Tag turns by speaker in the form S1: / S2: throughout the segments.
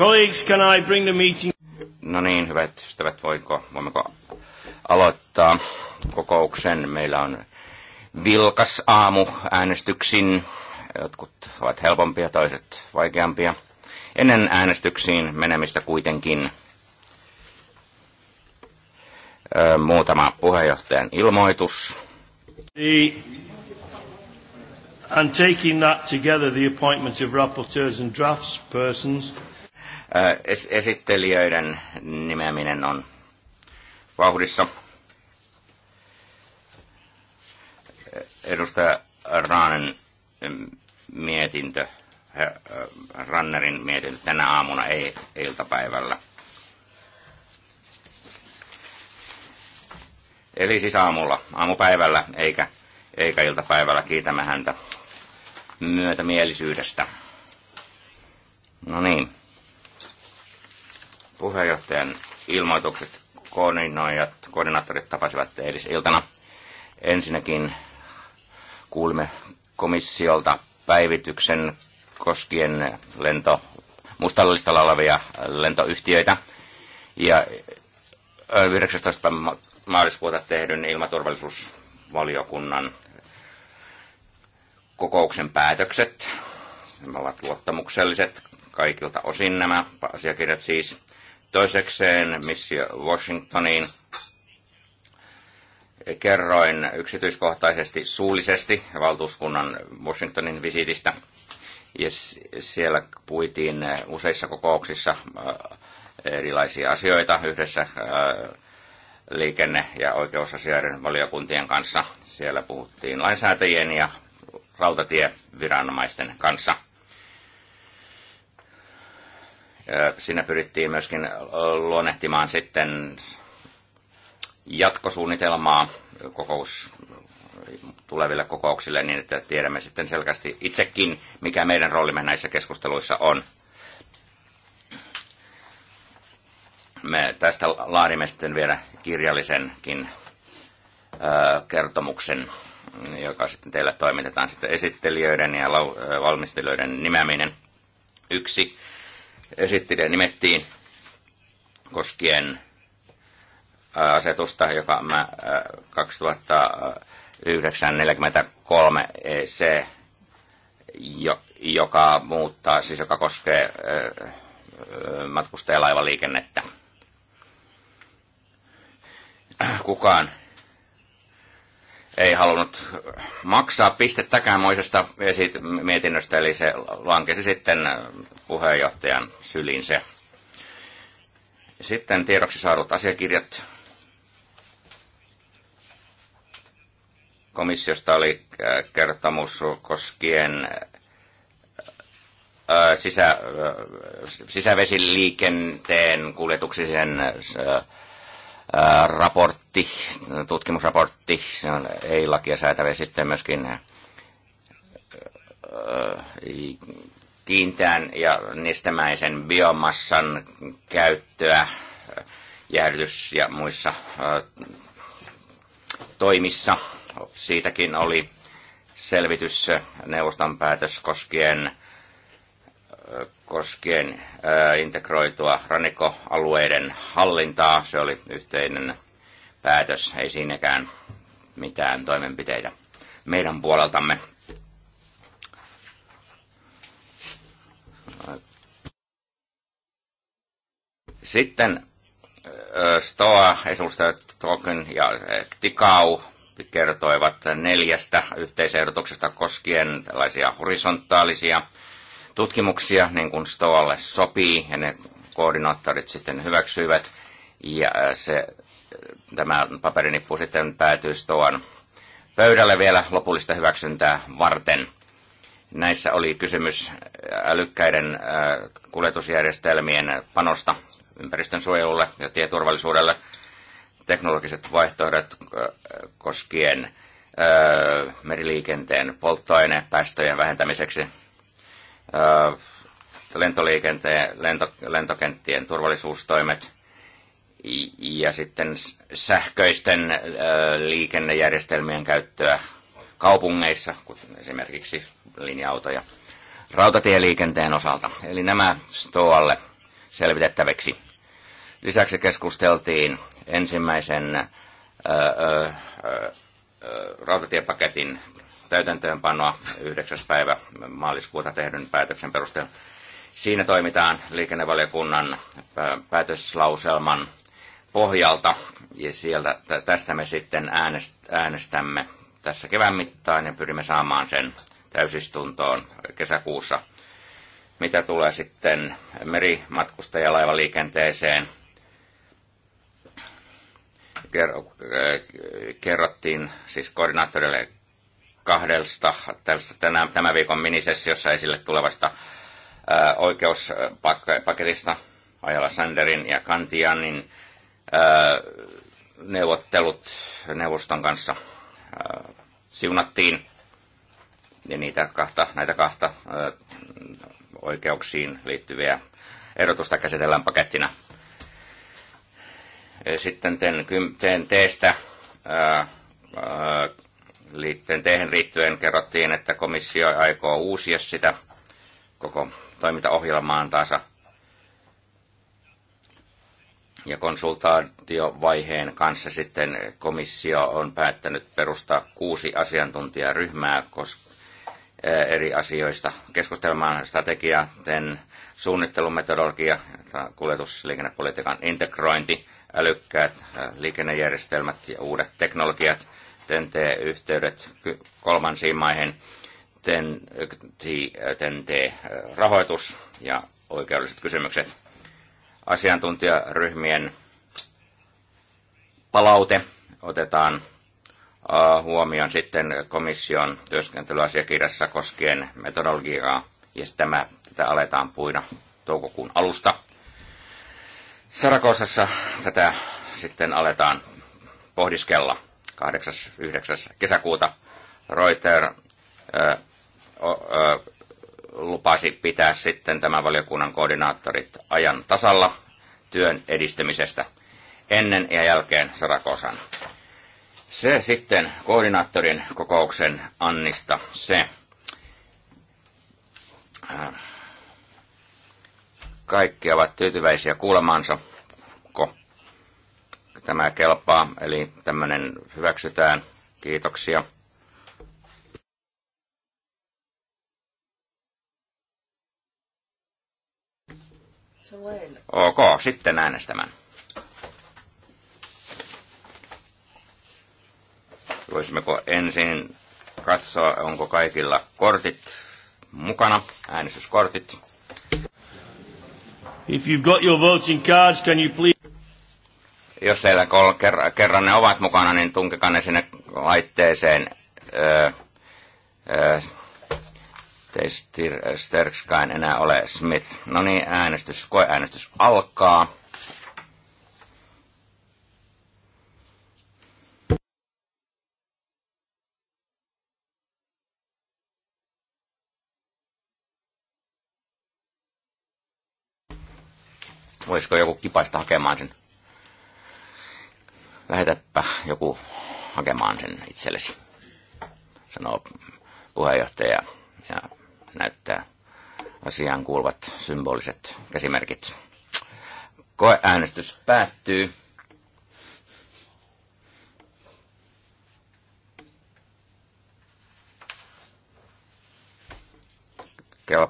S1: Colleagues, can I bring the meeting? No niin, hyvät ystävät, voiko, voimmeko aloittaa kokouksen? Meillä on vilkas aamu äänestyksin. Jotkut ovat helpompia, toiset vaikeampia. Ennen äänestyksiin menemistä kuitenkin ö, muutama puheenjohtajan ilmoitus.
S2: The and taking that together the appointment of rapporteurs and draftspersons
S1: esittelijöiden nimeäminen on vauhdissa. Edustaja Raanen mm, mietintö, Rannerin mietintö tänä aamuna, ei iltapäivällä. Eli siis aamulla, aamupäivällä eikä, eikä iltapäivällä. Kiitämme häntä myötämielisyydestä. suhteen ilmoitukset koordinoijat, koordinaattorit tapasivat eilisiltana. Ensinnäkin kuulimme komissiolta päivityksen koskien lento, mustalla listalla olevia lentoyhtiöitä. Ja 19. maaliskuuta tehdyn ilmaturvallisuusvaliokunnan kokouksen päätökset. Ne ovat luottamukselliset kaikilta osin nämä asiakirjat siis. Toisekseen missio Washingtoniin kerroin yksityiskohtaisesti suullisesti valtuuskunnan Washingtonin visiitistä. Ja siellä puitiin äh, useissa kokouksissa äh, erilaisia asioita yhdessä äh, liikenne- ja oikeusasioiden valiokuntien kanssa. Siellä puhuttiin lainsäätäjien ja rautatieviranomaisten kanssa – Siinä pyrittiin myöskin luonnehtimaan sitten jatkosuunnitelmaa kokous, tuleville kokouksille niin, että tiedämme sitten selkeästi itsekin, mikä meidän roolimme näissä keskusteluissa on. Me tästä laadimme sitten vielä kirjallisenkin kertomuksen, joka sitten teille toimitetaan sitten esittelijöiden ja valmistelijoiden nimeäminen. Yksi esittelijä nimettiin koskien äh, asetusta, joka mä 2943 äh, EC, joka muuttaa, siis joka koskee äh, matkustajalaivaliikennettä. Kukaan ei halunnut maksaa pistettäkään moisesta mietinnöstä, eli se lankesi sitten äh, puheenjohtajan syliin se. Sitten tiedoksi saadut asiakirjat komissiosta oli äh, kertomus koskien äh, sisä, sisävesiliikenteen kuljetuksien raportti, tutkimusraportti, se on ei lakia säätävä sitten myöskin äh, kiinteän ja nestemäisen biomassan käyttöä jäähdytys- ja muissa äh, toimissa. Siitäkin oli selvitys äh, neuvoston päätös koskien koskien integroitua rannikkoalueiden hallintaa. Se oli yhteinen päätös, ei siinäkään mitään toimenpiteitä meidän puoleltamme. Sitten Stoa, edustajat Token ja Tikau kertoivat neljästä yhteisehdotuksesta koskien tällaisia horisontaalisia tutkimuksia, niin kuin Stoalle sopii, ja ne koordinaattorit sitten hyväksyivät, ja se, tämä paperinippu sitten päätyy Stoan pöydälle vielä lopullista hyväksyntää varten. Näissä oli kysymys älykkäiden kuljetusjärjestelmien panosta ympäristön suojelulle ja tieturvallisuudelle, teknologiset vaihtoehdot koskien meriliikenteen polttoainepäästöjen vähentämiseksi lentoliikenteen, lento, lentokenttien turvallisuustoimet ja sitten sähköisten liikennejärjestelmien käyttöä kaupungeissa, kuten esimerkiksi linja-autoja rautatieliikenteen osalta. Eli nämä STOAlle selvitettäväksi. Lisäksi keskusteltiin ensimmäisen ö, ö, ö, rautatiepaketin täytäntöönpanoa 9. päivä maaliskuuta tehdyn päätöksen perusteella. Siinä toimitaan liikennevaliokunnan päätöslauselman pohjalta ja sieltä, tästä me sitten äänestämme tässä kevään mittaan ja pyrimme saamaan sen täysistuntoon kesäkuussa. Mitä tulee sitten merimatkustajalaivaliikenteeseen, kerrottiin siis koordinaattorille kahdesta tänä tämän viikon minisessiossa esille tulevasta ää, oikeuspaketista Ajala Sanderin ja Kantianin ää, neuvottelut neuvoston kanssa ää, siunattiin ja niitä kahta, näitä kahta ää, oikeuksiin liittyviä erotusta käsitellään pakettina. Sitten teen, teen teestä ää, ää, liittyen riittyen kerrottiin, että komissio aikoo uusia sitä koko toimintaohjelmaan taas ja konsultaatiovaiheen kanssa sitten komissio on päättänyt perustaa kuusi asiantuntijaryhmää koska eh, eri asioista keskustelemaan strategiaten suunnittelumetodologia, kuljetusliikennepolitiikan integrointi, älykkäät eh, liikennejärjestelmät ja uudet teknologiat – TEN-T-yhteydet kolmansiin maihin, ten te äh, äh, rahoitus ja oikeudelliset kysymykset, asiantuntijaryhmien palaute otetaan äh, huomioon sitten komission työskentelyasiakirjassa koskien metodologiaa, ja tämä, tätä aletaan puina toukokuun alusta. Sarakosassa tätä sitten aletaan pohdiskella. 8.9. kesäkuuta Reuter lupasi pitää sitten tämän valiokunnan koordinaattorit ajan tasalla työn edistämisestä ennen ja jälkeen Sarakosan. Se sitten koordinaattorin kokouksen Annista se. Kaikki ovat tyytyväisiä kuulemaansa tämä kelpaa, eli tämmöinen hyväksytään. Kiitoksia. Ok, sitten äänestämään. Voisimmeko ensin katsoa, onko kaikilla kortit mukana, äänestyskortit. If you've got your voting cards, can you please... Jos teillä kerran ne ovat mukana, niin tunkekaa ne sinne laitteeseen. Öö, öö, Sterkskain enää ole Smith. No niin, äänestys, koeäänestys alkaa. Voisiko joku kipaista hakemaan sen? lähetäpä joku hakemaan sen itsellesi, sanoo puheenjohtaja ja näyttää asiaan kuuluvat symboliset käsimerkit. Koeäänestys päättyy.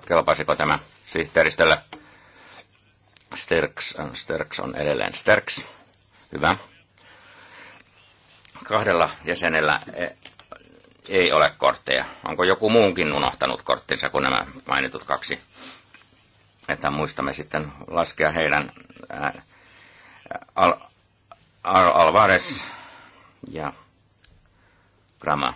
S1: kelpasiko tämä sihteeristöllä? Sterks on, äh, Sterks on edelleen Sterks. Hyvä kahdella jäsenellä e, ei ole kortteja. Onko joku muunkin unohtanut korttinsa kuin nämä mainitut kaksi? Että muistamme sitten laskea heidän ää, Al, Al, Alvarez ja Grama.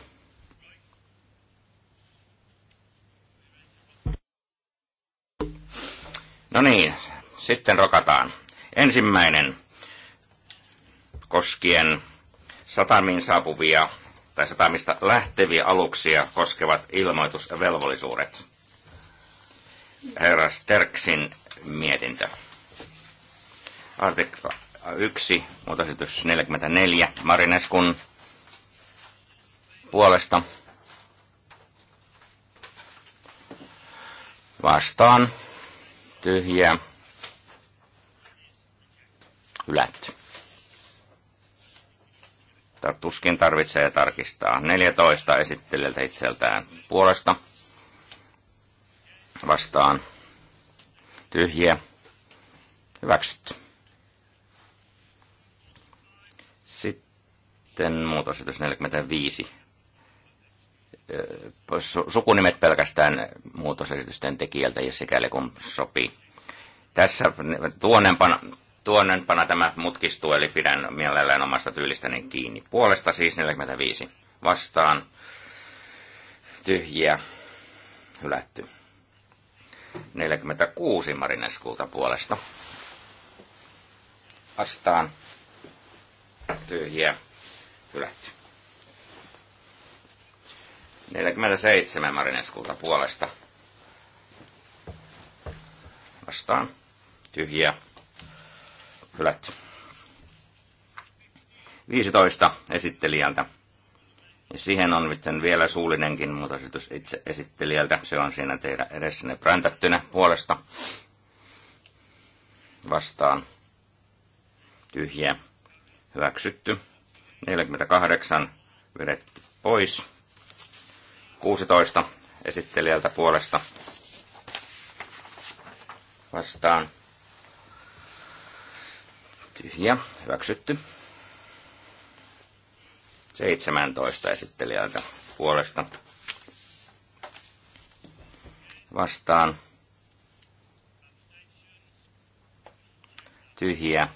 S1: No niin, sitten rokataan. Ensimmäinen koskien satamiin saapuvia tai satamista lähteviä aluksia koskevat ilmoitusvelvollisuudet. Herra Sterksin mietintö. Artikla 1, muutosesitys 44, Marineskun puolesta vastaan tyhjä hylätty. Tuskin tarvitsee tarkistaa. 14 esittelijältä itseltään puolesta vastaan. Tyhjiä. Hyväksytty. Sitten muutosesitys 45. Sukunimet pelkästään muutosesitysten tekijältä, jos sikäli kun sopii. Tässä tuonempana tuonnempana tämä mutkistuu, eli pidän mielellään omasta tyylistäni kiinni. Puolesta siis 45 vastaan tyhjiä hylätty. 46 Marineskulta puolesta vastaan tyhjiä hylätty. 47 Marineskulta puolesta vastaan tyhjiä Flat. 15 esittelijältä. Siihen on sitten vielä suullinenkin muutositus itse esittelijältä. Se on siinä teidän edessänne präntättynä puolesta vastaan. Tyhjä. Hyväksytty. 48 vedetty pois. 16 esittelijältä puolesta vastaan Tyhjä. Hyväksytty. 17 esittelijältä puolesta vastaan. Tyhjä.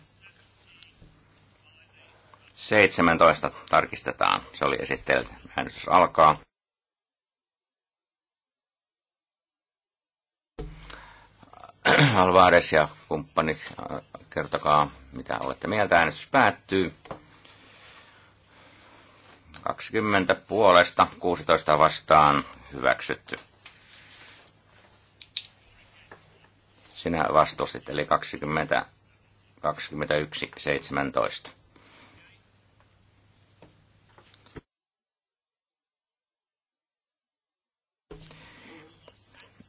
S1: 17 tarkistetaan. Se oli esittelijältä. Äänestys alkaa. Alvarez ja kumppanit, äh, kertokaa mitä olette mieltä. Äänestys päättyy. 20 puolesta, 16 vastaan hyväksytty. Sinä vastustit, eli 20, 21, 17.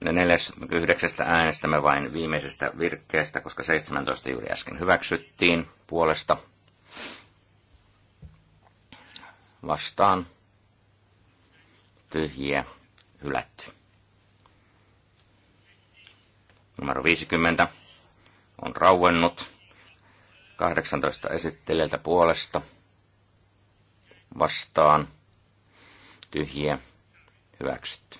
S1: neljäs yhdeksästä äänestämme vain viimeisestä virkkeestä, koska 17 juuri äsken hyväksyttiin puolesta vastaan tyhjiä hylätty. Numero 50 on rauennut 18 esittelijältä puolesta vastaan tyhjiä hyväksytty.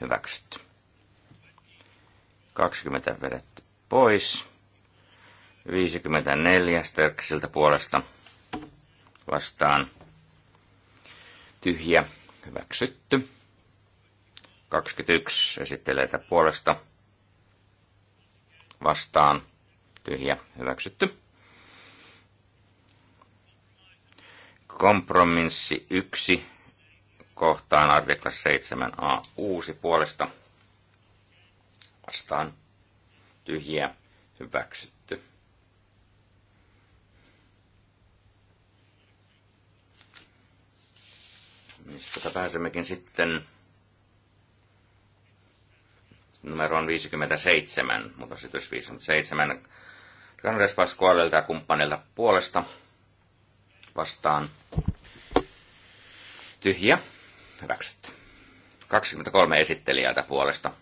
S1: hyväksytty. 20 vedetty pois. 54 Sterksiltä puolesta vastaan tyhjä hyväksytty. 21 esitteleitä puolesta vastaan tyhjä hyväksytty. Kompromissi 1 kohtaan artikla 7a uusi puolesta vastaan tyhjiä hyväksytty. Mistä pääsemmekin sitten numeroon 57, mutta sitten 57, Kanadas Pasqualelta ja kumppanilta puolesta vastaan tyhjä hyväksytty. 23 esittelijältä puolesta.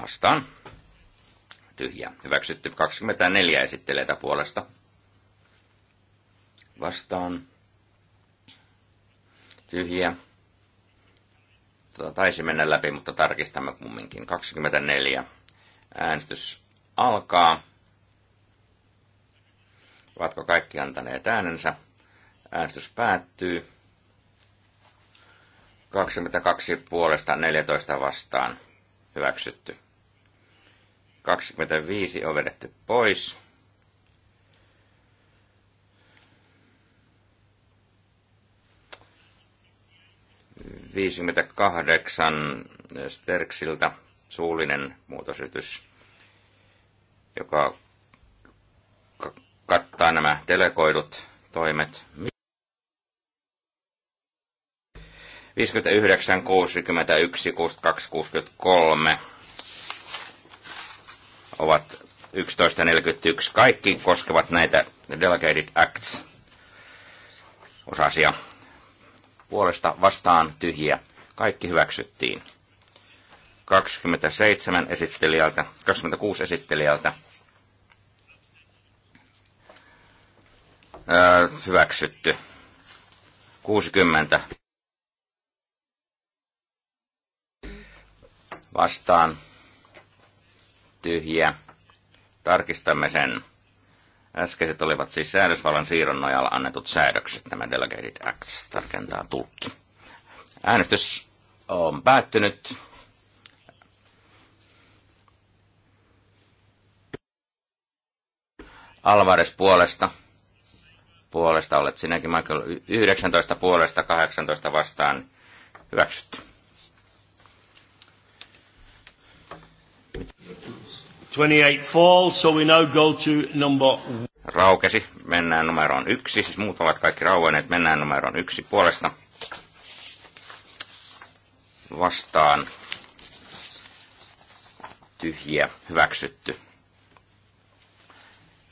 S1: Vastaan. Tyhjä. Hyväksytty. 24 esittelijältä puolesta. Vastaan. Tyhjä. Tota, taisi mennä läpi, mutta tarkistamme kumminkin. 24. Äänestys alkaa. Ovatko kaikki antaneet äänensä? Äänestys päättyy. 22 puolesta 14 vastaan hyväksytty. 25 on vedetty pois. kahdeksan Sterksiltä suullinen muutosytys, joka kattaa nämä delegoidut toimet. 59, 61, 62, 63 ovat 11.41. Kaikki koskevat näitä Delegated Acts osasia. Puolesta vastaan tyhjiä. Kaikki hyväksyttiin. 27 esittelijältä, 26 esittelijältä. Öö, hyväksytty. 60 vastaan tyhjiä. Tarkistamme sen. Äskeiset olivat siis säädösvallan siirron nojalla annetut säädökset. Nämä Delegated Acts tarkentaa tulkki. Äänestys on päättynyt. Alvarez puolesta. Puolesta olet sinäkin, Michael. 19 puolesta, 18 vastaan hyväksytty.
S2: 28 falls, so we now go to number...
S1: Raukesi, mennään numeroon yksi, siis muut ovat kaikki rauenneet, mennään numeroon yksi puolesta. Vastaan tyhjiä, hyväksytty.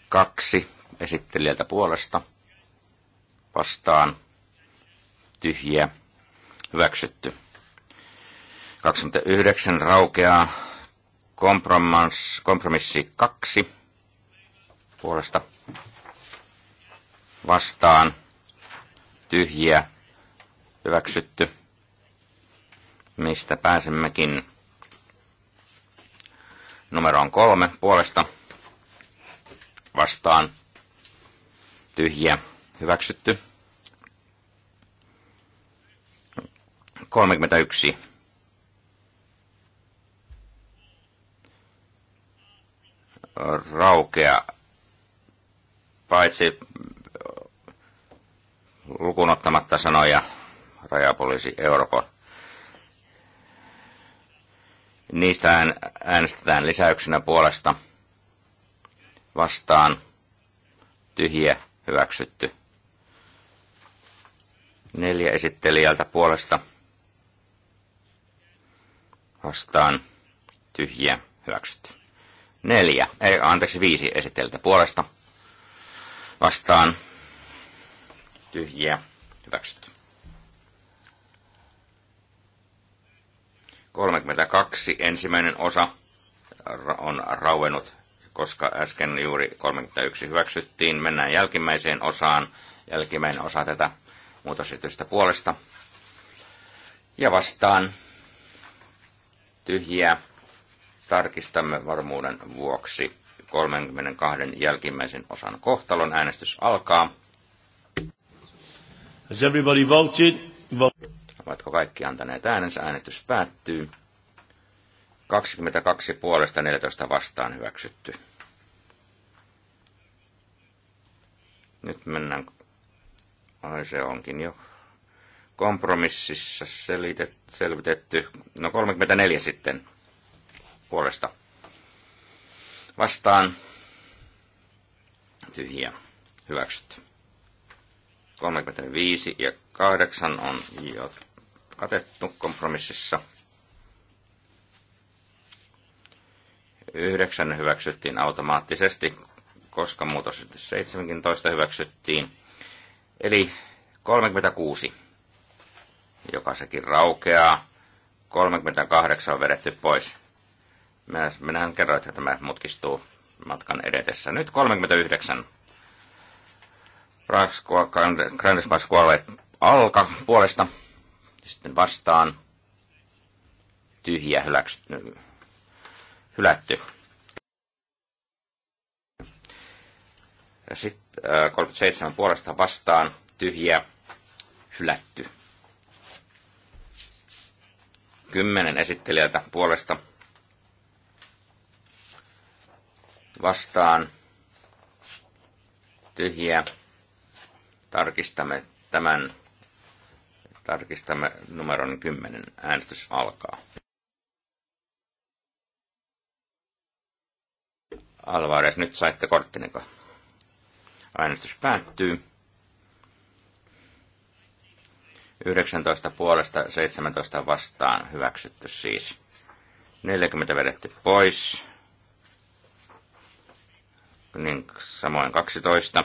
S1: Kaksi esittelijältä puolesta vastaan tyhjiä, hyväksytty. 29 raukeaa kompromissi kaksi puolesta vastaan tyhjiä hyväksytty, mistä pääsemmekin numeroon kolme puolesta vastaan tyhjiä hyväksytty. 31 raukea, paitsi lukunottamatta sanoja rajapoliisi Euroopan. Niistä äänestetään lisäyksenä puolesta vastaan tyhjä hyväksytty. Neljä esittelijältä puolesta vastaan tyhjä hyväksytty. Neljä, ei, anteeksi viisi esittelijältä puolesta. Vastaan. Tyhjiä. Hyväksytty. 32 ensimmäinen osa on rauennut, koska äsken juuri 31 hyväksyttiin. Mennään jälkimmäiseen osaan. Jälkimmäinen osa tätä muutosesitystä puolesta. Ja vastaan tyhjiä Tarkistamme varmuuden vuoksi 32 jälkimmäisen osan kohtalon. Äänestys alkaa. Has everybody voted? Ovatko kaikki antaneet äänensä? Äänestys päättyy. 22 puolesta 14 vastaan hyväksytty. Nyt mennään, ai se onkin jo kompromississa selitet, selvitetty. No 34 sitten puolesta vastaan tyhjä hyväksytty. 35 ja 8 on jo katettu kompromississa. 9 hyväksyttiin automaattisesti, koska muutos 17 hyväksyttiin. Eli 36, joka sekin raukeaa. 38 on vedetty pois. Minä, en kerroin, että tämä mutkistuu matkan edetessä. Nyt 39. Raskua, Grandes Pasquale alka puolesta. Sitten vastaan tyhjä hyläks, hylätty. Sitten äh, 37 puolesta vastaan tyhjä hylätty. Kymmenen esittelijältä puolesta vastaan tyhjiä. Tarkistamme tämän. Tarkistamme numeron 10. Äänestys alkaa. Alvarez, nyt saitte korttineko. Äänestys päättyy. 19 puolesta 17 vastaan hyväksytty siis. 40 vedetty pois niin samoin 12.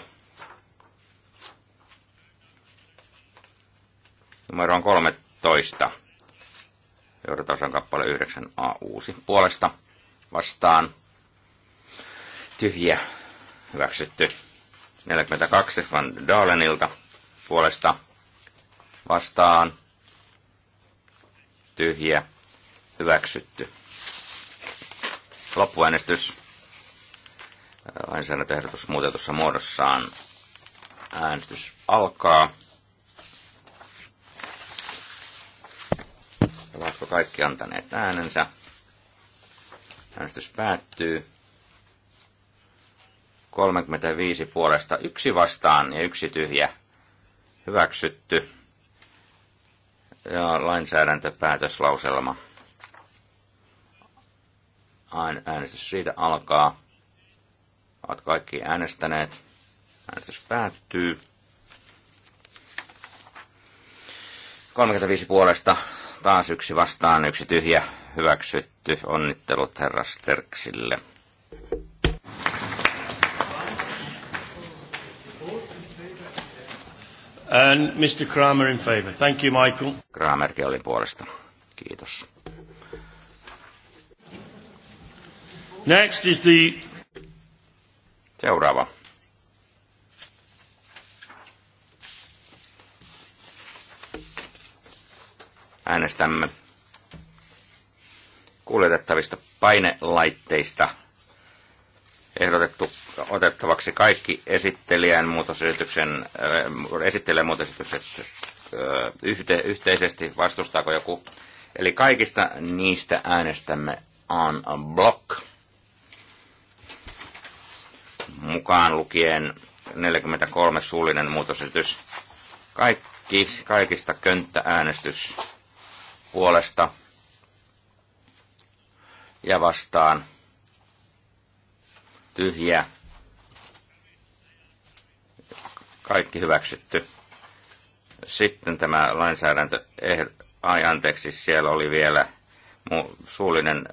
S1: Numero on 13. Johdatason kappale 9a uusi puolesta vastaan. Tyhjä hyväksytty. 42 Van Dalenilta puolesta vastaan. Tyhjä hyväksytty. Loppuäänestys lainsäädäntöehdotus muutetussa muodossaan. Äänestys alkaa. Ovatko kaikki antaneet äänensä? Äänestys päättyy. 35 puolesta yksi vastaan ja yksi tyhjä hyväksytty. Ja lainsäädäntöpäätöslauselma. Äänestys siitä alkaa. Ovat kaikki äänestäneet. Äänestys päättyy. 35 puolesta, taas yksi vastaan, yksi tyhjä, hyväksytty. Onnittelut herra Sterksille. And Mr. Kramer in favor. Thank you, Michael. Kramerkin oli puolesta. Kiitos. Next is the Seuraava. Äänestämme kuljetettavista painelaitteista. Ehdotettu otettavaksi kaikki esittelijän muutosesityksen, äh, esittelijän muutosesitykset äh, yhte, yhteisesti. Vastustaako joku? Eli kaikista niistä äänestämme on block mukaan lukien 43 suullinen muutosesitys. Kaikki, kaikista könttääänestys puolesta ja vastaan tyhjä. Kaikki hyväksytty. Sitten tämä lainsäädäntö, eh, ai anteeksi, siellä oli vielä suullinen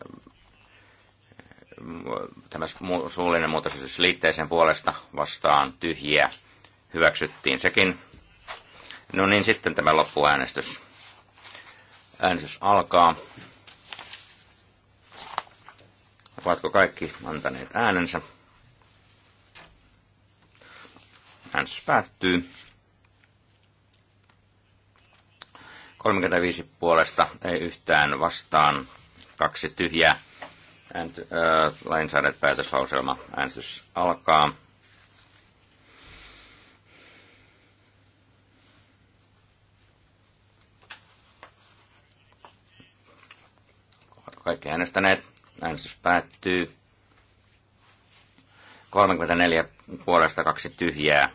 S1: tämä suullinen muutos siis liitteeseen puolesta vastaan tyhjiä hyväksyttiin sekin. No niin, sitten tämä loppuäänestys. Äänestys alkaa. Ovatko kaikki antaneet äänensä? Äänestys päättyy. 35 puolesta, ei yhtään vastaan, kaksi tyhjää Äänty, äh, päätöslauselma Äänestys alkaa. Ovatko kaikki äänestäneet? Äänestys päättyy. 34 puolesta kaksi tyhjää.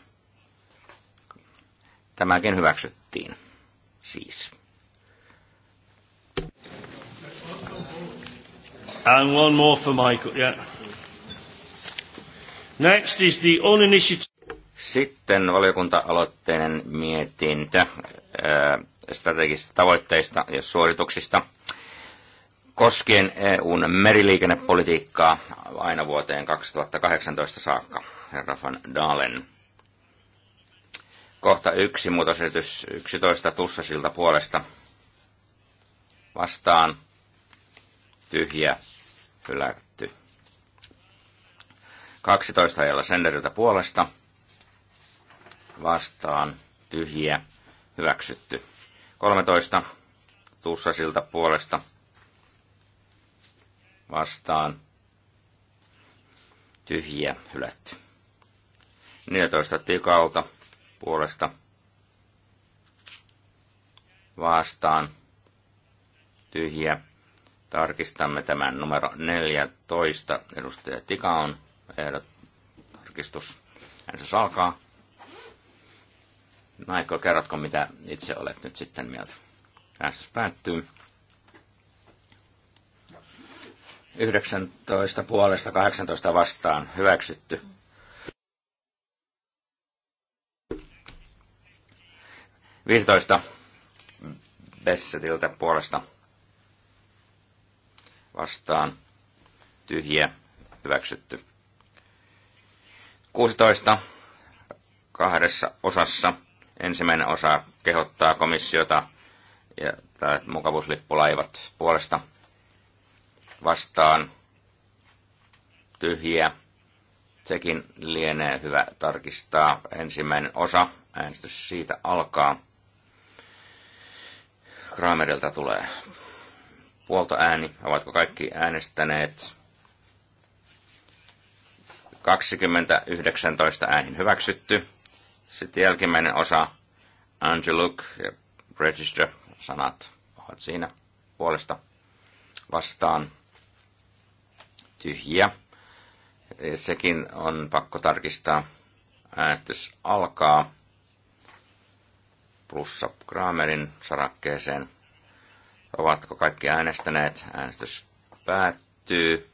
S1: Tämäkin hyväksyttiin siis. And one more for Michael, yeah. Next is the own initiative. Sitten valiokunta-aloitteinen mietintö äh, strategisista tavoitteista ja suorituksista koskien EUn meriliikennepolitiikkaa aina vuoteen 2018 saakka. Herra van Dalen. Kohta yksi muutosesitys 11 Tussasilta puolesta vastaan tyhjä hylätty. 12 ajalla senderiltä puolesta vastaan tyhjiä hyväksytty. 13 Tussasilta puolesta vastaan tyhjiä hylätty. 14 Tikalta puolesta vastaan tyhjiä Tarkistamme tämän numero 14. Edustaja Tika on ehdot, tarkistus. se alkaa. Maikko, kerrotko mitä itse olet nyt sitten mieltä? Äänestys päättyy. 19 puolesta 18 vastaan hyväksytty. Viisitoista Bessetiltä puolesta vastaan tyhjiä hyväksytty. 16. Kahdessa osassa ensimmäinen osa kehottaa komissiota ja tämä mukavuuslippulaivat puolesta vastaan tyhjiä. Sekin lienee hyvä tarkistaa. Ensimmäinen osa, äänestys siitä alkaa. Kramerilta tulee ääni, Ovatko kaikki äänestäneet? 2019 äänin hyväksytty. Sitten jälkimmäinen osa, Angeluk ja Register, sanat ovat siinä puolesta vastaan tyhjiä. Sekin on pakko tarkistaa. Äänestys alkaa plussa Kramerin sarakkeeseen. Ovatko kaikki äänestäneet? Äänestys päättyy.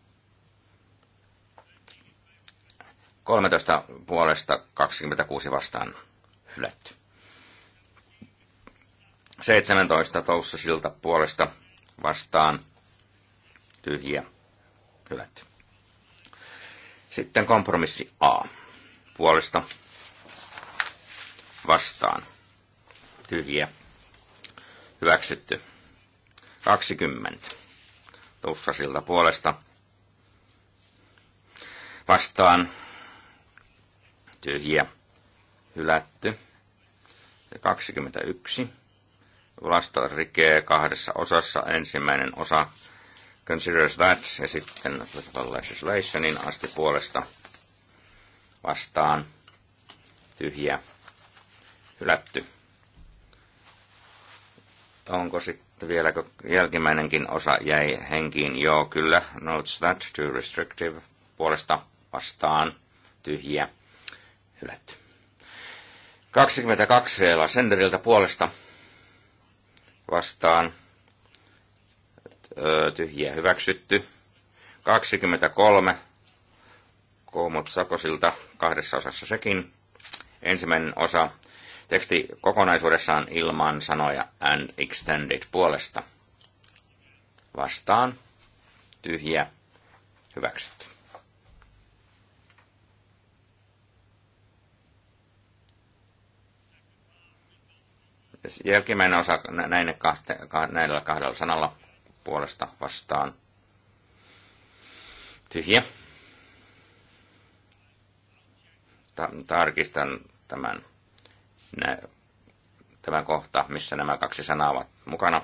S1: 13 puolesta 26 vastaan hylätty. 17 Toussa silta puolesta vastaan tyhjiä hylätty. Sitten kompromissi A puolesta vastaan tyhjiä hyväksytty. 20. Tussasilta puolesta vastaan tyhjä hylätty. 21. Lasta rikee kahdessa osassa. Ensimmäinen osa Considers That ja sitten Legislationin asti puolesta vastaan tyhjä hylätty. Onko sitten vieläkö jälkimmäinenkin osa jäi henkiin? Joo, kyllä. Notes that, too restrictive. Puolesta vastaan, tyhjiä, hylätty. 22 Senderiltä puolesta vastaan, tyhjiä hyväksytty. 23 Koomut Sakosilta kahdessa osassa sekin. Ensimmäinen osa Teksti kokonaisuudessaan ilman sanoja and extended puolesta. Vastaan. Tyhjä. Hyväksyt. Jälkimmäinen osa näille kahte, näillä kahdella sanalla puolesta vastaan. Tyhjä. Ta- tarkistan tämän Nä tämä kohta, missä nämä kaksi sanaa ovat mukana.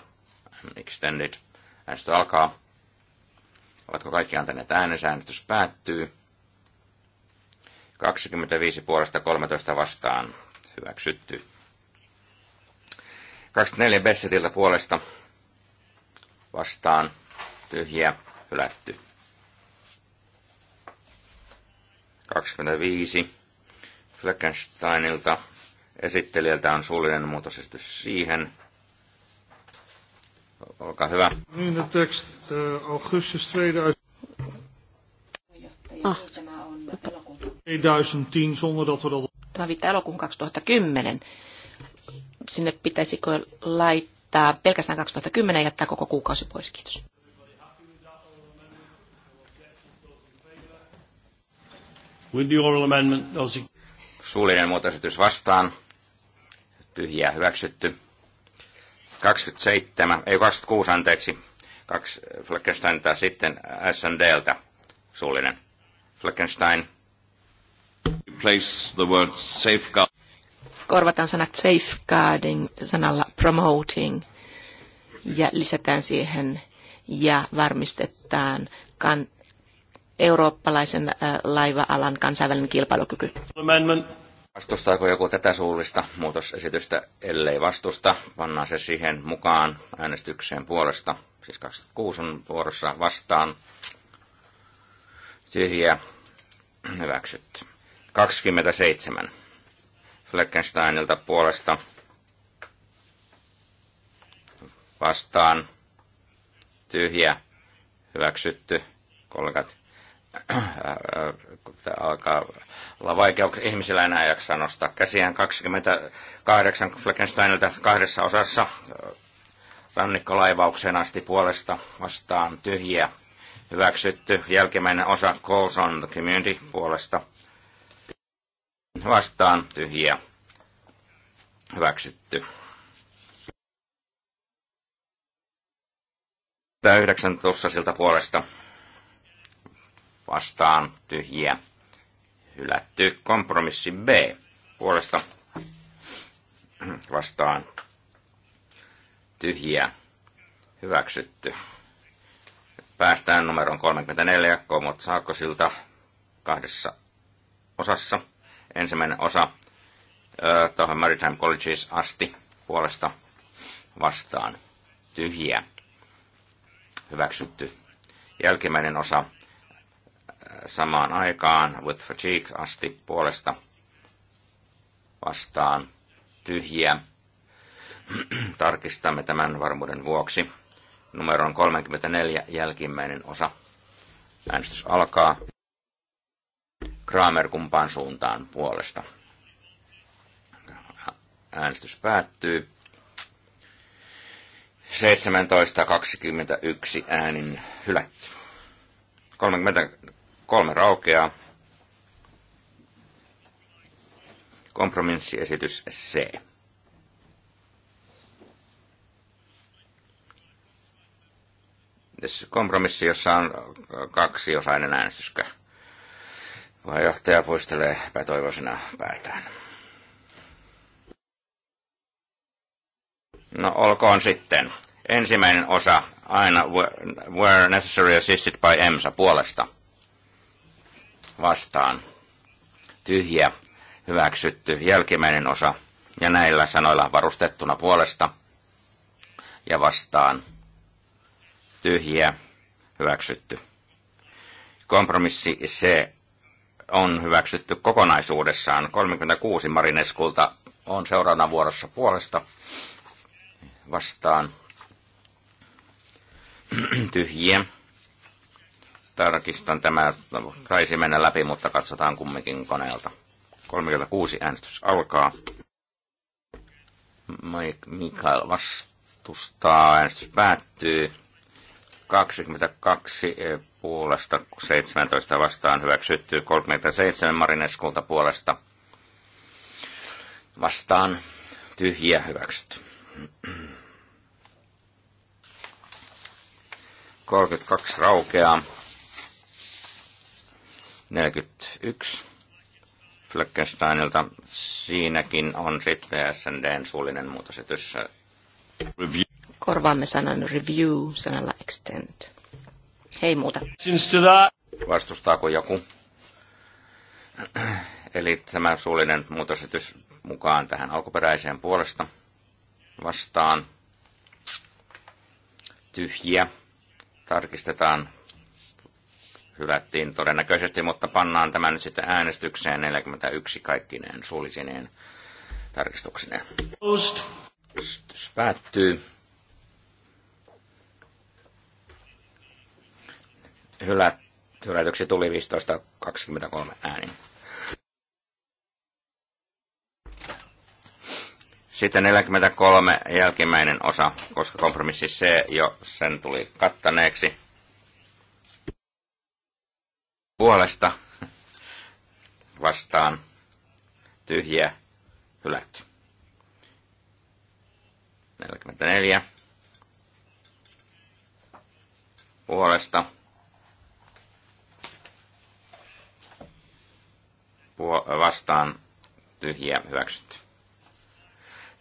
S1: Extended. Äänestys alkaa. Ovatko kaikki antaneet äänensä? Äänestys päättyy. 25 puolesta 13 vastaan. Hyväksytty. 24 Bessetiltä puolesta vastaan. Tyhjä. Hylätty. 25 Fleckensteinilta Esittelijältä on suullinen muutosesitys siihen. Olkaa hyvä. Niin, de tekst eh, augustus 2000.
S3: Ah.
S2: 2010, zonder dat we dat... Tämä viittaa elokuun 2010. Sinne pitäisikö laittaa pelkästään 2010 ja jättää koko kuukausi pois? Kiitos.
S1: With the oral amendment, Suullinen muutosesitys vastaan tyhjää hyväksytty. 27, ei 26 anteeksi, kaksi Fleckenstein tai sitten SNDltä suullinen. Fleckenstein. Place the word safeguard.
S2: Korvataan sanat safeguarding sanalla promoting ja lisätään siihen ja varmistetaan kan- eurooppalaisen äh, laiva-alan kansainvälinen kilpailukyky.
S1: Amendment. Vastustaako joku tätä suullista muutosesitystä, ellei vastusta, pannaan se siihen mukaan äänestykseen puolesta. Siis 26 on vuorossa vastaan. Tyhjä. Hyväksytty. 27. Fleckensteinilta puolesta vastaan tyhjä hyväksytty kollegat Äh, äh, alkaa olla vaikeuksia ihmisillä enää jaksaa nostaa käsiään 28 Fleckensteinilta kahdessa osassa äh, rannikkolaivaukseen asti puolesta vastaan tyhjiä hyväksytty. Jälkimmäinen osa Calls on the Community puolesta vastaan tyhjiä hyväksytty. 19 siltä puolesta vastaan tyhjiä hylätty. Kompromissi B puolesta vastaan tyhjiä hyväksytty. Päästään numeroon 34 Komot Saakkosilta kahdessa osassa. Ensimmäinen osa tuohon Maritime Colleges asti puolesta vastaan tyhjiä hyväksytty. Jälkimmäinen osa samaan aikaan with fatigue asti puolesta vastaan tyhjiä. Tarkistamme tämän varmuuden vuoksi. on 34 jälkimmäinen osa. Äänestys alkaa. Kramer kumpaan suuntaan puolesta. Äänestys päättyy. 17.21 äänin hylätty. 30, Kolme raukeaa. Kompromissiesitys C. Kompromissi, jossa on kaksiosainen äänestyskö. Puheenjohtaja puistelee epätoivoisena päätään. No olkoon sitten. Ensimmäinen osa aina where necessary assisted by EMSA puolesta vastaan. Tyhjä, hyväksytty, jälkimmäinen osa, ja näillä sanoilla varustettuna puolesta ja vastaan. Tyhjä, hyväksytty. Kompromissi C on hyväksytty kokonaisuudessaan. 36 Marineskulta on seuraavana vuorossa puolesta vastaan tyhjiä tarkistan. Tämä taisi mennä läpi, mutta katsotaan kumminkin koneelta. 36 äänestys alkaa. Mikael vastustaa. Äänestys päättyy. 22 puolesta, 17 vastaan hyväksytty, 37 Marineskulta puolesta vastaan tyhjiä hyväksytty. 32 raukeaa. 41 Flöckensteinilta. Siinäkin on sitten SNDn suullinen muutosesitys. Review.
S2: Korvaamme sanan review sanalla extend. Hei muuta.
S1: Vastustaako joku? Eli tämä suullinen muutosesitys mukaan tähän alkuperäiseen puolesta vastaan tyhjiä. Tarkistetaan hylättiin todennäköisesti, mutta pannaan tämän nyt sitten äänestykseen 41 kaikkineen sulisineen tarkistuksineen. Post. päättyy. Hylät, hylätyksi tuli 15.23 ääni. Sitten 43 jälkimmäinen osa, koska kompromissi C jo sen tuli kattaneeksi puolesta vastaan tyhjä hylätty. 44 puolesta Puol- vastaan tyhjä hyväksytty.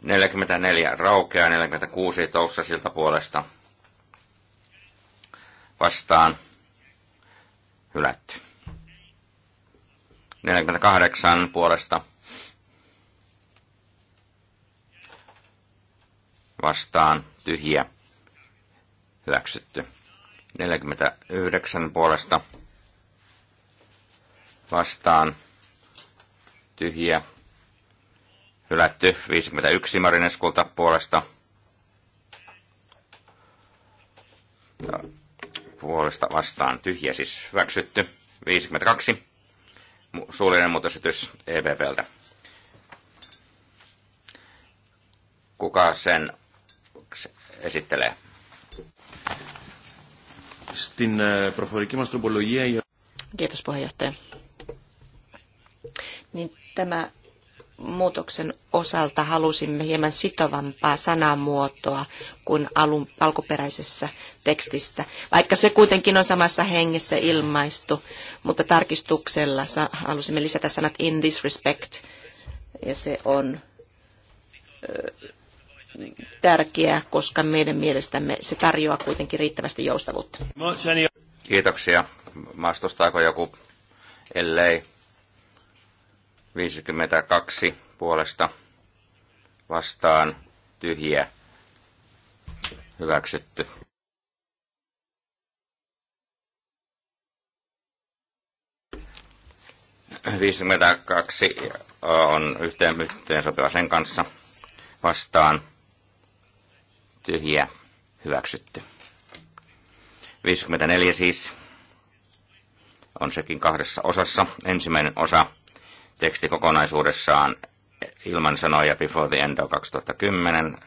S1: 44 raukeaa, 46 toussa siltä puolesta vastaan hylätty. 48 puolesta vastaan tyhjä hyväksytty. 49 puolesta vastaan tyhjä hylätty. 51 Marineskulta puolesta puolesta vastaan tyhjä siis hyväksytty. 52 suullinen muutosesitys EVPltä. Kuka sen esittelee? Στην προφορική μας τροπολογία...
S2: Kiitos puheenjohtaja. Niin tämä muutoksen osalta halusimme hieman sitovampaa sanamuotoa kuin alun, alkuperäisessä tekstistä, vaikka se kuitenkin on samassa hengessä ilmaistu, mutta tarkistuksella halusimme lisätä sanat in this respect, ja se on tärkeää, koska meidän mielestämme se tarjoaa kuitenkin riittävästi joustavuutta.
S1: Kiitoksia. Vastustaako joku, ellei 52 puolesta vastaan tyhjä, hyväksytty. kaksi on yhteen, yhteen sopiva sen kanssa vastaan tyhjä, hyväksytty. 54 siis on sekin kahdessa osassa. Ensimmäinen osa teksti kokonaisuudessaan ilman sanoja Before the End of 2010.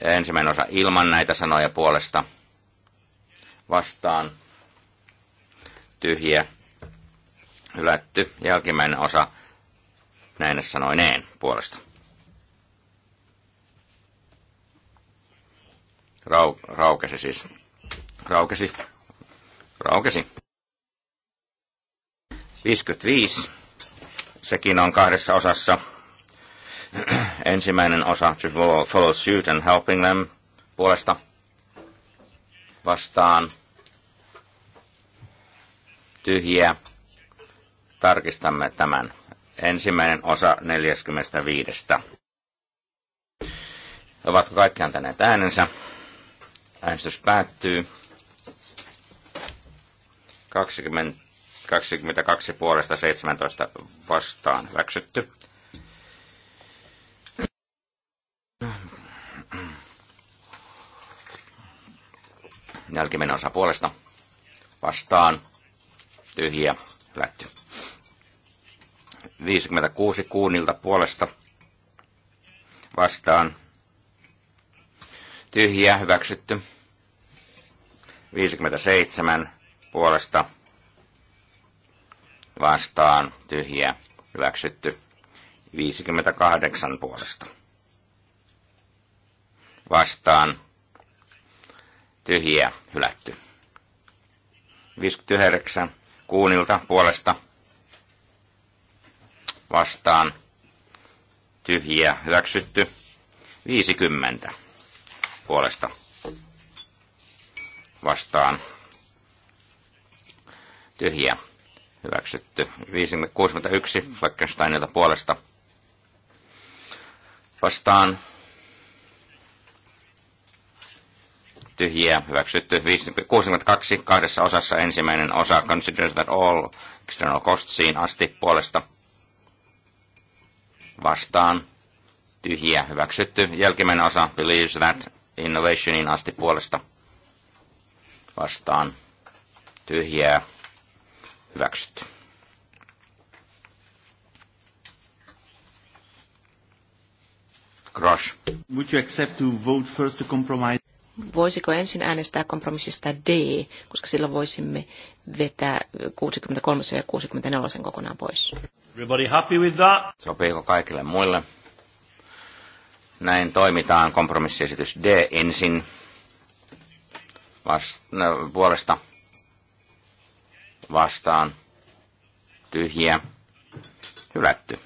S1: Ensimmäinen osa ilman näitä sanoja puolesta vastaan tyhjä hylätty. Jälkimmäinen osa näin sanoineen puolesta. Rau, raukesi siis. Raukesi. Raukesi. 55 Sekin on kahdessa osassa. Ensimmäinen osa, to follow, follow suit and helping them, puolesta vastaan tyhjiä. Tarkistamme tämän. Ensimmäinen osa 45. Ovatko kaikki antaneet äänensä? Äänestys päättyy. 20 22 puolesta 17 vastaan väksytty. Jälkimmäinen osa puolesta vastaan tyhjä hylätty. 56 kuunilta puolesta vastaan tyhjä hyväksytty. 57 puolesta vastaan tyhjä hyväksytty 58 puolesta. Vastaan tyhjä hylätty. 59 kuunilta puolesta vastaan tyhjiä hyväksytty 50 puolesta vastaan tyhjiä hyväksytty. 561 Fleckensteinilta puolesta vastaan tyhjiä hyväksytty 562 kahdessa osassa ensimmäinen osa Consider that all external costsiin asti puolesta vastaan tyhjiä hyväksytty jälkimmäinen osa believes that innovationin asti puolesta vastaan tyhjää Hyväksytty. Grosh. Would you accept to vote first to compromise?
S2: Voisiko ensin äänestää kompromissista D, koska silloin voisimme vetää 63 ja 64 kokonaan pois.
S1: Everybody happy with that? Sopiiko kaikille muille? Näin toimitaan kompromissiesitys D ensin vast, no, puolesta vastaan tyhjiä hylätty.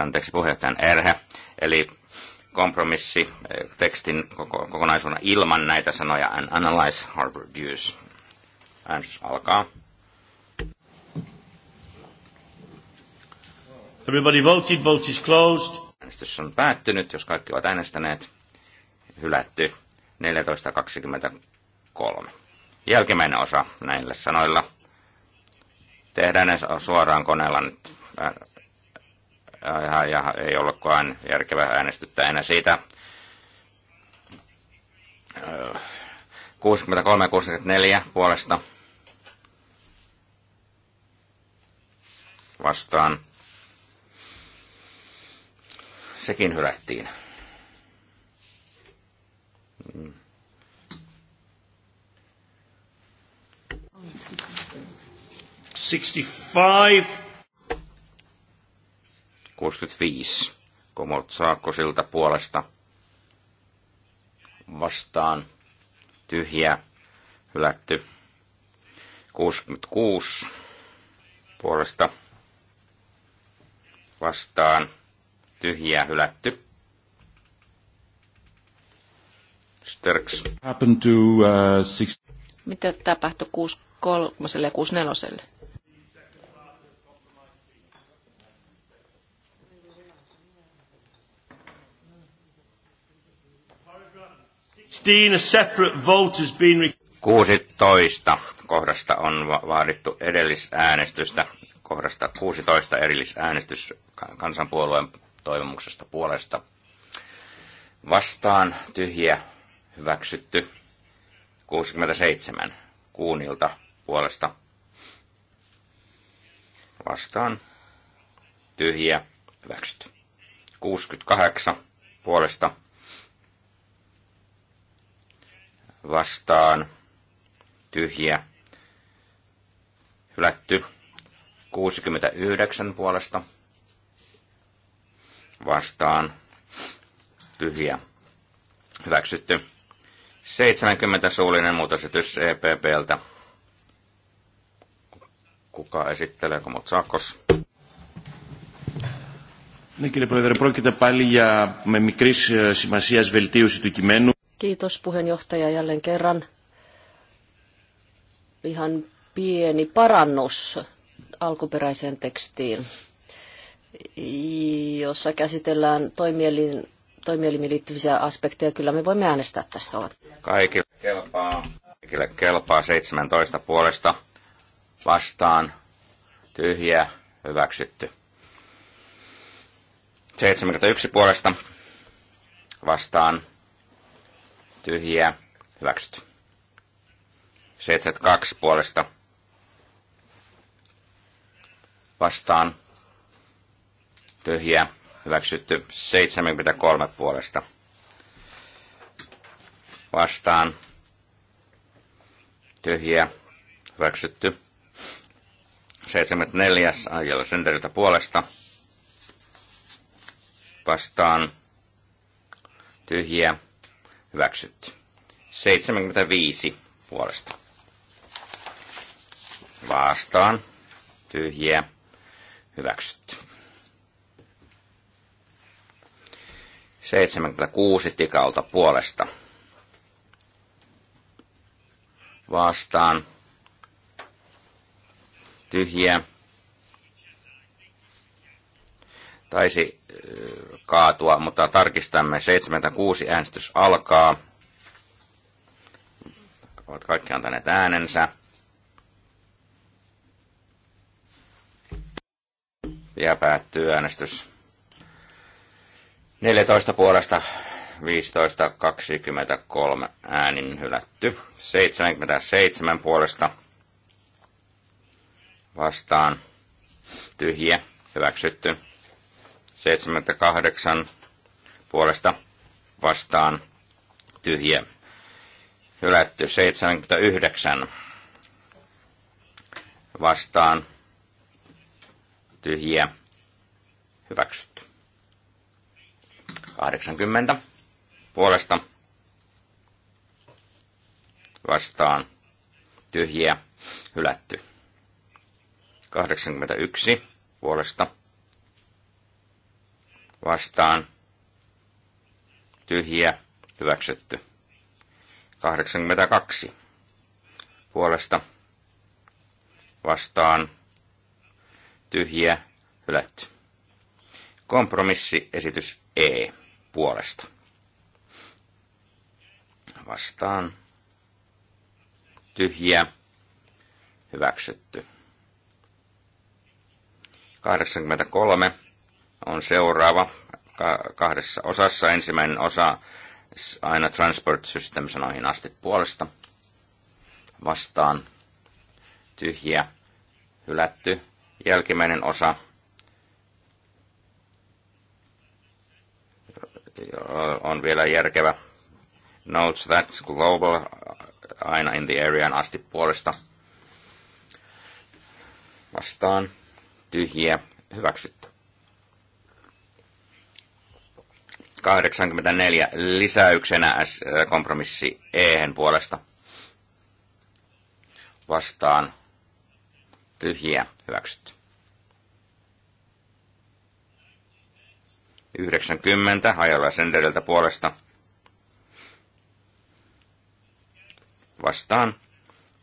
S1: anteeksi puheenjohtajan erhe, eli kompromissi eh, tekstin koko, ilman näitä sanoja and analyze, harbor, use. Äänestys alkaa. Everybody voted, vote is closed. Äänestys on päättynyt, jos kaikki ovat äänestäneet. Hylätty 14.23. Jälkimmäinen osa näillä sanoilla. Tehdään ne suoraan koneella nyt. Ja, ja ei ollutkaan järkevä äänestyttää enää siitä. 63-64 puolesta vastaan 14-23 sekin hylättiin. Mm.
S2: 65.
S1: 65. Komot Saakkosilta puolesta vastaan tyhjä hylätty. 66 puolesta vastaan tyhjää hylätty. Sterks. to, uh, six...
S2: Mitä tapahtui 63 ja 64?
S1: Been... 16 kohdasta on vaadittu edellisäänestystä. Kohdasta 16 erillisäänestys kansanpuolueen toivomuksesta puolesta. Vastaan tyhjä hyväksytty 67 kuunilta puolesta. Vastaan tyhjä hyväksytty 68 puolesta. Vastaan tyhjä hylätty 69 puolesta vastaan tyhjä hyväksytty. 70 suullinen muutosetys EPPltä. Kuka esittelee, kun mut saakos? Ναι, κύριε Πρόεδρε, πρόκειται πάλι για με μικρή σημασία βελτίωση του κειμένου.
S3: Kiitos puheenjohtaja jälleen kerran. Ihan pieni parannus alkuperäiseen tekstiin jossa käsitellään toimielin, toimielimiin liittyviä aspekteja. Kyllä me voimme äänestää tästä.
S1: Kaikille kelpaa. Kaikille kelpaa 17 puolesta vastaan. Tyhjä, hyväksytty. 71 puolesta vastaan. Tyhjä, hyväksytty. 72 puolesta vastaan tyhjä, hyväksytty 73 puolesta. Vastaan tyhjä, hyväksytty 74 Ajalla Senteriltä puolesta. Vastaan tyhjä, hyväksytty 75 puolesta. Vastaan tyhjä, hyväksytty. 76 tikalta puolesta vastaan tyhjiä. Taisi äh, kaatua, mutta tarkistamme. 76 äänestys alkaa. Ovat kaikki antaneet äänensä. Ja päättyy äänestys. 14 puolesta 15.23 äänin hylätty. 77 puolesta vastaan tyhjiä hyväksytty. 78 puolesta vastaan tyhjiä hylätty. 79 vastaan tyhjiä hyväksytty. 80 puolesta vastaan tyhjiä hylätty. 81 puolesta vastaan tyhjiä hyväksytty. 82 puolesta vastaan tyhjiä hylätty. Kompromissiesitys E puolesta. Vastaan. tyhjä Hyväksytty. 83 on seuraava kahdessa osassa. Ensimmäinen osa aina Transport System sanoihin asti puolesta. Vastaan. tyhjä Hylätty. Jälkimmäinen osa on vielä järkevä. Notes that global aina in the area asti puolesta. Vastaan. Tyhjiä. Hyväksytty. 84 lisäyksenä äh, kompromissi E puolesta. Vastaan. Tyhjiä. Hyväksytty. 90 hajalla senderiltä puolesta vastaan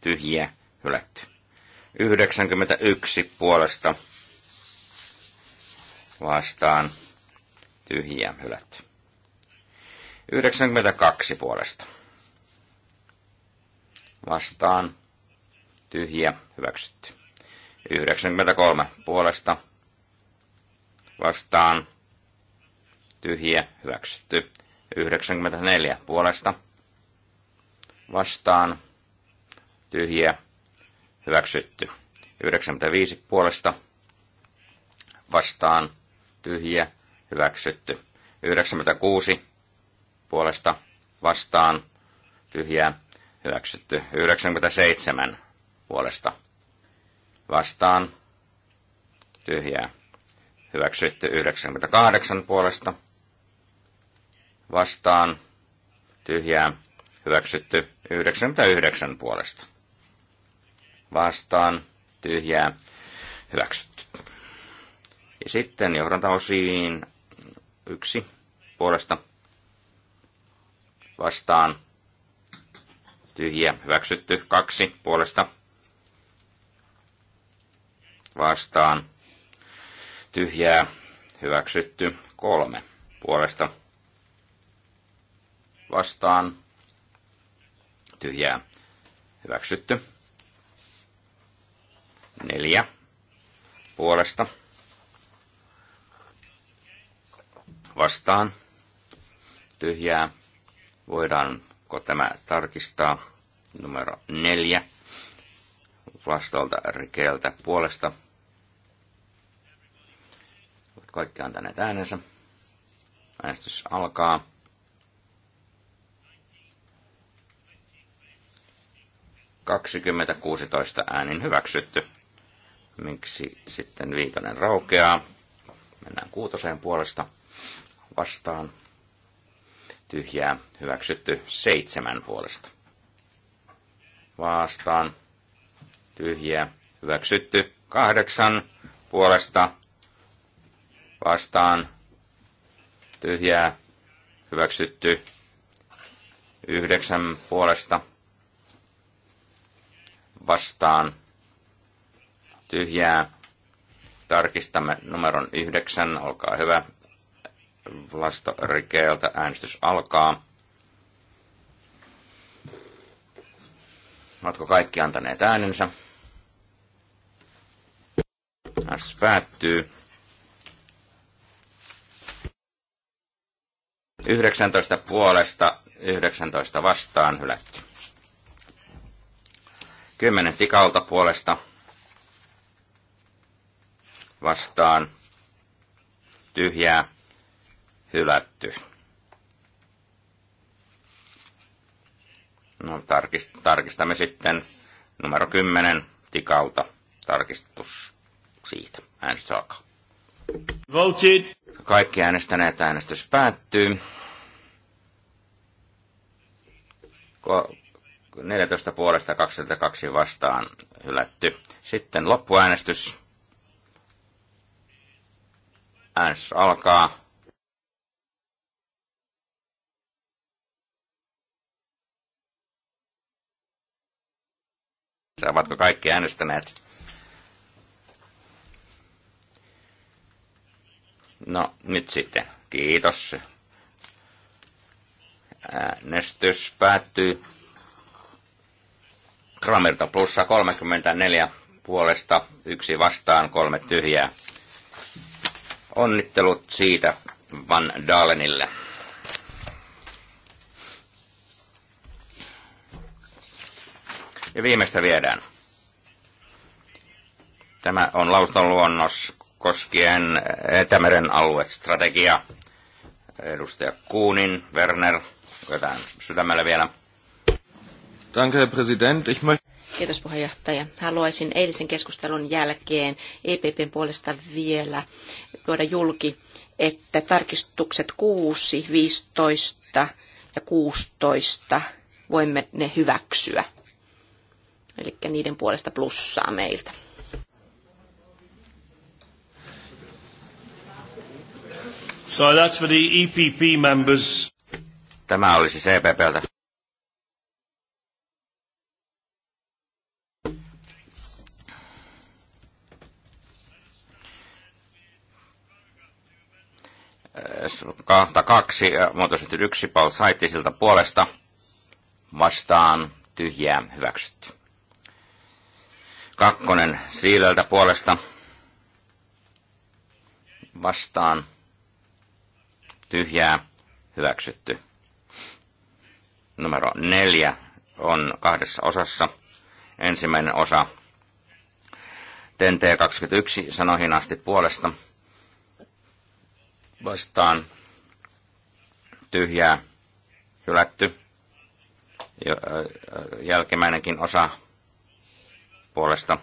S1: tyhjiä hylätty. 91 puolesta vastaan tyhjiä hylätty. 92 puolesta vastaan tyhjiä hyväksytty. 93 puolesta vastaan tyhjiä, hyväksytty. 94 puolesta vastaan, tyhjiä, hyväksytty. 95 puolesta vastaan, tyhjiä, hyväksytty. 96 puolesta vastaan, tyhjä hyväksytty. 97 puolesta vastaan, tyhjä hyväksytty. 98 puolesta vastaan tyhjää hyväksytty 99 puolesta. Vastaan tyhjää hyväksytty. Ja sitten johdantaosiin yksi puolesta vastaan tyhjä hyväksytty kaksi puolesta vastaan tyhjää hyväksytty kolme puolesta vastaan tyhjää hyväksytty. Neljä puolesta vastaan tyhjää. Voidaanko tämä tarkistaa? Numero neljä vastaalta Rikeltä puolesta. Ovat kaikki antaneet äänensä. Äänestys alkaa. 2016 äänin hyväksytty. Miksi sitten viitonen raukeaa? Mennään kuutoseen puolesta vastaan. Tyhjää hyväksytty seitsemän puolesta. Vastaan. Tyhjää hyväksytty kahdeksan puolesta. Vastaan. Tyhjää hyväksytty yhdeksän puolesta vastaan tyhjää. Tarkistamme numeron yhdeksän. Olkaa hyvä. Vlasto Rikeeltä äänestys alkaa. Oletko kaikki antaneet äänensä? Äänestys päättyy. 19 puolesta, 19 vastaan hylätty. Kymmenen tikalta puolesta vastaan tyhjää hylätty. No, tarkist, tarkistamme sitten numero 10 tikalta tarkistus siitä. Äänestys alkaa. Voted. Kaikki äänestäneet äänestys päättyy. Ko- 14 puolesta 22 vastaan hylätty. Sitten loppuäänestys. Äänestys alkaa. Ovatko kaikki äänestäneet? No, nyt sitten. Kiitos. Äänestys päättyy. Kramerta plussa 34 puolesta, yksi vastaan, kolme tyhjää. Onnittelut siitä Van Dalenille. Ja viimeistä viedään. Tämä on lauston luonnos koskien eh, Etämeren aluestrategia. Edustaja Kuunin, Werner, jotain sydämellä vielä. Danke, Herr Präsident. Ich möchte...
S2: Kiitos puheenjohtaja. Haluaisin eilisen keskustelun jälkeen EPPn puolesta vielä tuoda julki, että tarkistukset 6, 15 ja 16 voimme ne hyväksyä. Eli niiden puolesta plussaa meiltä. So that's for the EPP members.
S1: Tämä olisi siis EPPltä. kahta kaksi, muotoisetty yksi Paul siltä puolesta vastaan tyhjää hyväksytty. Kakkonen Siileltä puolesta vastaan tyhjää hyväksytty. Numero neljä on kahdessa osassa. Ensimmäinen osa TNT21 sanoihin asti puolesta – vastaan tyhjää hylätty. Jälkimmäinenkin osa puolesta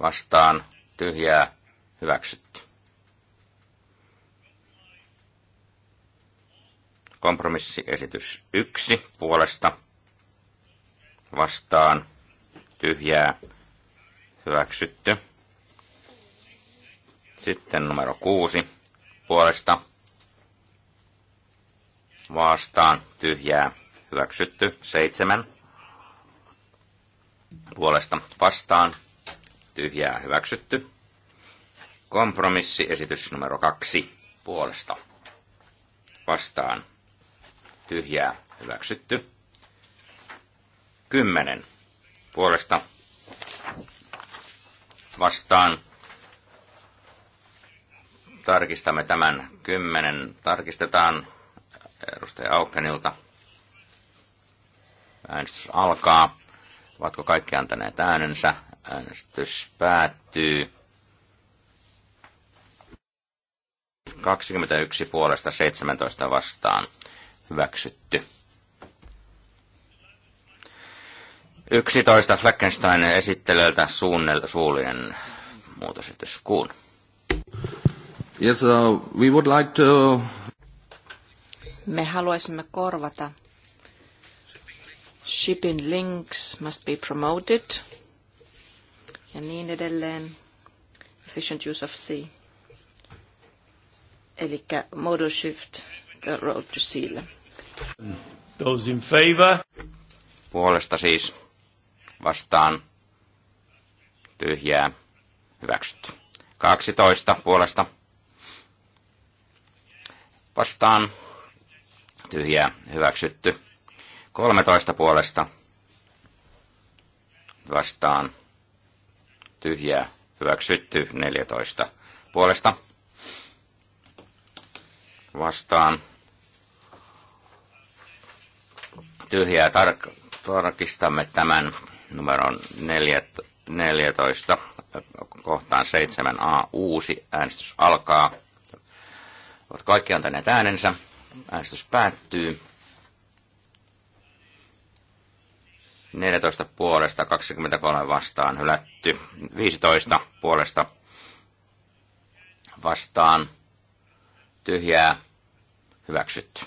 S1: vastaan tyhjää hyväksytty. Kompromissiesitys 1 puolesta vastaan tyhjää hyväksytty. Sitten numero kuusi puolesta vastaan tyhjää hyväksytty. Seitsemän puolesta vastaan tyhjää hyväksytty. Kompromissiesitys numero kaksi puolesta vastaan tyhjää hyväksytty. Kymmenen puolesta vastaan tarkistamme tämän. Kymmenen tarkistetaan edustaja Aukkenilta. Äänestys alkaa. Ovatko kaikki antaneet äänensä? Äänestys päättyy. 21 puolesta 17 vastaan hyväksytty. 11 Fleckensteinin esittelyltä suunnel, suullinen muutosesitys kuun.
S3: Yes, uh, we would like to...
S2: Me haluaisimme korvata. Shipping links must be promoted. Ja niin edelleen. Efficient use of sea. Eli modal shift the road to sea.
S1: Those in favor. Puolesta siis vastaan tyhjää hyväksytty. 12 puolesta vastaan tyhjää hyväksytty. 13 puolesta vastaan tyhjää hyväksytty. 14 puolesta vastaan tyhjää tar- tarkistamme tämän numeron 14 kohtaan 7a uusi äänestys alkaa. Ovat kaikki antaneet äänensä. Äänestys päättyy. 14 puolesta, 23 vastaan hylätty. 15 puolesta vastaan tyhjää hyväksytty.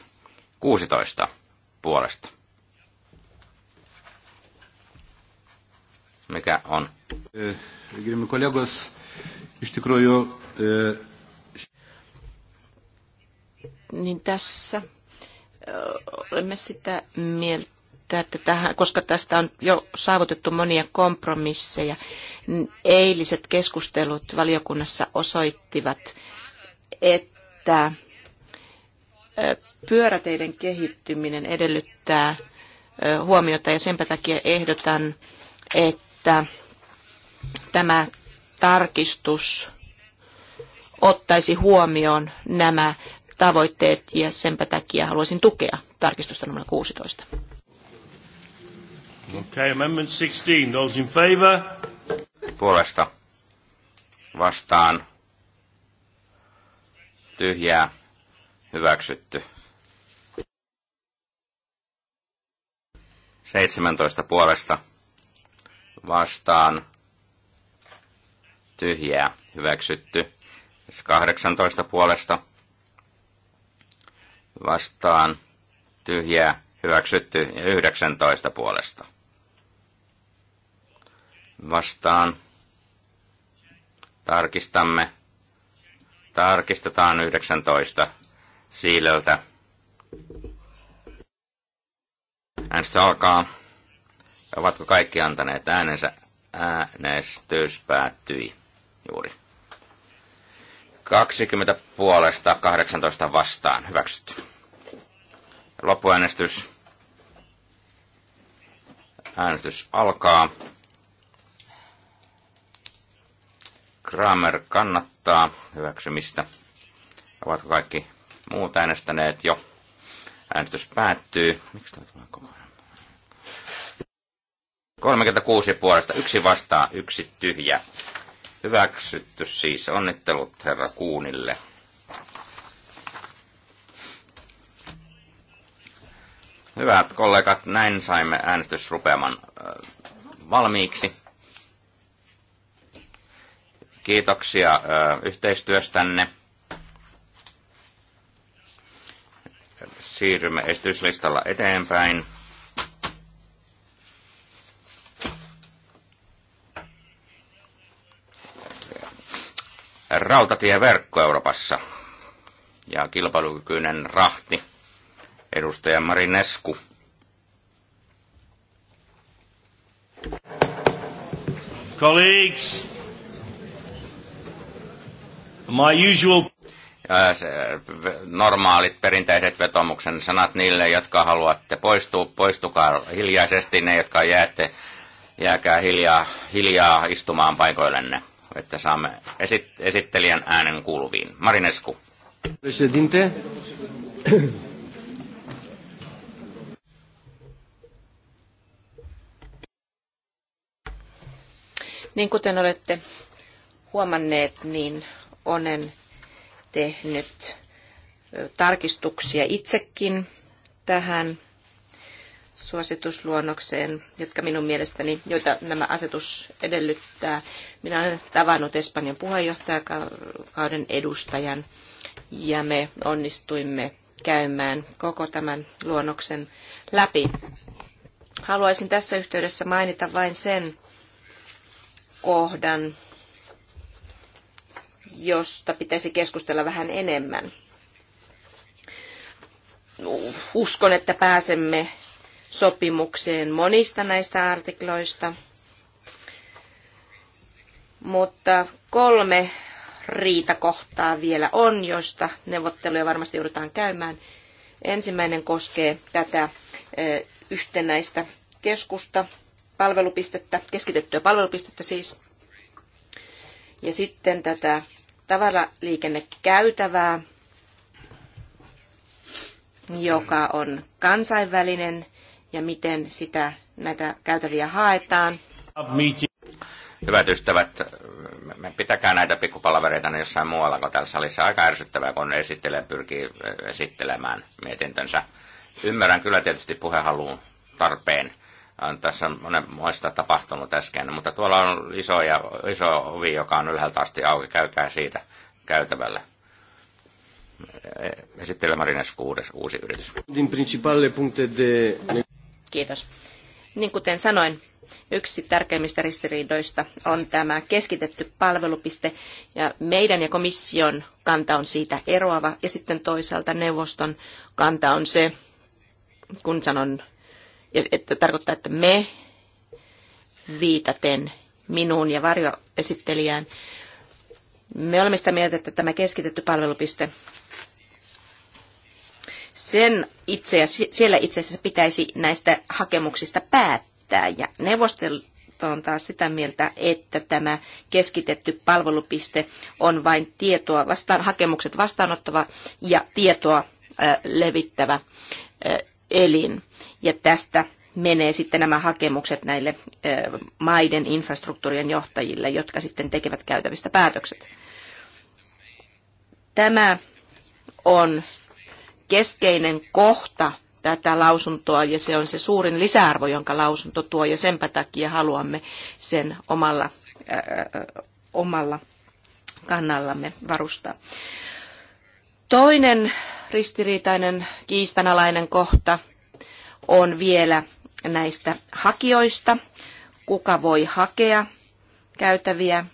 S1: 16 puolesta. Mikä on? Gerimi kollegos, iš tikrųjų e,
S2: niin tässä olemme sitä mieltä, että tähän, koska tästä on jo saavutettu monia kompromisseja, niin eiliset keskustelut valiokunnassa osoittivat, että pyöräteiden kehittyminen edellyttää huomiota ja senpä takia ehdotan, että tämä tarkistus ottaisi huomioon nämä tavoitteet ja senpä takia haluaisin tukea tarkistusta numero 16.
S1: Okay, amendment 16. Those in favor? Puolesta. Vastaan. Tyhjää. Hyväksytty. 17 puolesta vastaan tyhjää hyväksytty. 18 puolesta vastaan tyhjää hyväksytty ja 19 puolesta vastaan tarkistamme. Tarkistetaan 19 siilöltä. Äänestys alkaa. Ovatko kaikki antaneet äänensä? Äänestys päättyi juuri. 20 puolesta 18 vastaan. Hyväksytty. Loppuäänestys. Äänestys alkaa. Kramer kannattaa hyväksymistä. Ovatko kaikki muut äänestäneet jo? Äänestys päättyy. Miksi tämä tulee koko ajan? 36 puolesta, yksi vastaa, yksi tyhjä. Hyväksytty siis. Onnittelut herra Kuunille. Hyvät kollegat, näin saimme äänestysrupeaman äh, valmiiksi. Kiitoksia äh, yhteistyöstänne. Siirrymme esityslistalla eteenpäin. rautatieverkko Euroopassa ja kilpailukykyinen rahti. Edustaja Marinesku. Colleagues, my usual... Normaalit perinteiset vetomuksen sanat niille, jotka haluatte poistua, poistukaa hiljaisesti, ne jotka jäätte, jääkää hiljaa, hiljaa istumaan paikoillenne että saamme esit- esittelijän äänen kuuluviin. Marinesku.
S3: Presidente.
S2: Niin kuten olette huomanneet, niin olen tehnyt tarkistuksia itsekin tähän suositusluonnokseen, jotka minun mielestäni, joita nämä asetus edellyttää. Minä olen tavannut Espanjan puheenjohtajakauden edustajan ja me onnistuimme käymään koko tämän luonnoksen läpi. Haluaisin tässä yhteydessä mainita vain sen kohdan, josta pitäisi keskustella vähän enemmän. Uskon, että pääsemme sopimukseen monista näistä artikloista. Mutta kolme riitakohtaa vielä on, joista neuvotteluja varmasti joudutaan käymään. Ensimmäinen koskee tätä yhtenäistä keskusta, palvelupistettä, keskitettyä palvelupistettä siis. Ja sitten tätä tavaraliikennekäytävää, joka on kansainvälinen ja miten sitä, näitä käytäviä haetaan.
S1: Hyvät ystävät, me pitäkää näitä pikkupalavereita niin jossain muualla kuin täällä salissa. Aika ärsyttävää, kun esittelee pyrkii esittelemään mietintönsä. Ymmärrän kyllä tietysti puhehaluun tarpeen. Äh, tässä on muista tapahtunut äsken, mutta tuolla on iso, ja, iso ovi, joka on ylhäältä asti auki. Käykää siitä käytävällä. Esittelee Marines uusi, uusi yritys.
S2: Kiitos. Niin kuten sanoin, yksi tärkeimmistä ristiriidoista on tämä keskitetty palvelupiste, ja meidän ja komission kanta on siitä eroava, ja sitten toisaalta neuvoston kanta on se, kun sanon, että tarkoittaa, että me viitaten minuun ja varjoesittelijään, me olemme sitä mieltä, että tämä keskitetty palvelupiste sen itse, siellä itse asiassa pitäisi näistä hakemuksista päättää. Ja neuvosto on taas sitä mieltä, että tämä keskitetty palvelupiste on vain tietoa vastaan, hakemukset vastaanottava ja tietoa levittävä elin. Ja tästä menee sitten nämä hakemukset näille maiden infrastruktuurien johtajille, jotka sitten tekevät käytävistä päätökset. Tämä on keskeinen kohta tätä lausuntoa ja se on se suurin lisäarvo, jonka lausunto tuo ja senpä takia haluamme sen omalla, ää, äh, omalla kannallamme varustaa. Toinen ristiriitainen kiistanalainen kohta on vielä näistä hakijoista. Kuka voi hakea käytäviä?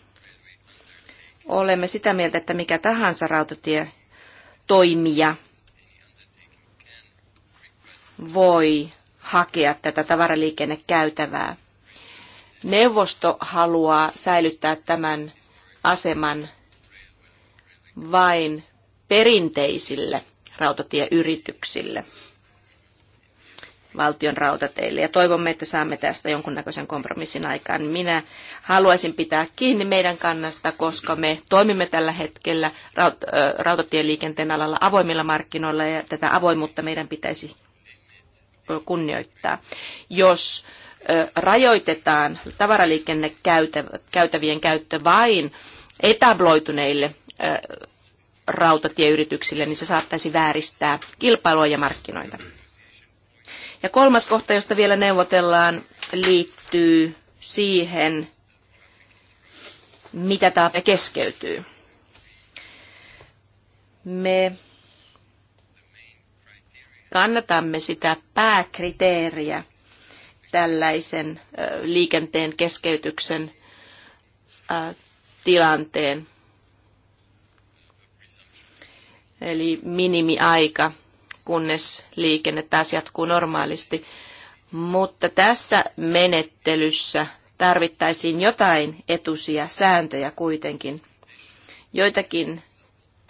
S2: Olemme sitä mieltä, että mikä tahansa rautatie toimija voi hakea tätä tavaraliikennekäytävää. Neuvosto haluaa säilyttää tämän aseman vain perinteisille rautatieyrityksille, valtion rautateille. Ja toivomme, että saamme tästä jonkunnäköisen kompromissin aikaan. Minä haluaisin pitää kiinni meidän kannasta, koska me toimimme tällä hetkellä rautatieliikenteen alalla avoimilla markkinoilla ja tätä avoimuutta meidän pitäisi kunnioittaa. Jos rajoitetaan tavaraliikennekäytävien käyttö vain etabloituneille rautatieyrityksille, niin se saattaisi vääristää kilpailua ja markkinoita. Ja kolmas kohta, josta vielä neuvotellaan, liittyy siihen, mitä tämä keskeytyy. Me kannatamme sitä pääkriteeriä tällaisen liikenteen keskeytyksen tilanteen. Eli minimiaika, kunnes liikenne taas jatkuu normaalisti. Mutta tässä menettelyssä tarvittaisiin jotain etusia sääntöjä kuitenkin. Joitakin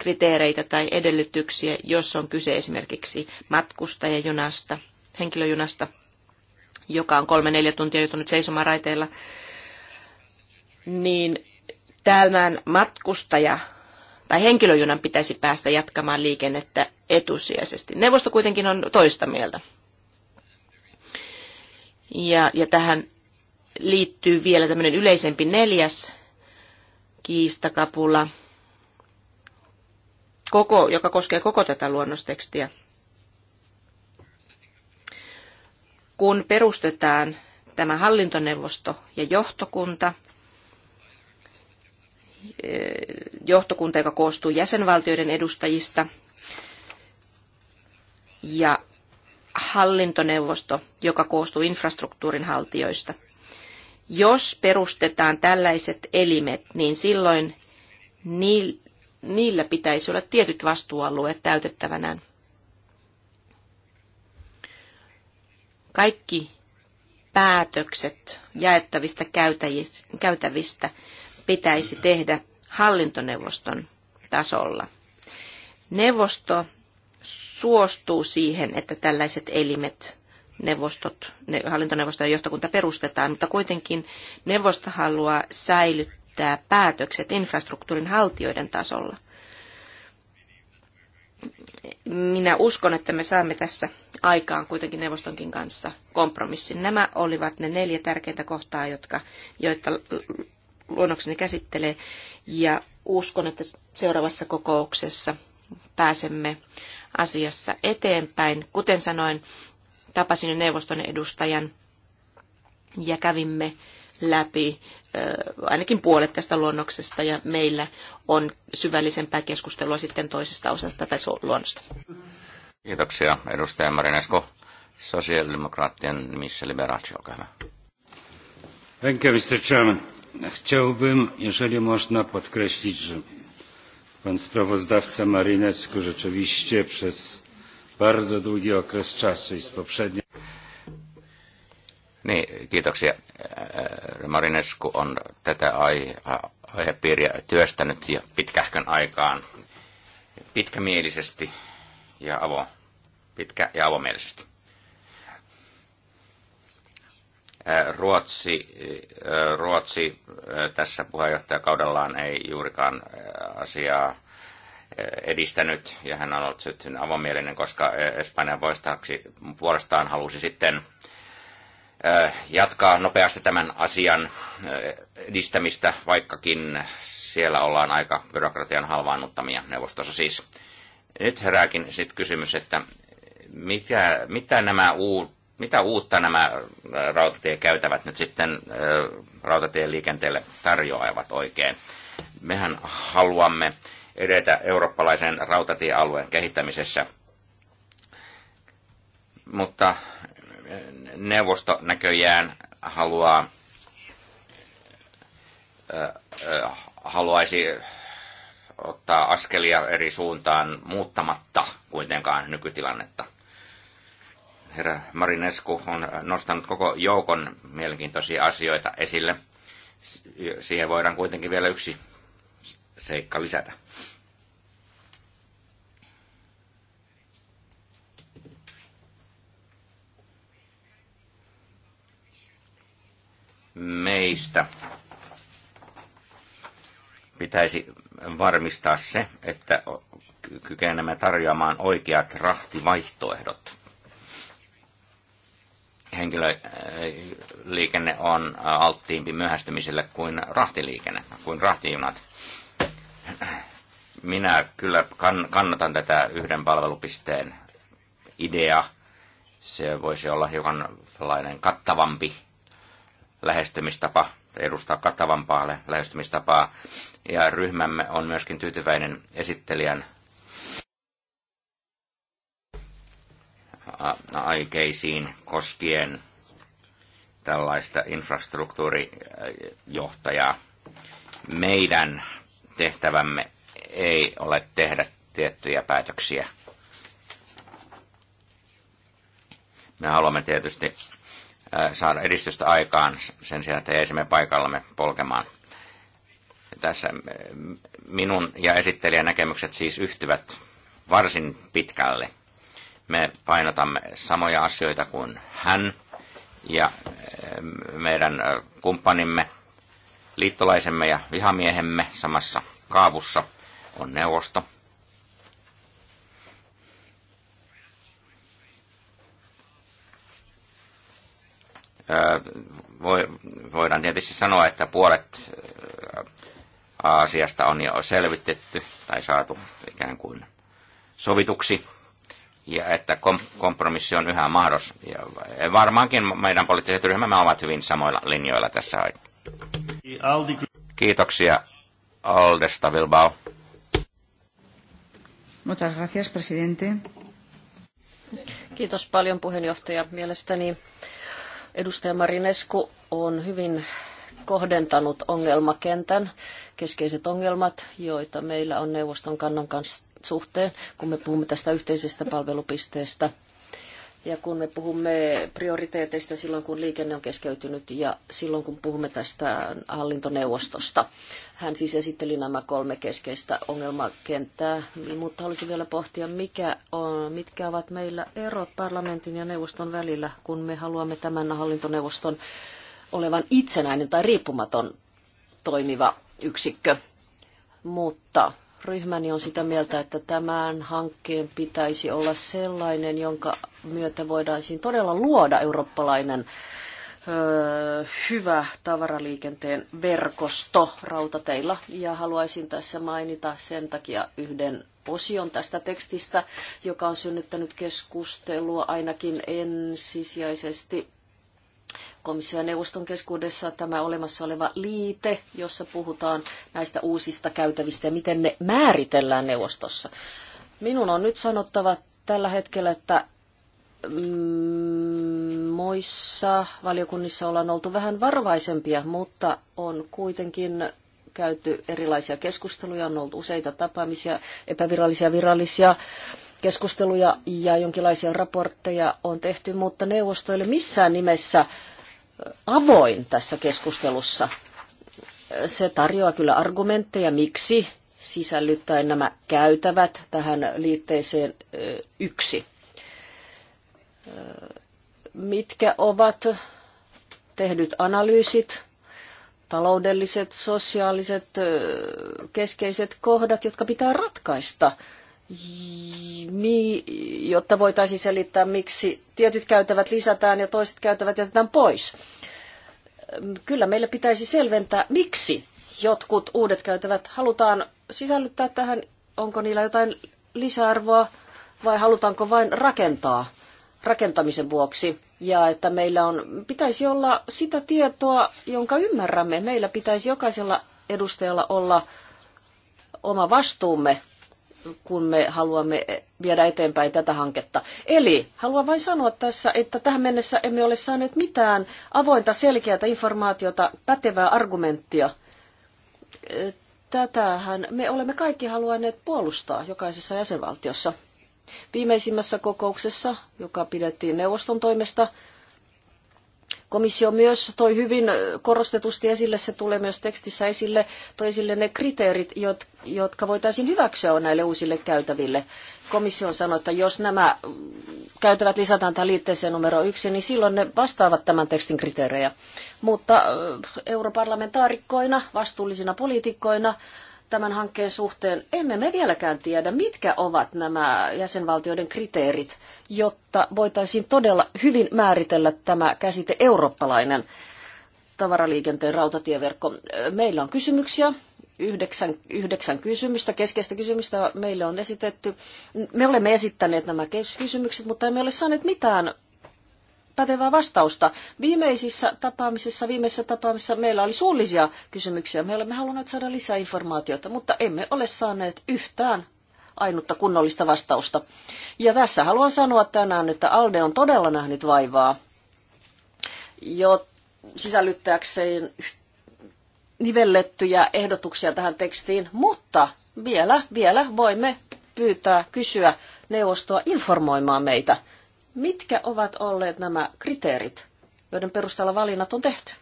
S2: kriteereitä tai edellytyksiä, jos on kyse esimerkiksi matkustajajunasta, henkilöjunasta, joka on kolme-neljä tuntia joutunut seisomaan raiteilla, niin tämän matkustaja tai henkilöjunan pitäisi päästä jatkamaan liikennettä etusijaisesti. Neuvosto kuitenkin on toista mieltä. Ja, ja tähän liittyy vielä tämmöinen yleisempi neljäs kiistakapula – koko, joka koskee koko tätä luonnostekstiä. Kun perustetaan tämä hallintoneuvosto ja johtokunta, eh, johtokunta, joka koostuu jäsenvaltioiden edustajista, ja hallintoneuvosto, joka koostuu infrastruktuurin haltijoista. Jos perustetaan tällaiset elimet, niin silloin niillä pitäisi olla tietyt vastuualueet täytettävänään. Kaikki päätökset jaettavista käytävistä pitäisi tehdä hallintoneuvoston tasolla. Neuvosto suostuu siihen, että tällaiset elimet, neuvostot, hallintoneuvosto ja johtokunta perustetaan, mutta kuitenkin neuvosto haluaa säilyttää päätökset infrastruktuurin haltijoiden tasolla minä uskon, että me saamme tässä aikaan kuitenkin neuvostonkin kanssa kompromissin. Nämä olivat ne neljä tärkeintä kohtaa, jotka, joita luonnokseni käsittelee. Ja uskon, että seuraavassa kokouksessa pääsemme asiassa eteenpäin. Kuten sanoin, tapasin neuvoston edustajan ja kävimme läpi ainakin puolet tästä luonnoksesta ja meillä on syvällisempää keskustelua sitten toisesta osasta tätä luonnosta.
S1: Kiitoksia edustaja Marinesko. Sosiaalidemokraattien nimissä Liberace, olkaa hyvä. Thank you, Mr. Chairman. Chciałbym, jeżeli można, podkreślić, że pan sprawozdawca Marinescu rzeczywiście przez bardzo długi okres czasu i z poprzednio... Niin, kiitoksia. Marinesku on tätä aihe, aihepiiriä työstänyt ja pitkähkön aikaan pitkämielisesti ja avo, pitkä ja avomielisesti. Ruotsi, Ruotsi tässä puheenjohtajakaudellaan ei juurikaan asiaa edistänyt ja hän on ollut avomielinen, koska Espanja poistaaksi puolestaan halusi sitten Äh, jatkaa nopeasti tämän asian äh, edistämistä, vaikkakin siellä ollaan aika byrokratian halvaannuttamia neuvostossa siis. Nyt herääkin sitten kysymys, että mikä, mitä, nämä uu, mitä uutta nämä äh, rautatiekäytävät nyt sitten rautatien liikenteelle tarjoavat oikein? Mehän haluamme edetä eurooppalaisen rautatiealueen kehittämisessä, mutta neuvosto näköjään haluaa, haluaisi ottaa askelia eri suuntaan muuttamatta kuitenkaan nykytilannetta. Herra Marinescu on nostanut koko joukon mielenkiintoisia asioita esille. Siihen voidaan kuitenkin vielä yksi seikka lisätä. meistä pitäisi varmistaa se, että kykenemme tarjoamaan oikeat rahtivaihtoehdot. Henkilöliikenne äh, on äh, alttiimpi myöhästymiselle kuin rahtiliikenne, kuin rahtijunat. Minä kyllä kannatan tätä yhden palvelupisteen ideaa. Se voisi olla hiukan kattavampi lähestymistapa, edustaa kattavampaa lähestymistapaa. Ja ryhmämme on myöskin tyytyväinen esittelijän aikeisiin koskien tällaista infrastruktuurijohtajaa. Meidän tehtävämme ei ole tehdä tiettyjä päätöksiä. Me haluamme tietysti saada edistystä aikaan sen sijaan, että jäisimme paikallamme polkemaan. Tässä minun ja esittelijän näkemykset siis yhtyvät varsin pitkälle. Me painotamme samoja asioita kuin hän ja meidän kumppanimme, liittolaisemme ja vihamiehemme samassa kaavussa on neuvosto. voidaan tietysti sanoa, että puolet asiasta on jo selvitetty tai saatu ikään kuin sovituksi ja että kompromissi on yhä mahdollista. Ja varmaankin meidän poliittiset ryhmämme ovat hyvin samoilla linjoilla tässä aikaa. Kiitoksia Aldesta Bilbao.
S2: Muchas gracias, presidente.
S3: Kiitos paljon puheenjohtaja. Mielestäni Edustaja Marinesku on hyvin kohdentanut ongelmakentän, keskeiset ongelmat, joita meillä on neuvoston kannan kanssa suhteen, kun me puhumme tästä yhteisestä palvelupisteestä – ja kun me puhumme prioriteeteista silloin, kun liikenne on keskeytynyt ja silloin, kun puhumme tästä hallintoneuvostosta. Hän siis esitteli nämä kolme keskeistä ongelmakenttää, mutta haluaisin vielä pohtia, mikä on, mitkä ovat meillä erot parlamentin ja neuvoston välillä, kun me haluamme tämän hallintoneuvoston olevan itsenäinen tai riippumaton toimiva yksikkö. Mutta ryhmäni on sitä mieltä, että tämän hankkeen pitäisi olla sellainen, jonka myötä voidaan todella luoda eurooppalainen öö, hyvä tavaraliikenteen verkosto rautateilla. Ja haluaisin tässä mainita sen takia yhden osion tästä tekstistä, joka on synnyttänyt keskustelua ainakin ensisijaisesti komission neuvoston keskuudessa tämä olemassa oleva liite, jossa puhutaan näistä uusista käytävistä ja miten ne määritellään neuvostossa. Minun on nyt sanottava tällä hetkellä, että mm, muissa valiokunnissa ollaan oltu vähän varvaisempia, mutta on kuitenkin käyty erilaisia keskusteluja, on ollut useita tapaamisia, epävirallisia, virallisia. virallisia keskusteluja ja jonkinlaisia raportteja on tehty, mutta neuvosto ei ole missään nimessä avoin tässä keskustelussa. Se tarjoaa kyllä argumentteja, miksi sisällyttäen nämä käytävät tähän liitteeseen yksi. Mitkä ovat tehdyt analyysit, taloudelliset, sosiaaliset, keskeiset kohdat, jotka pitää ratkaista – jotta voitaisiin selittää, miksi tietyt käytävät lisätään ja toiset käytävät jätetään pois. Kyllä meillä pitäisi selventää, miksi jotkut uudet käytävät halutaan sisällyttää tähän, onko niillä jotain lisäarvoa vai halutaanko vain rakentaa rakentamisen vuoksi. Ja että meillä on, pitäisi olla sitä tietoa, jonka ymmärrämme. Meillä pitäisi jokaisella edustajalla olla oma vastuumme kun me haluamme viedä eteenpäin tätä hanketta. Eli haluan vain sanoa tässä, että tähän mennessä emme ole saaneet mitään avointa, selkeää informaatiota, pätevää argumenttia. Tätähän me olemme kaikki haluaneet puolustaa jokaisessa jäsenvaltiossa. Viimeisimmässä kokouksessa, joka pidettiin neuvoston toimesta, Komissio myös toi hyvin korostetusti esille, se tulee myös tekstissä esille, toi esille ne kriteerit, jotka voitaisiin hyväksyä näille uusille käytäville. Komissio on sanonut, että jos nämä käytävät lisätään tähän liitteeseen numero yksi, niin silloin ne vastaavat tämän tekstin kriteerejä. Mutta europarlamentaarikkoina, vastuullisina poliitikkoina, tämän hankkeen suhteen. Emme me vieläkään tiedä, mitkä ovat nämä jäsenvaltioiden kriteerit, jotta voitaisiin todella hyvin määritellä tämä käsite eurooppalainen tavaraliikenteen rautatieverkko. Meillä on kysymyksiä, yhdeksän, yhdeksän kysymystä, keskeistä kysymystä meille on esitetty. Me olemme esittäneet nämä kysymykset, mutta emme ole saaneet mitään pätevää vastausta. Viimeisissä tapaamisissa, viimeisessä tapaamisessa meillä oli suullisia kysymyksiä. Me olemme halunneet saada lisää informaatiota, mutta emme ole saaneet yhtään ainutta kunnollista vastausta. Ja tässä haluan sanoa tänään, että Alde on todella nähnyt vaivaa jo sisällyttääkseen nivellettyjä ehdotuksia tähän tekstiin, mutta vielä, vielä voimme pyytää, kysyä neuvostoa informoimaan meitä Mitkä ovat olleet nämä kriteerit, joiden perusteella valinnat on tehty?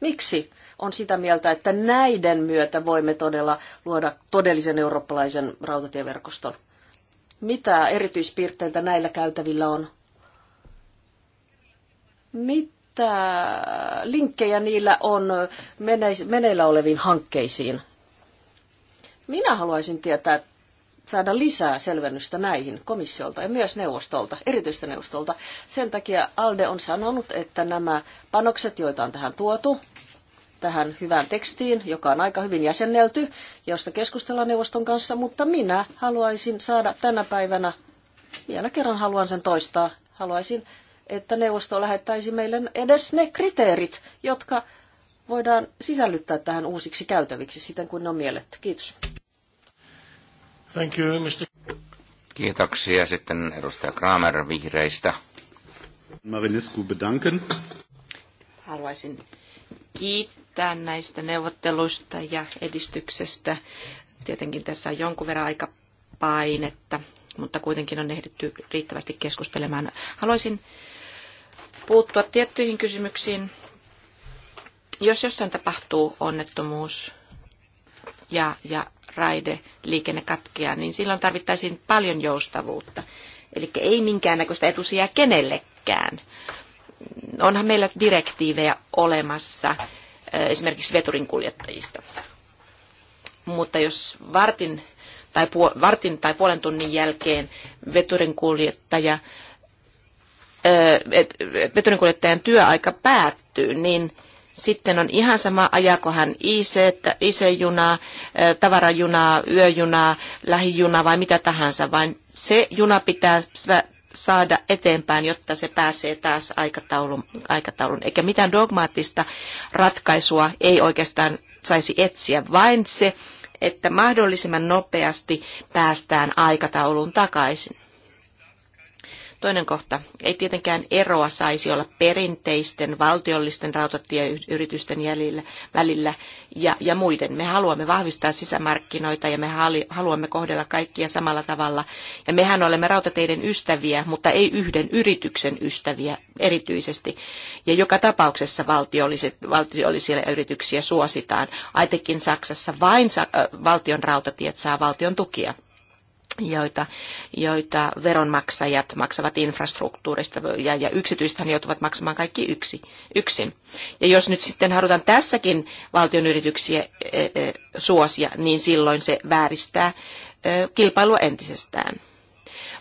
S3: Miksi on sitä mieltä, että näiden myötä voimme todella luoda todellisen eurooppalaisen rautatieverkoston? Mitä erityispiirteitä näillä käytävillä on? Mitä linkkejä niillä on meneillä oleviin hankkeisiin? Minä haluaisin tietää saada lisää selvennystä näihin komissiolta ja myös neuvostolta, erityistä neuvostolta. Sen takia ALDE on sanonut, että nämä panokset, joita on tähän tuotu, tähän hyvään tekstiin, joka on aika hyvin jäsennelty, josta keskustellaan neuvoston kanssa, mutta minä haluaisin saada tänä päivänä, vielä kerran haluan sen toistaa, haluaisin, että neuvosto lähettäisi meille edes ne kriteerit, jotka voidaan sisällyttää tähän uusiksi käytäviksi siten kuin ne on mielletty. Kiitos.
S1: Thank you, Mr. Kiitoksia sitten edustaja Kramer vihreistä. Marinescu bedanken.
S2: Haluaisin kiittää näistä neuvotteluista ja edistyksestä. Tietenkin tässä on jonkun verran aika painetta, mutta kuitenkin on ehditty riittävästi keskustelemaan. Haluaisin puuttua tiettyihin kysymyksiin. Jos jossain tapahtuu onnettomuus ja, ja raide liikenne katkeaa, niin silloin tarvittaisiin paljon joustavuutta. Eli ei minkäännäköistä etusijaa kenellekään. Onhan meillä direktiivejä olemassa esimerkiksi veturin kuljettajista. Mutta jos vartin tai, puol- vartin tai puolen tunnin jälkeen veturin kuljettaja veturinkuljettajan työaika päättyy, niin sitten on ihan sama, ajako hän IC, IC-junaa, tavarajunaa, yöjunaa, lähijunaa vai mitä tahansa, vaan se juna pitää saada eteenpäin, jotta se pääsee taas aikataulun, aikataulun. Eikä mitään dogmaattista ratkaisua ei oikeastaan saisi etsiä, vain se, että mahdollisimman nopeasti päästään aikataulun takaisin. Toinen kohta. Ei tietenkään eroa saisi olla perinteisten valtiollisten rautatieyritysten jäljillä, välillä ja, ja muiden. Me haluamme vahvistaa sisämarkkinoita ja me haluamme kohdella kaikkia samalla tavalla. Ja mehän olemme rautateiden ystäviä, mutta ei yhden yrityksen ystäviä erityisesti. Ja joka tapauksessa valtiollisia yrityksiä suositaan. Aitekin Saksassa vain valtion rautatiet saa valtion tukia joita, joita veronmaksajat maksavat infrastruktuurista ja, ja yksityistähän joutuvat maksamaan kaikki yksi, yksin. Ja jos nyt sitten halutaan tässäkin valtion yrityksiä e, e, suosia, niin silloin se vääristää e, kilpailua entisestään.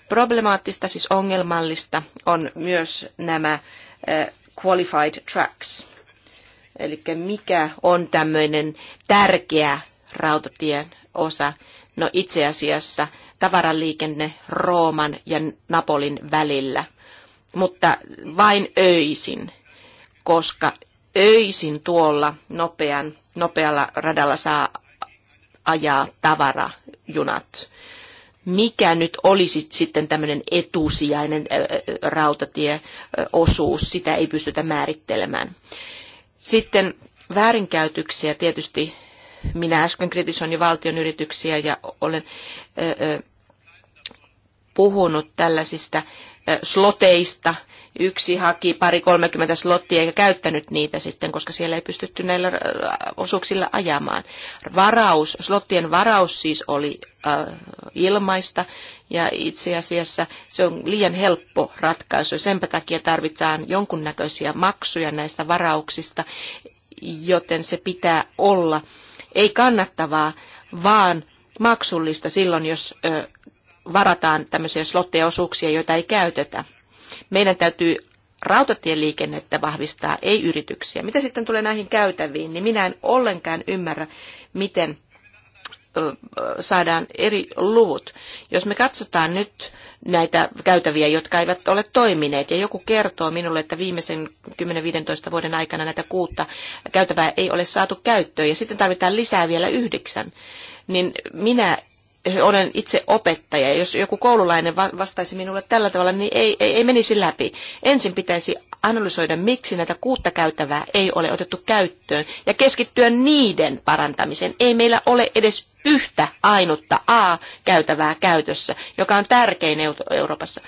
S2: Problemaattista, siis ongelmallista, on myös nämä qualified tracks. Eli mikä on tämmöinen tärkeä rautatien osa? No itse asiassa tavaraliikenne Rooman ja Napolin välillä, mutta vain öisin, koska öisin tuolla nopean, nopealla radalla saa ajaa tavarajunat. Mikä nyt olisi sitten tämmöinen etusijainen rautatieosuus, sitä ei pystytä määrittelemään. Sitten väärinkäytöksiä tietysti minä äsken kritisoin jo valtion yrityksiä ja olen ö, ö, puhunut tällaisista sloteista. Yksi haki pari 30 slottia eikä käyttänyt niitä sitten, koska siellä ei pystytty näillä osuuksilla ajamaan. Varaus, slottien varaus siis oli äh, ilmaista ja itse asiassa se on liian helppo ratkaisu. Sen takia tarvitaan jonkunnäköisiä maksuja näistä varauksista, joten se pitää olla ei kannattavaa, vaan maksullista silloin, jos äh, varataan tämmöisiä slotteja osuuksia, joita ei käytetä. Meidän täytyy rautatieliikennettä vahvistaa, ei yrityksiä. Mitä sitten tulee näihin käytäviin, niin minä en ollenkaan ymmärrä, miten saadaan eri luvut. Jos me katsotaan nyt näitä käytäviä, jotka eivät ole toimineet, ja joku kertoo minulle, että viimeisen 10-15 vuoden aikana näitä kuutta käytävää ei ole saatu käyttöön, ja sitten tarvitaan lisää vielä yhdeksän, niin minä olen itse opettaja. Jos joku koululainen vastaisi minulle tällä tavalla, niin ei, ei, ei menisi läpi. Ensin pitäisi analysoida, miksi näitä kuutta käytävää ei ole otettu käyttöön ja keskittyä niiden parantamiseen. Ei meillä ole edes yhtä ainutta A-käytävää käytössä, joka on tärkein Euroopassa.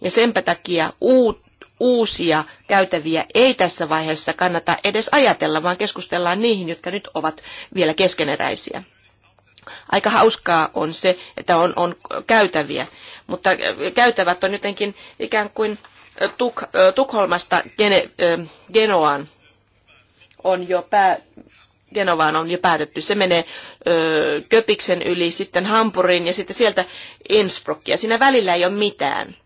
S2: Ja senpä takia uut, uusia käytäviä ei tässä vaiheessa kannata edes ajatella, vaan keskustellaan niihin, jotka nyt ovat vielä keskeneräisiä aika hauskaa on se, että on, on käytäviä, mutta äh, käytävät on jotenkin ikään kuin äh, Tuk, äh, Tukholmasta Gene, Genoaan on jo pää, Genovaan on jo päätetty. Se menee ö, Köpiksen yli, sitten Hampuriin ja sitten sieltä Innsbruckia. Siinä välillä ei ole mitään.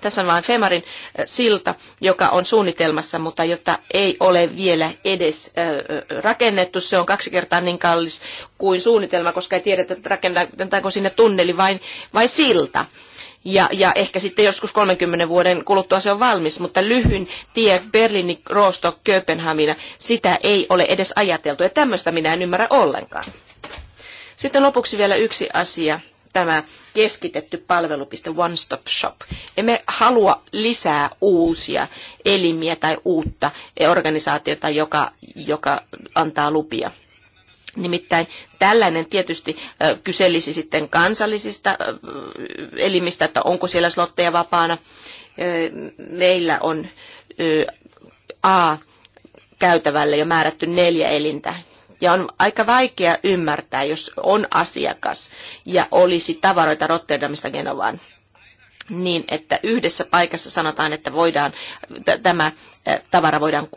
S2: Tässä on vain Femarin silta, joka on suunnitelmassa, mutta jota ei ole vielä edes rakennettu. Se on kaksi kertaa niin kallis kuin suunnitelma, koska ei tiedetä, rakennetaanko sinne tunneli vai, vai silta. Ja, ja ehkä sitten joskus 30 vuoden kuluttua se on valmis, mutta lyhyin tie Berliini, Rostock, Kööpenhamina, sitä ei ole edes ajateltu. Ja tämmöistä minä en ymmärrä ollenkaan. Sitten lopuksi vielä yksi asia, tämä keskitetty palvelupiste One Stop Shop. Emme halua lisää uusia elimiä tai uutta organisaatiota, joka, joka antaa lupia. Nimittäin tällainen tietysti kyselisi sitten kansallisista elimistä, että onko siellä slotteja vapaana. Meillä on A käytävälle jo määrätty neljä elintä, ja on aika vaikea ymmärtää, jos on asiakas ja olisi tavaroita Rotterdamista Genovaan niin, että yhdessä paikassa sanotaan, että voidaan, tämä tavara voidaan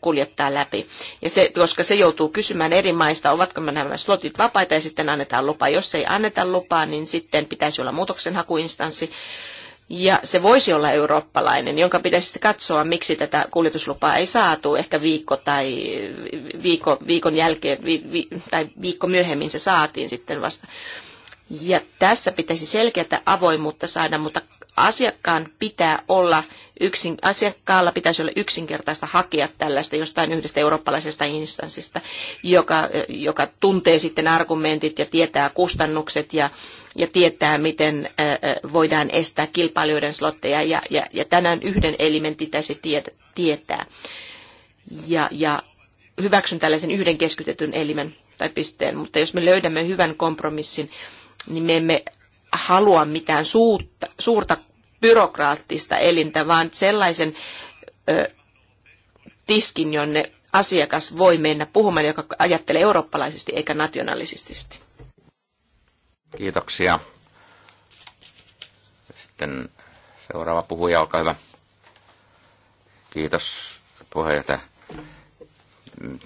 S2: kuljettaa läpi. Ja se, koska se joutuu kysymään eri maista, ovatko nämä slotit vapaita ja sitten annetaan lupa. Jos ei anneta lupaa, niin sitten pitäisi olla muutoksenhakuinstanssi. Ja se voisi olla eurooppalainen, jonka pitäisi sitten katsoa, miksi tätä kuljetuslupaa ei saatu. Ehkä viikko tai viikko, viikon jälkeen vi, vi, tai viikko myöhemmin se saatiin sitten vasta. Ja tässä pitäisi selkeätä avoimuutta saada, mutta asiakkaan pitää olla yksin, asiakkaalla pitäisi olla yksinkertaista hakea tällaista jostain yhdestä eurooppalaisesta instanssista, joka, joka tuntee sitten argumentit ja tietää kustannukset ja, ja tietää, miten voidaan estää kilpailijoiden slotteja ja, ja, ja tänään yhden elimen pitäisi tietää. Ja, ja hyväksyn tällaisen yhden keskitetyn elimen tai pisteen, mutta jos me löydämme hyvän kompromissin, niin me emme halua mitään suurta, suurta byrokraattista elintä, vaan sellaisen ö, tiskin, jonne asiakas voi mennä puhumaan, joka ajattelee eurooppalaisesti eikä nationalistisesti.
S1: Kiitoksia. Sitten seuraava puhuja, olkaa hyvä. Kiitos puheenjohtaja.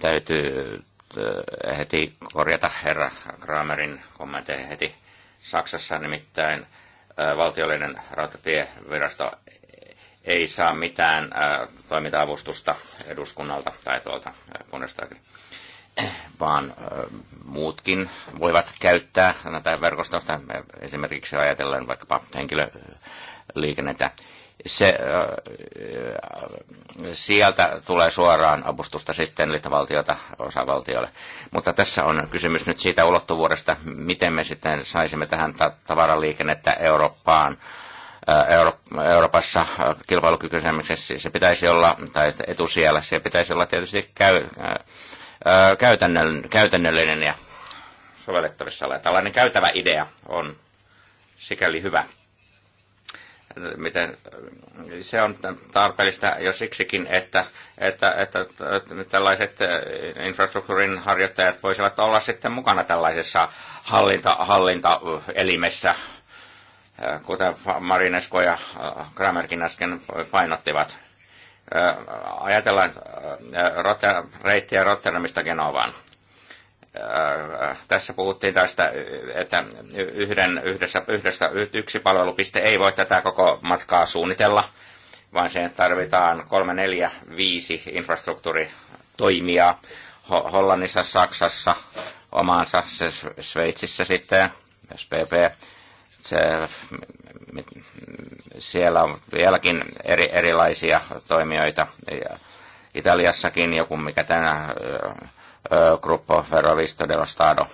S1: Täytyy heti korjata herra Kramerin kommentteja heti Saksassa nimittäin valtiollinen rautatievirasto ei saa mitään toiminta-avustusta eduskunnalta tai tuolta Bundestagilta, vaan muutkin voivat käyttää tätä verkostosta, esimerkiksi ajatellen vaikkapa henkilöliikennettä se, sieltä tulee suoraan avustusta sitten liittovaltiota osavaltiolle. Mutta tässä on kysymys nyt siitä ulottuvuudesta, miten me sitten saisimme tähän tavaraliikennettä Eurooppaan. Euro- Euroopassa kilpailukykyisemmiksi se pitäisi olla, tai etusijalla se pitäisi olla tietysti käy, käytännöllinen, käytännöllinen ja sovellettavissa oleva. Tällainen käytävä idea on sikäli hyvä miten se on tarpeellista jo siksikin, että, että, että, että tällaiset äh, infrastruktuurin harjoittajat voisivat olla sitten mukana tällaisessa hallinta, hallintaelimessä, äh, kuten Marinesko ja äh, Kramerkin äsken painottivat. Ajatellaan reittiä Rotterdamista Genovaan Äh, äh, tässä puhuttiin tästä, että yhden, yhdessä, yhdessä, yksi palvelupiste ei voi tätä koko matkaa suunnitella, vaan siihen tarvitaan kolme, neljä, viisi infrastruktuuritoimijaa Hollannissa, Saksassa, omaansa Sveitsissä sitten, SPP. Se, siellä on vieläkin eri, erilaisia toimijoita. Italiassakin joku, mikä tänä Gruppo Ferrovisto dello Stato.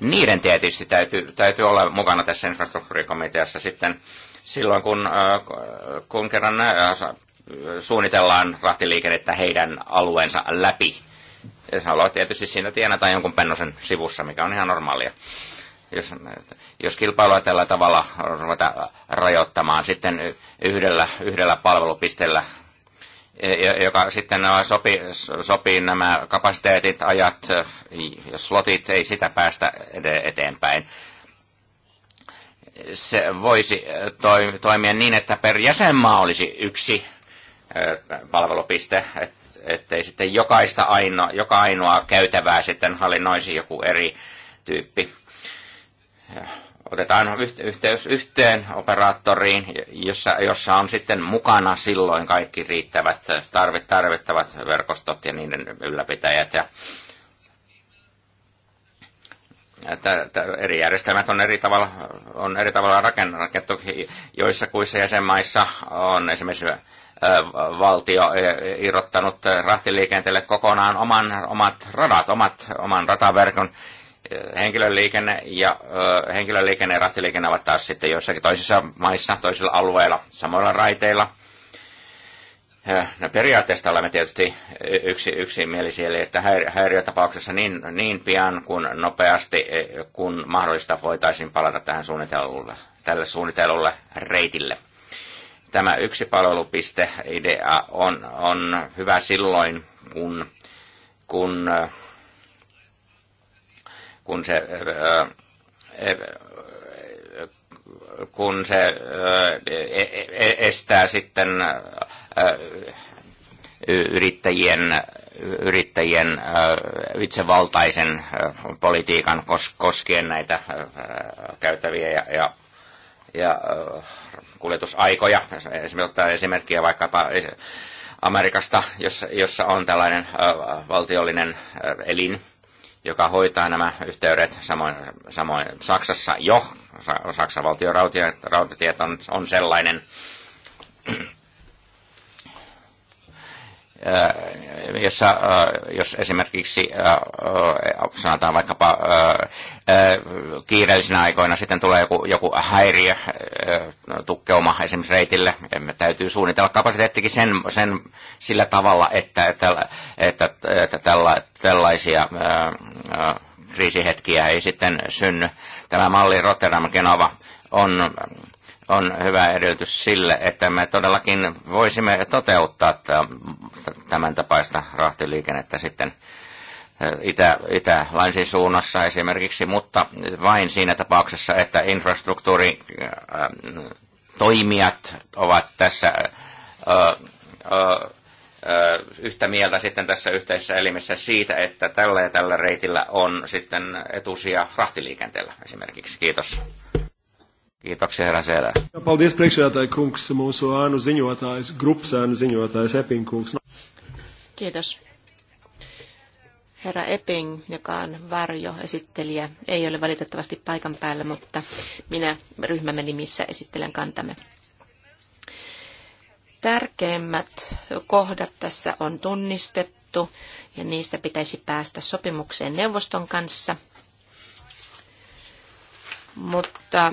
S1: Niiden tietysti täytyy, täytyy olla mukana tässä infrastruktuurikomiteassa sitten silloin, kun, kun kerran suunnitellaan rahtiliikennettä heidän alueensa läpi. se haluaa tietysti siinä tienata jonkun pennosen sivussa, mikä on ihan normaalia. Jos, jos kilpailua tällä tavalla ruvetaan rajoittamaan sitten yhdellä, yhdellä palvelupisteellä E- e- joka sitten sopii, sopii nämä kapasiteetit, ajat, e- ja slotit ei sitä päästä eteenpäin. Se voisi toimia niin, että per jäsenmaa olisi yksi palvelupiste, ettei sitten jokaista ainoa, joka ainoa käytävää sitten hallinnoisi joku eri tyyppi otetaan yhteys yhteen operaattoriin, jossa, jossa on sitten mukana silloin kaikki riittävät tarvit, tarvittavat verkostot ja niiden ylläpitäjät. Ja, että, että eri järjestelmät on eri tavalla, on eri tavalla rakennettu. Joissa kuissa jäsenmaissa on esimerkiksi valtio irrottanut rahtiliikenteelle kokonaan oman, omat radat, omat, oman rataverkon, henkilöliikenne ja ö, henkilöliikenne ja rahtiliikenne ovat taas sitten joissakin toisissa maissa, toisilla alueilla, samoilla raiteilla. No periaatteesta olemme tietysti yksi, yksimielisiä, eli että häiriötapauksessa niin, niin pian kuin nopeasti e, kun mahdollista voitaisiin palata tähän suunnitelulle tälle suunnitelulle reitille. Tämä yksi palvelupiste idea on, on hyvä silloin, kun, kun kun se, äh, äh, kun se äh, e, e, estää sitten yrittäjien, yrittäjien itsevaltaisen politiikan koskien näitä käytäviä ja, ja, ja kuljetusaikoja. Esimerkiksi esimerkkiä vaikkapa Amerikasta, jossa, jossa on tällainen valtiollinen elin, joka hoitaa nämä yhteydet, samoin, samoin Saksassa jo, Saksan valtion rautatiet on, on sellainen, Äh, jossa, äh, jos esimerkiksi äh, sanotaan vaikkapa kiireellisinä aikoina sitten tulee joku, joku häiriö tukkeuma esimerkiksi reitille, me täytyy suunnitella kapasiteettikin sen, sen sillä tavalla, että, että, että, että tälla, tällaisia kriisihetkiä ei sitten synny. Tämä malli Rotterdam-Genova on on hyvä edellytys sille, että me todellakin voisimme toteuttaa tämän tapaista rahtiliikennettä sitten eh, itä, itä suunnassa esimerkiksi, mutta vain siinä tapauksessa, että infrastruktuuri eh, toimijat ovat tässä eh, yhtä mieltä sitten tässä yhteisessä elimessä siitä, että tällä ja tällä reitillä on sitten etusia rahtiliikenteellä esimerkiksi. Kiitos. Kiitoksia, herra Selä.
S3: Paldies, priekšsēdētāji kungs, mūsu ēnu ziņotājs, grupas ēnu ziņotājs Epping kungs.
S2: Kiitos. Herra Epping, joka on varjoesittelijä, ei ole valitettavasti paikan päällä, mutta minä ryhmämme nimissä esittelen kantamme. Tärkeimmät kohdat tässä on tunnistettu ja niistä pitäisi päästä sopimukseen neuvoston kanssa. Mutta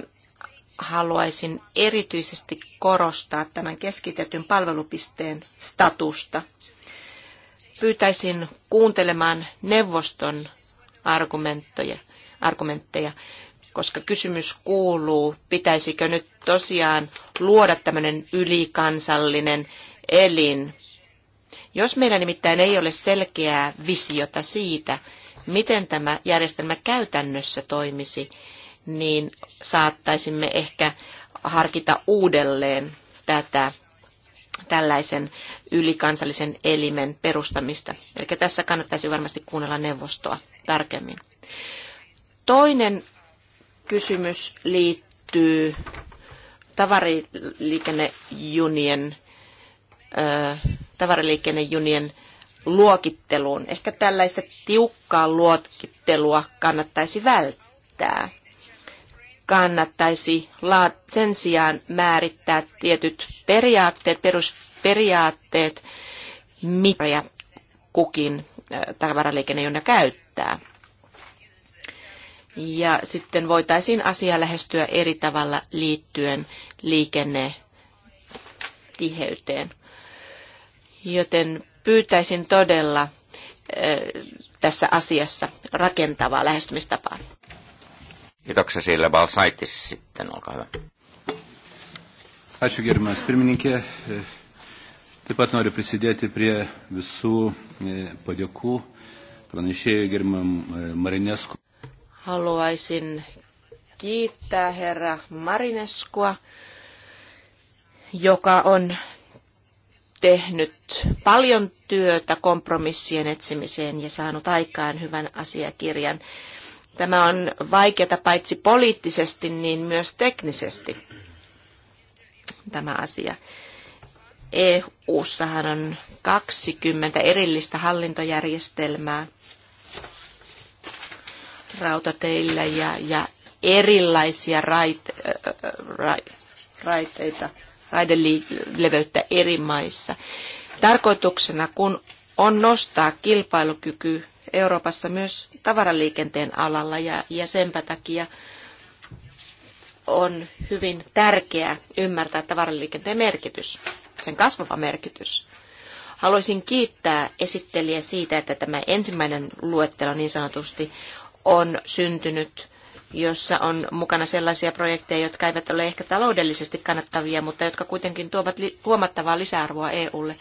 S2: haluaisin erityisesti korostaa tämän keskitetyn palvelupisteen statusta. Pyytäisin kuuntelemaan neuvoston argumentteja, argumentteja koska kysymys kuuluu, pitäisikö nyt tosiaan luoda tämmöinen ylikansallinen elin. Jos meillä nimittäin ei ole selkeää visiota siitä, miten tämä järjestelmä käytännössä toimisi, niin saattaisimme ehkä harkita uudelleen tätä tällaisen ylikansallisen elimen perustamista. Eli tässä kannattaisi varmasti kuunnella neuvostoa tarkemmin. Toinen kysymys liittyy tavariliikennejunien tavariliikennejunien luokitteluun. Ehkä tällaista tiukkaa luokittelua kannattaisi välttää kannattaisi sen sijaan määrittää tietyt periaatteet, perusperiaatteet, mitä kukin tavaraliikenne käyttää. Ja sitten voitaisiin asiaa lähestyä eri tavalla liittyen liikennetiheyteen. Joten pyytäisin todella tässä asiassa rakentavaa lähestymistapaa.
S1: Kiitoksia sille Balsaitis sitten, olkaa hyvä. Ačiū gerimas pirmininkė. Taip pat noriu prisidėti prie visų e, padėkų pranešėjų gerimam e, Marinesku.
S2: Haluaisin kiittää herra Marineskua, joka on tehnyt paljon työtä kompromissien etsimiseen ja saanut aikaan hyvän asiakirjan. Tämä on vaikeata paitsi poliittisesti, niin myös teknisesti tämä asia. EU-ssahan on 20 erillistä hallintojärjestelmää rautateillä ja, ja erilaisia raite, ra, raiteita, raideleveyttä eri maissa. Tarkoituksena kun on nostaa kilpailukyky Euroopassa myös tavaraliikenteen alalla ja, ja senpä takia on hyvin tärkeää ymmärtää tavaraliikenteen merkitys, sen kasvava merkitys. Haluaisin kiittää esittelijä siitä, että tämä ensimmäinen luettelo niin sanotusti on syntynyt, jossa on mukana sellaisia projekteja, jotka eivät ole ehkä taloudellisesti kannattavia, mutta jotka kuitenkin tuovat huomattavaa lisäarvoa EUlle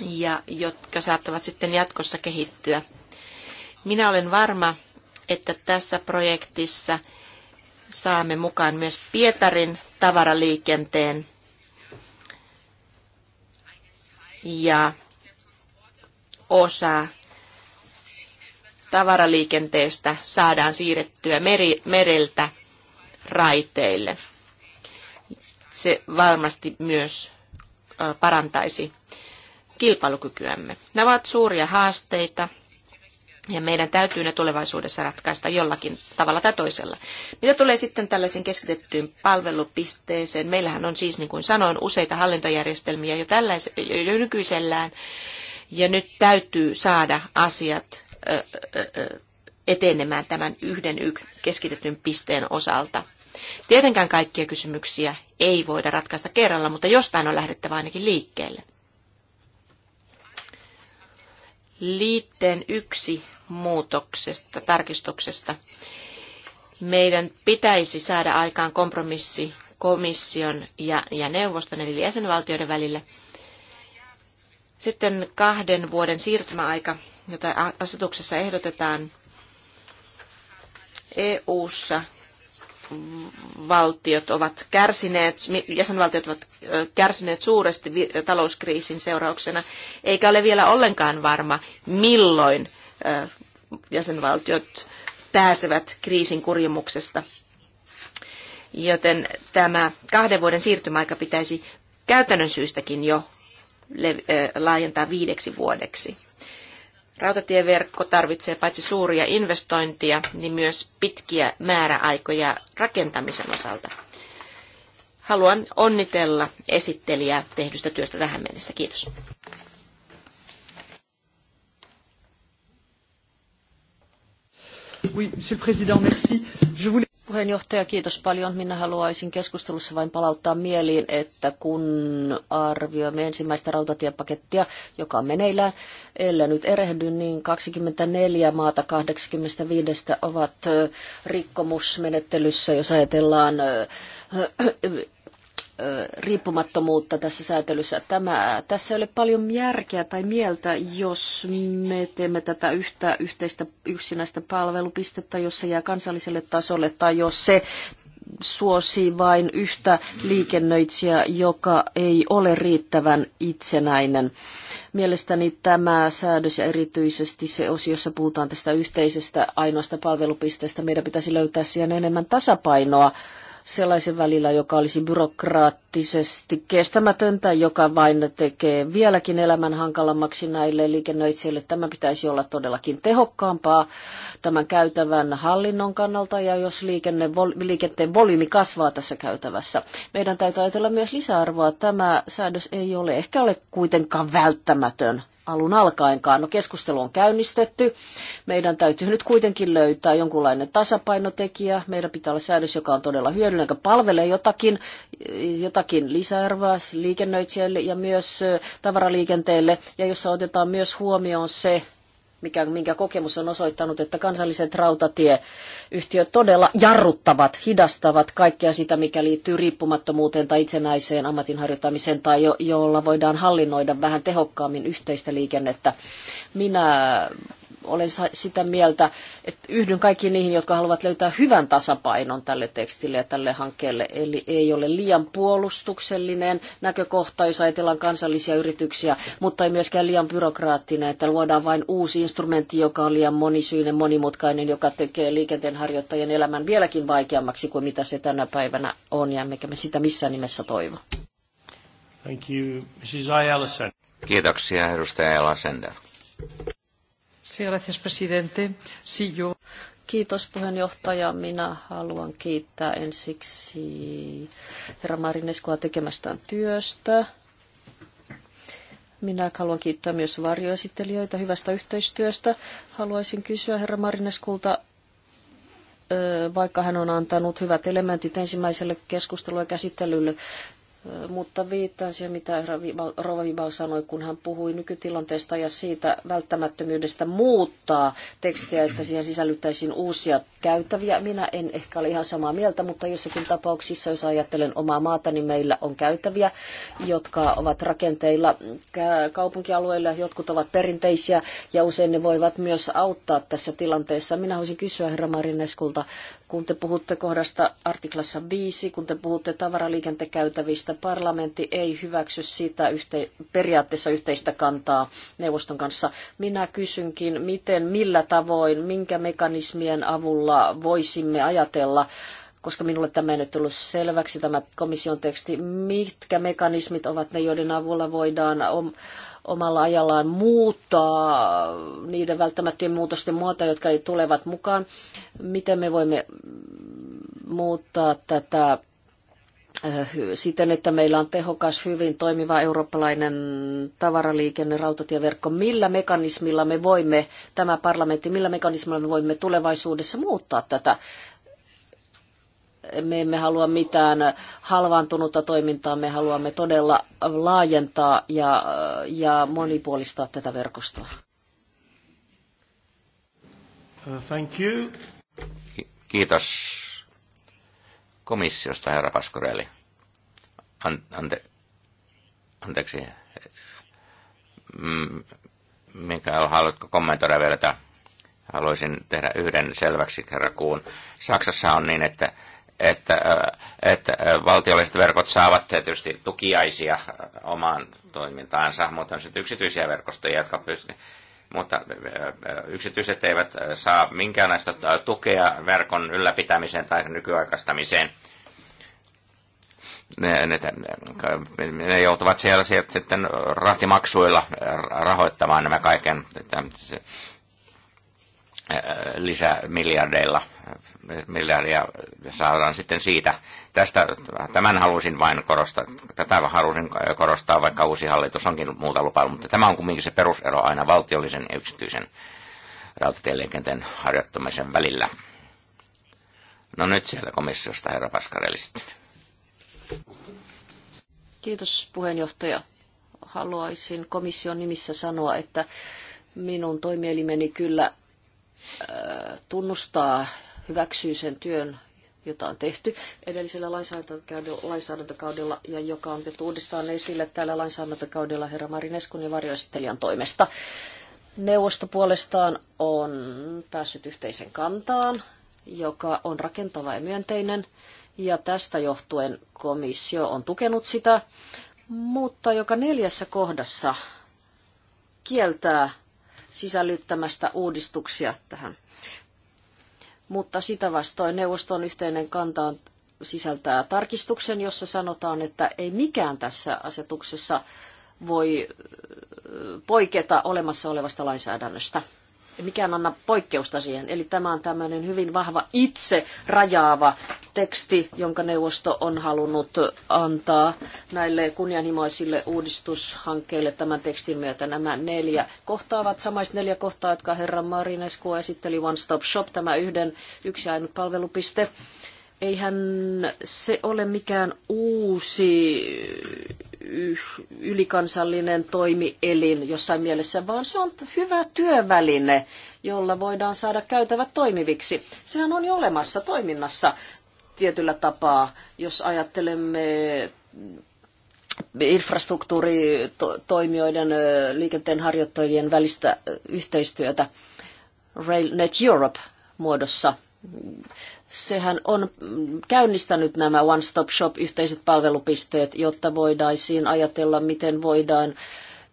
S2: ja jotka saattavat sitten jatkossa kehittyä minä olen varma, että tässä projektissa saamme mukaan myös Pietarin tavaraliikenteen ja osa tavaraliikenteestä saadaan siirrettyä meri, mereltä raiteille. Se varmasti myös parantaisi kilpailukykyämme. Nämä ovat suuria haasteita, ja meidän täytyy ne tulevaisuudessa ratkaista jollakin tavalla tai toisella. Mitä tulee sitten tällaisiin keskitettyyn palvelupisteeseen? Meillähän on siis, niin kuin sanoin, useita hallintojärjestelmiä jo, tälläis, jo nykyisellään. Ja nyt täytyy saada asiat ö, ö, etenemään tämän yhden keskitetyn pisteen osalta. Tietenkään kaikkia kysymyksiä ei voida ratkaista kerralla, mutta jostain on lähdettävä ainakin liikkeelle. Liitteen yksi muutoksesta, tarkistuksesta. Meidän pitäisi saada aikaan kompromissi komission ja, ja neuvoston eli jäsenvaltioiden välillä. Sitten kahden vuoden siirtymäaika, jota asetuksessa ehdotetaan EU-ssa valtiot ovat kärsineet, jäsenvaltiot ovat kärsineet suuresti talouskriisin seurauksena, eikä ole vielä ollenkaan varma, milloin jäsenvaltiot pääsevät kriisin kurjumuksesta. Joten tämä kahden vuoden siirtymäaika pitäisi käytännön syystäkin jo laajentaa viideksi vuodeksi. Rautatieverkko tarvitsee paitsi suuria investointia, niin myös pitkiä määräaikoja rakentamisen osalta. Haluan onnitella esittelijää tehdystä työstä tähän mennessä. Kiitos.
S3: Puheenjohtaja, kiitos paljon. Minä haluaisin keskustelussa vain palauttaa mieliin, että kun arvioimme ensimmäistä rautatiepakettia, joka on meneillään, ellei nyt erehdy, niin 24 maata 85 ovat rikkomusmenettelyssä, jos ajatellaan riippumattomuutta tässä säätelyssä. Tämä, tässä ei ole paljon järkeä tai mieltä, jos me teemme tätä yhtä yhteistä yksinäistä palvelupistettä, jos se jää kansalliselle tasolle tai jos se suosi vain yhtä liikennöitsijä, joka ei ole riittävän itsenäinen. Mielestäni tämä säädös ja erityisesti se osio, jossa puhutaan tästä yhteisestä ainoasta palvelupisteestä, meidän pitäisi löytää siihen enemmän tasapainoa sellaisen välillä, joka olisi byrokraattisesti kestämätöntä, joka vain tekee vieläkin elämän hankalammaksi näille liikennöitsijöille. Tämä pitäisi olla todellakin tehokkaampaa tämän käytävän hallinnon kannalta ja jos liikenne, vol, liikenteen volyymi kasvaa tässä käytävässä. Meidän täytyy ajatella myös lisäarvoa. Tämä säädös ei ole ehkä ole kuitenkaan välttämätön alun alkaenkaan. No keskustelu on käynnistetty. Meidän täytyy nyt kuitenkin löytää jonkunlainen tasapainotekijä. Meidän pitää olla säädös, joka on todella hyödyllinen, joka palvelee jotakin, jotakin lisäarvoa liikennöitsijälle ja myös tavaraliikenteelle, ja jossa otetaan myös huomioon se, mikä, minkä kokemus on osoittanut, että kansalliset rautatieyhtiöt todella jarruttavat, hidastavat kaikkea sitä, mikä liittyy riippumattomuuteen tai itsenäiseen ammatinharjoittamiseen tai jo, jolla voidaan hallinnoida vähän tehokkaammin yhteistä liikennettä. Minä olen sitä mieltä, että yhdyn kaikkiin niihin, jotka haluavat löytää hyvän tasapainon tälle tekstille ja tälle hankkeelle. Eli ei ole liian puolustuksellinen näkökohta, jos ajatellaan kansallisia yrityksiä, mutta ei myöskään liian byrokraattinen, että luodaan vain uusi instrumentti, joka on liian monisyinen, monimutkainen, joka tekee liikenteenharjoittajien harjoittajien elämän vieläkin vaikeammaksi kuin mitä se tänä päivänä on, ja emmekä me sitä missään nimessä toivo.
S1: Thank you, Mrs. Kiitoksia, edustaja Ayala Sender.
S3: Kiitos puheenjohtaja. Minä haluan kiittää ensiksi herra Marineskoa tekemästään työstä. Minä haluan kiittää myös varjoesittelijöitä hyvästä yhteistyöstä. Haluaisin kysyä herra Marineskulta, vaikka hän on antanut hyvät elementit ensimmäiselle keskustelulle ja käsittelylle mutta viittaan siihen, mitä Rova Vibau sanoi, kun hän puhui nykytilanteesta ja siitä välttämättömyydestä muuttaa tekstiä, että siihen sisällyttäisiin uusia käytäviä. Minä en ehkä ole ihan samaa mieltä, mutta jossakin tapauksissa, jos ajattelen omaa maata, niin meillä on käytäviä, jotka ovat rakenteilla kaupunkialueilla, jotkut ovat perinteisiä ja usein ne voivat myös auttaa tässä tilanteessa. Minä haluaisin kysyä herra Marineskulta, kun te puhutte kohdasta artiklassa 5, kun te puhutte tavaraliikentekäytävistä, parlamentti ei hyväksy sitä yhte, periaatteessa yhteistä kantaa neuvoston kanssa. Minä kysynkin, miten, millä tavoin, minkä mekanismien avulla voisimme ajatella, koska minulle tämä ei nyt tullut selväksi, tämä komission teksti, mitkä mekanismit ovat ne, joiden avulla voidaan... On, omalla ajallaan muuttaa niiden välttämättöjen muutosten muotoa, jotka ei tulevat mukaan. Miten me voimme muuttaa tätä äh, siten, että meillä on tehokas, hyvin toimiva eurooppalainen tavaraliikenne, rautatieverkko. Millä mekanismilla me voimme, tämä parlamentti, millä mekanismilla me voimme tulevaisuudessa muuttaa tätä me emme halua mitään halvaantunutta toimintaa, me haluamme todella laajentaa ja, ja monipuolistaa tätä verkostoa.
S2: Uh, thank you.
S1: Kiitos komissiosta, herra Paskoreli. Ante, anteeksi. Mm, Mikael, haluatko kommentoida vielä Haluaisin tehdä yhden selväksi, herra Kuun. Saksassa on niin, että että, että valtiolliset verkot saavat tietysti tukiaisia omaan toimintaansa, mutta on sitten yksityisiä verkostoja, jotka pystyvät mutta yksityiset eivät saa minkäänlaista tukea verkon ylläpitämiseen tai nykyaikaistamiseen. Ne, ne, ne, ne joutuvat siellä sitten rahtimaksuilla rahoittamaan nämä kaiken lisää miljardeilla, miljardia saadaan sitten siitä. Tästä, tämän halusin vain korostaa, tätä halusin korostaa, vaikka uusi hallitus onkin muuta lupailu, mutta tämä on kuitenkin se perusero aina valtiollisen ja yksityisen rautatieliikenteen harjoittamisen välillä. No nyt siellä komissiosta herra Paskarelli
S3: Kiitos puheenjohtaja. Haluaisin komission nimissä sanoa, että minun toimielimeni kyllä tunnustaa, hyväksyy sen työn, jota on tehty edellisellä lainsäädäntökaudella ja joka on nyt uudestaan esille tällä lainsäädäntökaudella herra Marineskun ja varjoesittelijän toimesta. Neuvosto puolestaan on päässyt yhteisen kantaan, joka on rakentava ja myönteinen, ja tästä johtuen komissio on tukenut sitä, mutta joka neljässä kohdassa kieltää sisällyttämästä uudistuksia tähän. Mutta sitä vastoin neuvoston yhteinen kanta on sisältää tarkistuksen, jossa sanotaan, että ei mikään tässä asetuksessa voi poiketa olemassa olevasta lainsäädännöstä mikään anna poikkeusta siihen. Eli tämä on tämmöinen hyvin vahva itse rajaava teksti, jonka neuvosto on halunnut antaa näille kunnianhimoisille uudistushankkeille tämän tekstin myötä. Nämä neljä kohtaa ovat samaiset neljä kohtaa, jotka herra Marinesku esitteli One Stop Shop, tämä yhden yksi ainut palvelupiste eihän se ole mikään uusi ylikansallinen toimielin jossain mielessä, vaan se on hyvä työväline, jolla voidaan saada käytävät toimiviksi. Sehän on jo olemassa toiminnassa tietyllä tapaa, jos ajattelemme infrastruktuuritoimijoiden, liikenteen harjoittajien välistä yhteistyötä RailNet Europe muodossa sehän on käynnistänyt nämä one-stop-shop-yhteiset palvelupisteet, jotta voidaisiin ajatella, miten voidaan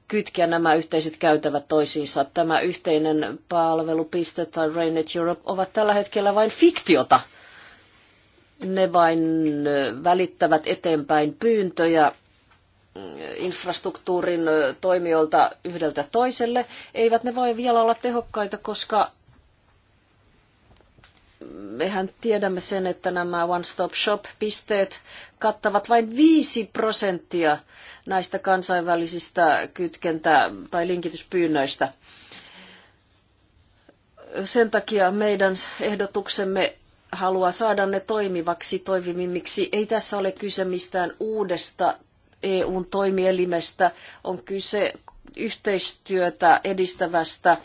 S3: kytkeä nämä yhteiset käytävät toisiinsa. Tämä yhteinen palvelupiste tai Rainet Europe ovat tällä hetkellä vain fiktiota. Ne vain välittävät eteenpäin pyyntöjä mm, infrastruktuurin toimijoilta yhdeltä toiselle. Eivät ne voi vielä olla tehokkaita, koska mehän tiedämme sen, että nämä one-stop-shop-pisteet kattavat vain 5 prosenttia näistä kansainvälisistä kytkentä- tai linkityspyynnöistä. Sen takia meidän ehdotuksemme haluaa saada ne toimivaksi toimivimmiksi. Ei tässä ole kyse mistään uudesta EUn toimielimestä, on kyse yhteistyötä edistävästä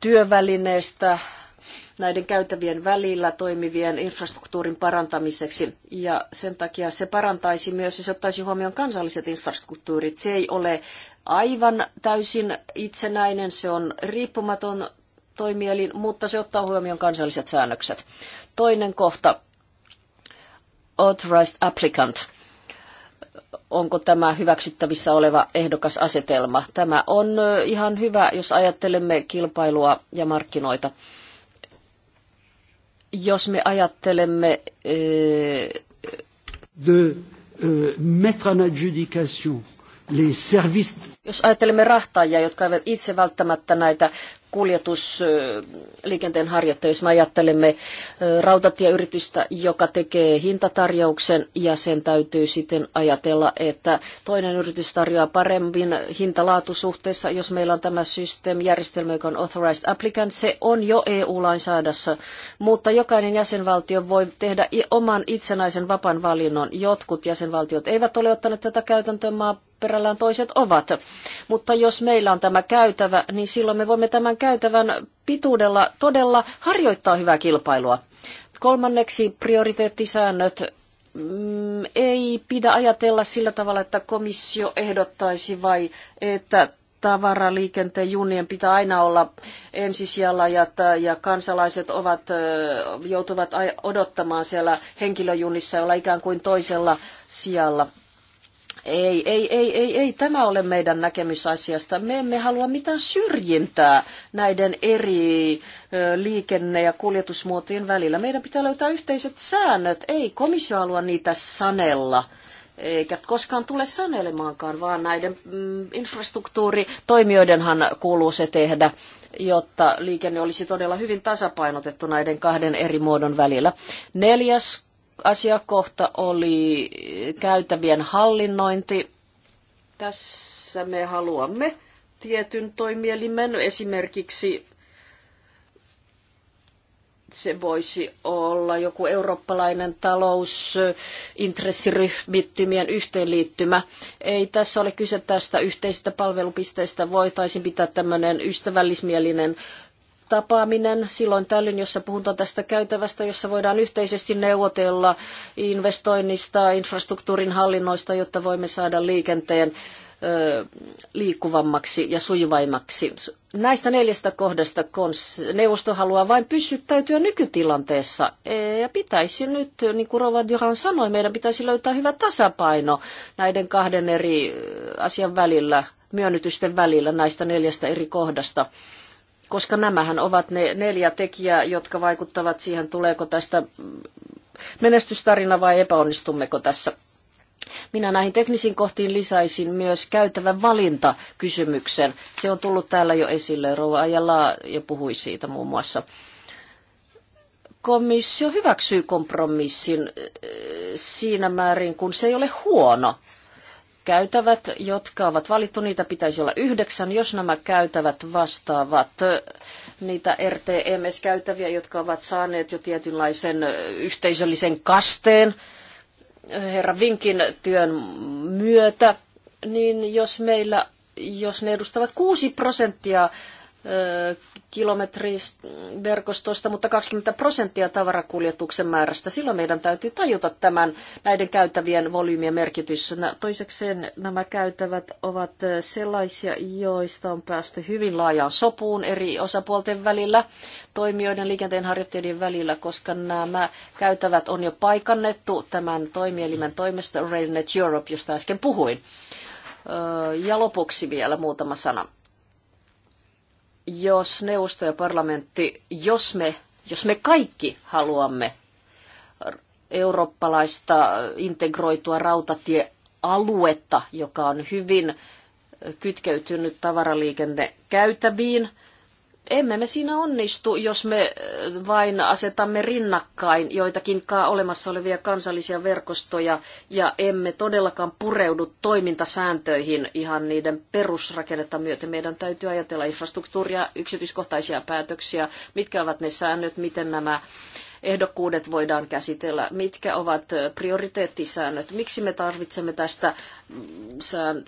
S3: työvälineestä, näiden käytävien välillä toimivien infrastruktuurin parantamiseksi. Ja sen takia se parantaisi myös, ja se ottaisi huomioon kansalliset infrastruktuurit. Se ei ole aivan täysin itsenäinen, se on riippumaton toimielin, mutta se ottaa huomioon kansalliset säännökset. Toinen kohta, authorized applicant onko tämä hyväksyttävissä oleva ehdokasasetelma. Tämä on ihan hyvä, jos ajattelemme kilpailua ja markkinoita. Jos me ajattelemme...
S1: De mettre en adjudication les services...
S3: Jos ajattelemme rahtaajia, jotka eivät itse välttämättä näitä kuljetusliikenteen harjoittaja, jos me ajattelemme rautatieyritystä, joka tekee hintatarjouksen ja sen täytyy sitten ajatella, että toinen yritys tarjoaa paremmin hintalaatusuhteessa, jos meillä on tämä systeemi, järjestelmä, joka on authorized applicant, se on jo EU-lainsäädässä, mutta jokainen jäsenvaltio voi tehdä oman itsenäisen vapaan valinnon. Jotkut jäsenvaltiot eivät ole ottaneet tätä käytäntöön alkuperällään toiset ovat. Mutta jos meillä on tämä käytävä, niin silloin me voimme tämän käytävän pituudella todella harjoittaa hyvää kilpailua. Kolmanneksi prioriteettisäännöt mm, ei pidä ajatella sillä tavalla, että komissio ehdottaisi vai että tavaraliikenteen junien pitää aina olla ensisijalla ja, ja kansalaiset ovat, joutuvat odottamaan siellä henkilöjunissa, olla ikään kuin toisella sijalla. Ei, ei, ei, ei, ei, tämä ole meidän näkemys asiasta. Me emme halua mitään syrjintää näiden eri liikenne- ja kuljetusmuotojen välillä. Meidän pitää löytää yhteiset säännöt. Ei komissio halua niitä sanella eikä koskaan tule sanelemaankaan, vaan näiden mm, infrastruktuuritoimijoidenhan kuuluu se tehdä, jotta liikenne olisi todella hyvin tasapainotettu näiden kahden eri muodon välillä. Neljäs asiakohta oli käytävien hallinnointi. Tässä me haluamme tietyn toimielimen, esimerkiksi se voisi olla joku eurooppalainen talousintressiryhmittymien yhteenliittymä. Ei tässä ole kyse tästä yhteisestä palvelupisteestä. Voitaisiin pitää tämmöinen ystävällismielinen tapaaminen silloin tällöin, jossa puhutaan tästä käytävästä, jossa voidaan yhteisesti neuvotella investoinnista, infrastruktuurin hallinnoista, jotta voimme saada liikenteen liikkuvammaksi ja sujuvaimmaksi. Näistä neljästä kohdasta neuvosto haluaa vain pysyttäytyä nykytilanteessa. E, ja pitäisi nyt, niin kuin Rova Duran sanoi, meidän pitäisi löytää hyvä tasapaino näiden kahden eri asian välillä, myönnytysten välillä näistä neljästä eri kohdasta koska nämähän ovat ne neljä tekijää, jotka vaikuttavat siihen, tuleeko tästä menestystarina vai epäonnistummeko tässä. Minä näihin teknisiin kohtiin lisäisin myös käytävän valintakysymyksen. Se on tullut täällä jo esille. Rouva Ajala jo puhui siitä muun muassa. Komissio hyväksyy kompromissin äh, siinä määrin, kun se ei ole huono käytävät, jotka ovat valittu, niitä pitäisi olla yhdeksän, jos nämä käytävät vastaavat niitä RTMS-käytäviä, e jotka ovat saaneet jo tietynlaisen yhteisöllisen kasteen herra Vinkin työn myötä, niin jos meillä, jos ne edustavat 6 prosenttia kilometriverkostosta, mutta 20 prosenttia tavarakuljetuksen määrästä. Silloin meidän täytyy tajuta tämän, näiden käytävien volyymien merkitys. Toisekseen nämä käytävät ovat sellaisia, joista on päästy hyvin laajaan sopuun eri osapuolten välillä, toimijoiden, liikenteenharjoittajien välillä, koska nämä käytävät on jo paikannettu tämän toimielimen toimesta RailNet Europe, josta äsken puhuin. Ja lopuksi vielä muutama sana jos neuvosto ja parlamentti, jos me, jos me kaikki haluamme eurooppalaista integroitua rautatiealuetta, joka on hyvin kytkeytynyt tavaraliikenne käytäviin, emme me siinä onnistu, jos me äh, vain asetamme rinnakkain joitakin olemassa olevia kansallisia verkostoja ja emme todellakaan pureudu toimintasääntöihin ihan niiden perusrakennetta myöten. Meidän täytyy ajatella infrastruktuuria, yksityiskohtaisia päätöksiä, mitkä ovat ne säännöt, miten nämä ehdokkuudet voidaan käsitellä, mitkä ovat äh, prioriteettisäännöt, miksi me tarvitsemme tästä mm,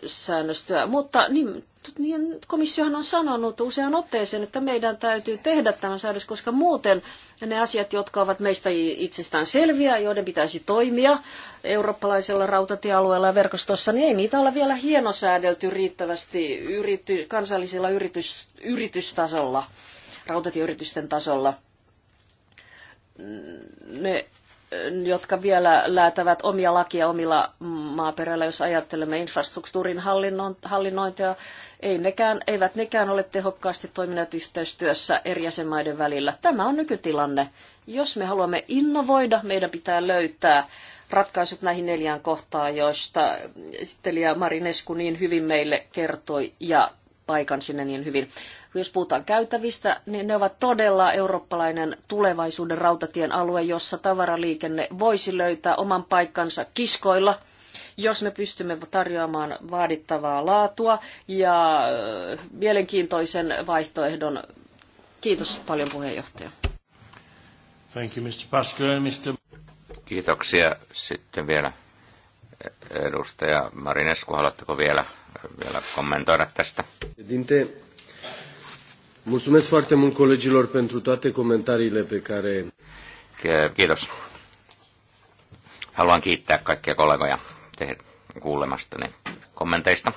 S3: säännöstöä. Mutta niin, niin komissiohan on sanonut usean otteeseen, että meidän täytyy tehdä tämä säädös, koska muuten ne asiat, jotka ovat meistä itsestään selviä, joiden pitäisi toimia eurooppalaisella rautatiealueella ja verkostossa, niin ei niitä ole vielä hienosäädelty riittävästi yrity, kansallisella yritys, yritystasolla, rautatieyritysten tasolla. Ne jotka vielä läätävät omia lakia omilla maaperällä, jos ajattelemme infrastruktuurin hallinnointia, ei nekään, eivät nekään ole tehokkaasti toimineet yhteistyössä eri jäsenmaiden välillä. Tämä on nykytilanne. Jos me haluamme innovoida, meidän pitää löytää ratkaisut näihin neljään kohtaan, joista esittelijä Marinesku niin hyvin meille kertoi ja paikan sinne niin hyvin. Jos puhutaan käytävistä, niin ne ovat todella eurooppalainen tulevaisuuden rautatien alue, jossa tavaraliikenne voisi löytää oman paikkansa kiskoilla – jos me pystymme tarjoamaan vaadittavaa laatua ja mielenkiintoisen vaihtoehdon. Kiitos paljon puheenjohtaja.
S1: Thank you, Mr. Pascal, Mr. Kiitoksia. Sitten vielä e, edustaja Marinesku, haluatteko vielä vielä kommentoida tästä.
S3: Dinte, mulțumesc
S1: foarte mult colegilor pentru toate comentariile pe care... Kiitos. Haluan kiittää kaikkia kollegoja kuulemasta kuulemastani kommenteista.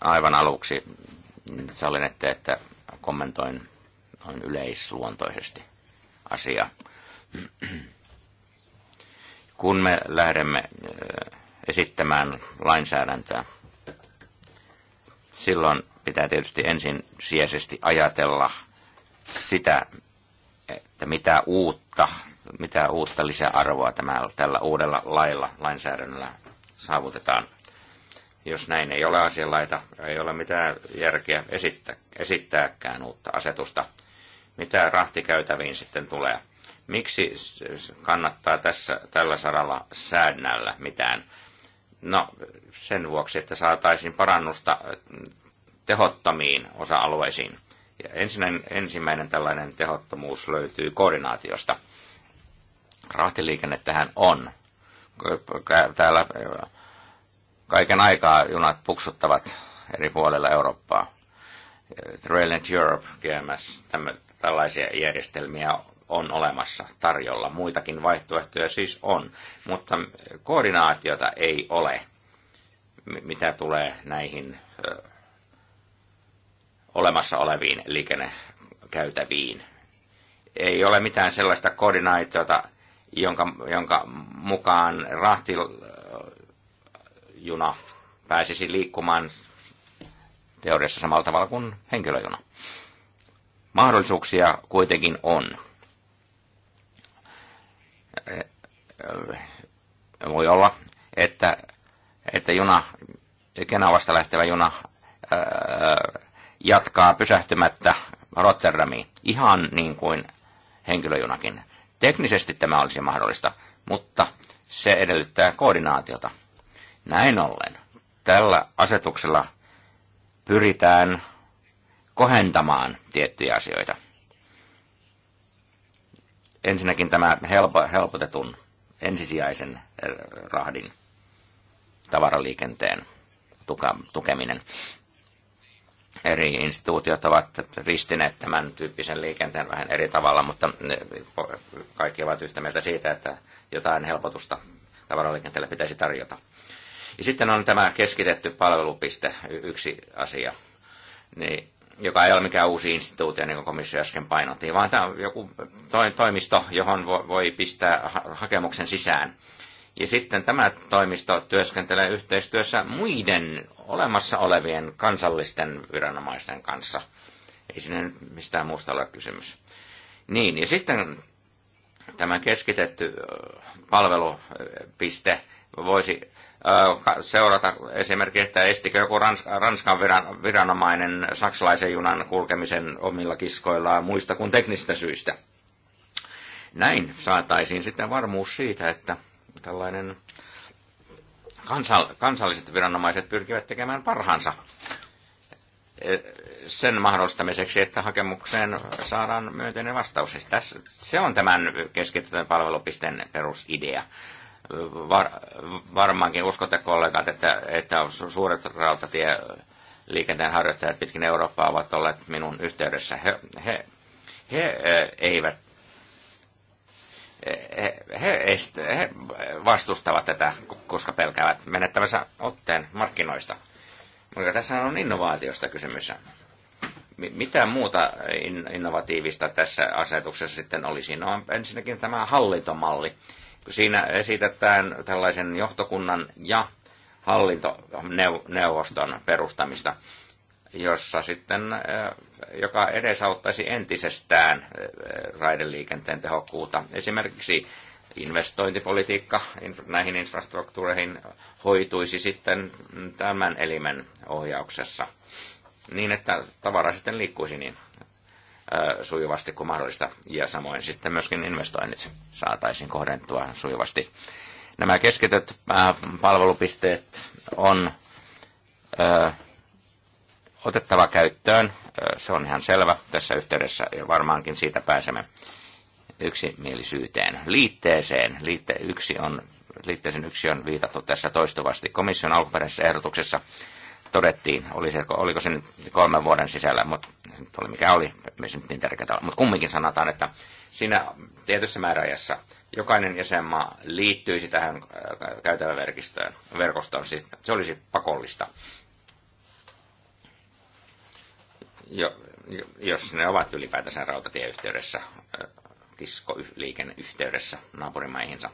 S1: Aivan aluksi sallin, että kommentoin noin yleisluontoisesti asiaa. Kun me lähdemme esittämään lainsäädäntöä silloin pitää tietysti ensin sijaisesti ajatella sitä, että mitä uutta, mitä uutta lisäarvoa tämä, tällä uudella lailla, lainsäädännöllä saavutetaan. Jos näin ei ole asianlaita, ei ole mitään järkeä esittää, esittääkään uutta asetusta. Mitä rahtikäytäviin sitten tulee? Miksi kannattaa tässä, tällä saralla säännällä mitään? No, sen vuoksi, että saataisiin parannusta äh, tehottomiin osa-alueisiin. Ja ensimmäinen tällainen tehottomuus löytyy koordinaatiosta. Rahtiliikennettähän on. Täällä äh, kaiken aikaa junat puksuttavat eri puolilla Eurooppaa. Rail and Europe, GMS, tämmö, tällaisia järjestelmiä on olemassa tarjolla. Muitakin vaihtoehtoja siis on, mutta koordinaatiota ei ole, mitä tulee näihin olemassa oleviin liikennekäytäviin. Ei ole mitään sellaista koordinaatiota, jonka, jonka mukaan rahtijuna pääsisi liikkumaan teoriassa samalla tavalla kuin henkilöjuna. Mahdollisuuksia kuitenkin on. Äh, äh, voi olla, että, että juna, Kenavasta lähtevä juna äh, jatkaa pysähtymättä Rotterdamiin, ihan niin kuin henkilöjunakin. Teknisesti tämä olisi mahdollista, mutta se edellyttää koordinaatiota. Näin ollen, tällä asetuksella pyritään kohentamaan tiettyjä asioita – Ensinnäkin tämä helpo, helpotetun ensisijaisen äh, rahdin tavaraliikenteen tuka, tukeminen. Eri instituutiot ovat ristineet tämän tyyppisen liikenteen vähän eri tavalla, mutta ne, kaikki ovat yhtä mieltä siitä, että jotain helpotusta tavaraliikenteelle pitäisi tarjota. Ja sitten on tämä keskitetty palvelupiste, yksi asia. Niin joka ei ole mikään uusi instituutio, niin kuin komissio äsken painotti, vaan tämä on joku toimisto, johon voi pistää hakemuksen sisään. Ja sitten tämä toimisto työskentelee yhteistyössä muiden olemassa olevien kansallisten viranomaisten kanssa. Ei sinne mistään muusta ole kysymys. Niin, ja sitten tämä keskitetty palvelupiste voisi seurata esimerkiksi, että estikö joku Ranskan viranomainen saksalaisen junan kulkemisen omilla kiskoillaan muista kuin teknistä syistä. Näin saataisiin sitten varmuus siitä, että tällainen kansal, kansalliset viranomaiset pyrkivät tekemään parhaansa e, sen mahdollistamiseksi, että hakemukseen saadaan myönteinen vastaus. Siis tässä, se on tämän keskitytön palvelupisteen perusidea var, varmaankin uskotte kollegat, että, että suuret rautatieliikenteen harjoittajat pitkin Eurooppaa ovat olleet minun yhteydessä. He, he, he e, eivät he, he, est, he vastustavat tätä, koska pelkäävät menettävänsä otteen markkinoista. Mutta tässä on innovaatiosta kysymys. Mitä muuta innovatiivista tässä asetuksessa sitten olisi? No ensinnäkin tämä hallintomalli Siinä esitetään tällaisen johtokunnan ja hallintoneuvoston perustamista, jossa sitten, eh, joka edesauttaisi entisestään eh, raideliikenteen tehokkuutta. Esimerkiksi investointipolitiikka näihin infrastruktuureihin hoituisi sitten tämän elimen ohjauksessa niin, että tavara sitten liikkuisi niin sujuvasti kuin mahdollista, ja samoin sitten myöskin investoinnit saataisiin kohdentua sujuvasti. Nämä keskityt palvelupisteet on otettava käyttöön, se on ihan selvä tässä yhteydessä, ja varmaankin siitä pääsemme yksimielisyyteen. Liitteeseen, liitte yksi on, liitteeseen yksi on viitattu tässä toistuvasti komission alkuperäisessä ehdotuksessa, todettiin, oli se, oliko se nyt kolmen vuoden sisällä, mutta se oli mikä oli, se nyt niin tärkeää Mutta kumminkin sanotaan, että siinä tietyssä määräajassa jokainen jäsenmaa liittyisi tähän äh, käytäväverkistöön, verkostoon, siis se olisi pakollista. Jo, jos ne ovat ylipäätänsä rautatieyhteydessä, äh, kiskoliikenneyhteydessä naapurimaihinsa.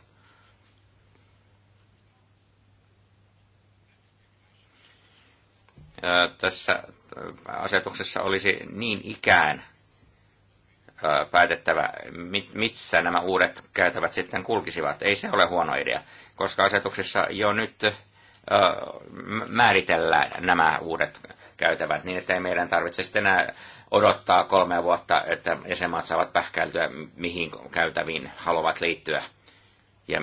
S1: tässä asetuksessa olisi niin ikään päätettävä, missä nämä uudet käytävät sitten kulkisivat. Ei se ole huono idea, koska asetuksessa jo nyt määritellään nämä uudet käytävät niin, että ei meidän tarvitse sitten enää odottaa kolmea vuotta, että jäsenmaat saavat pähkäiltyä, mihin käytäviin haluavat liittyä. Ja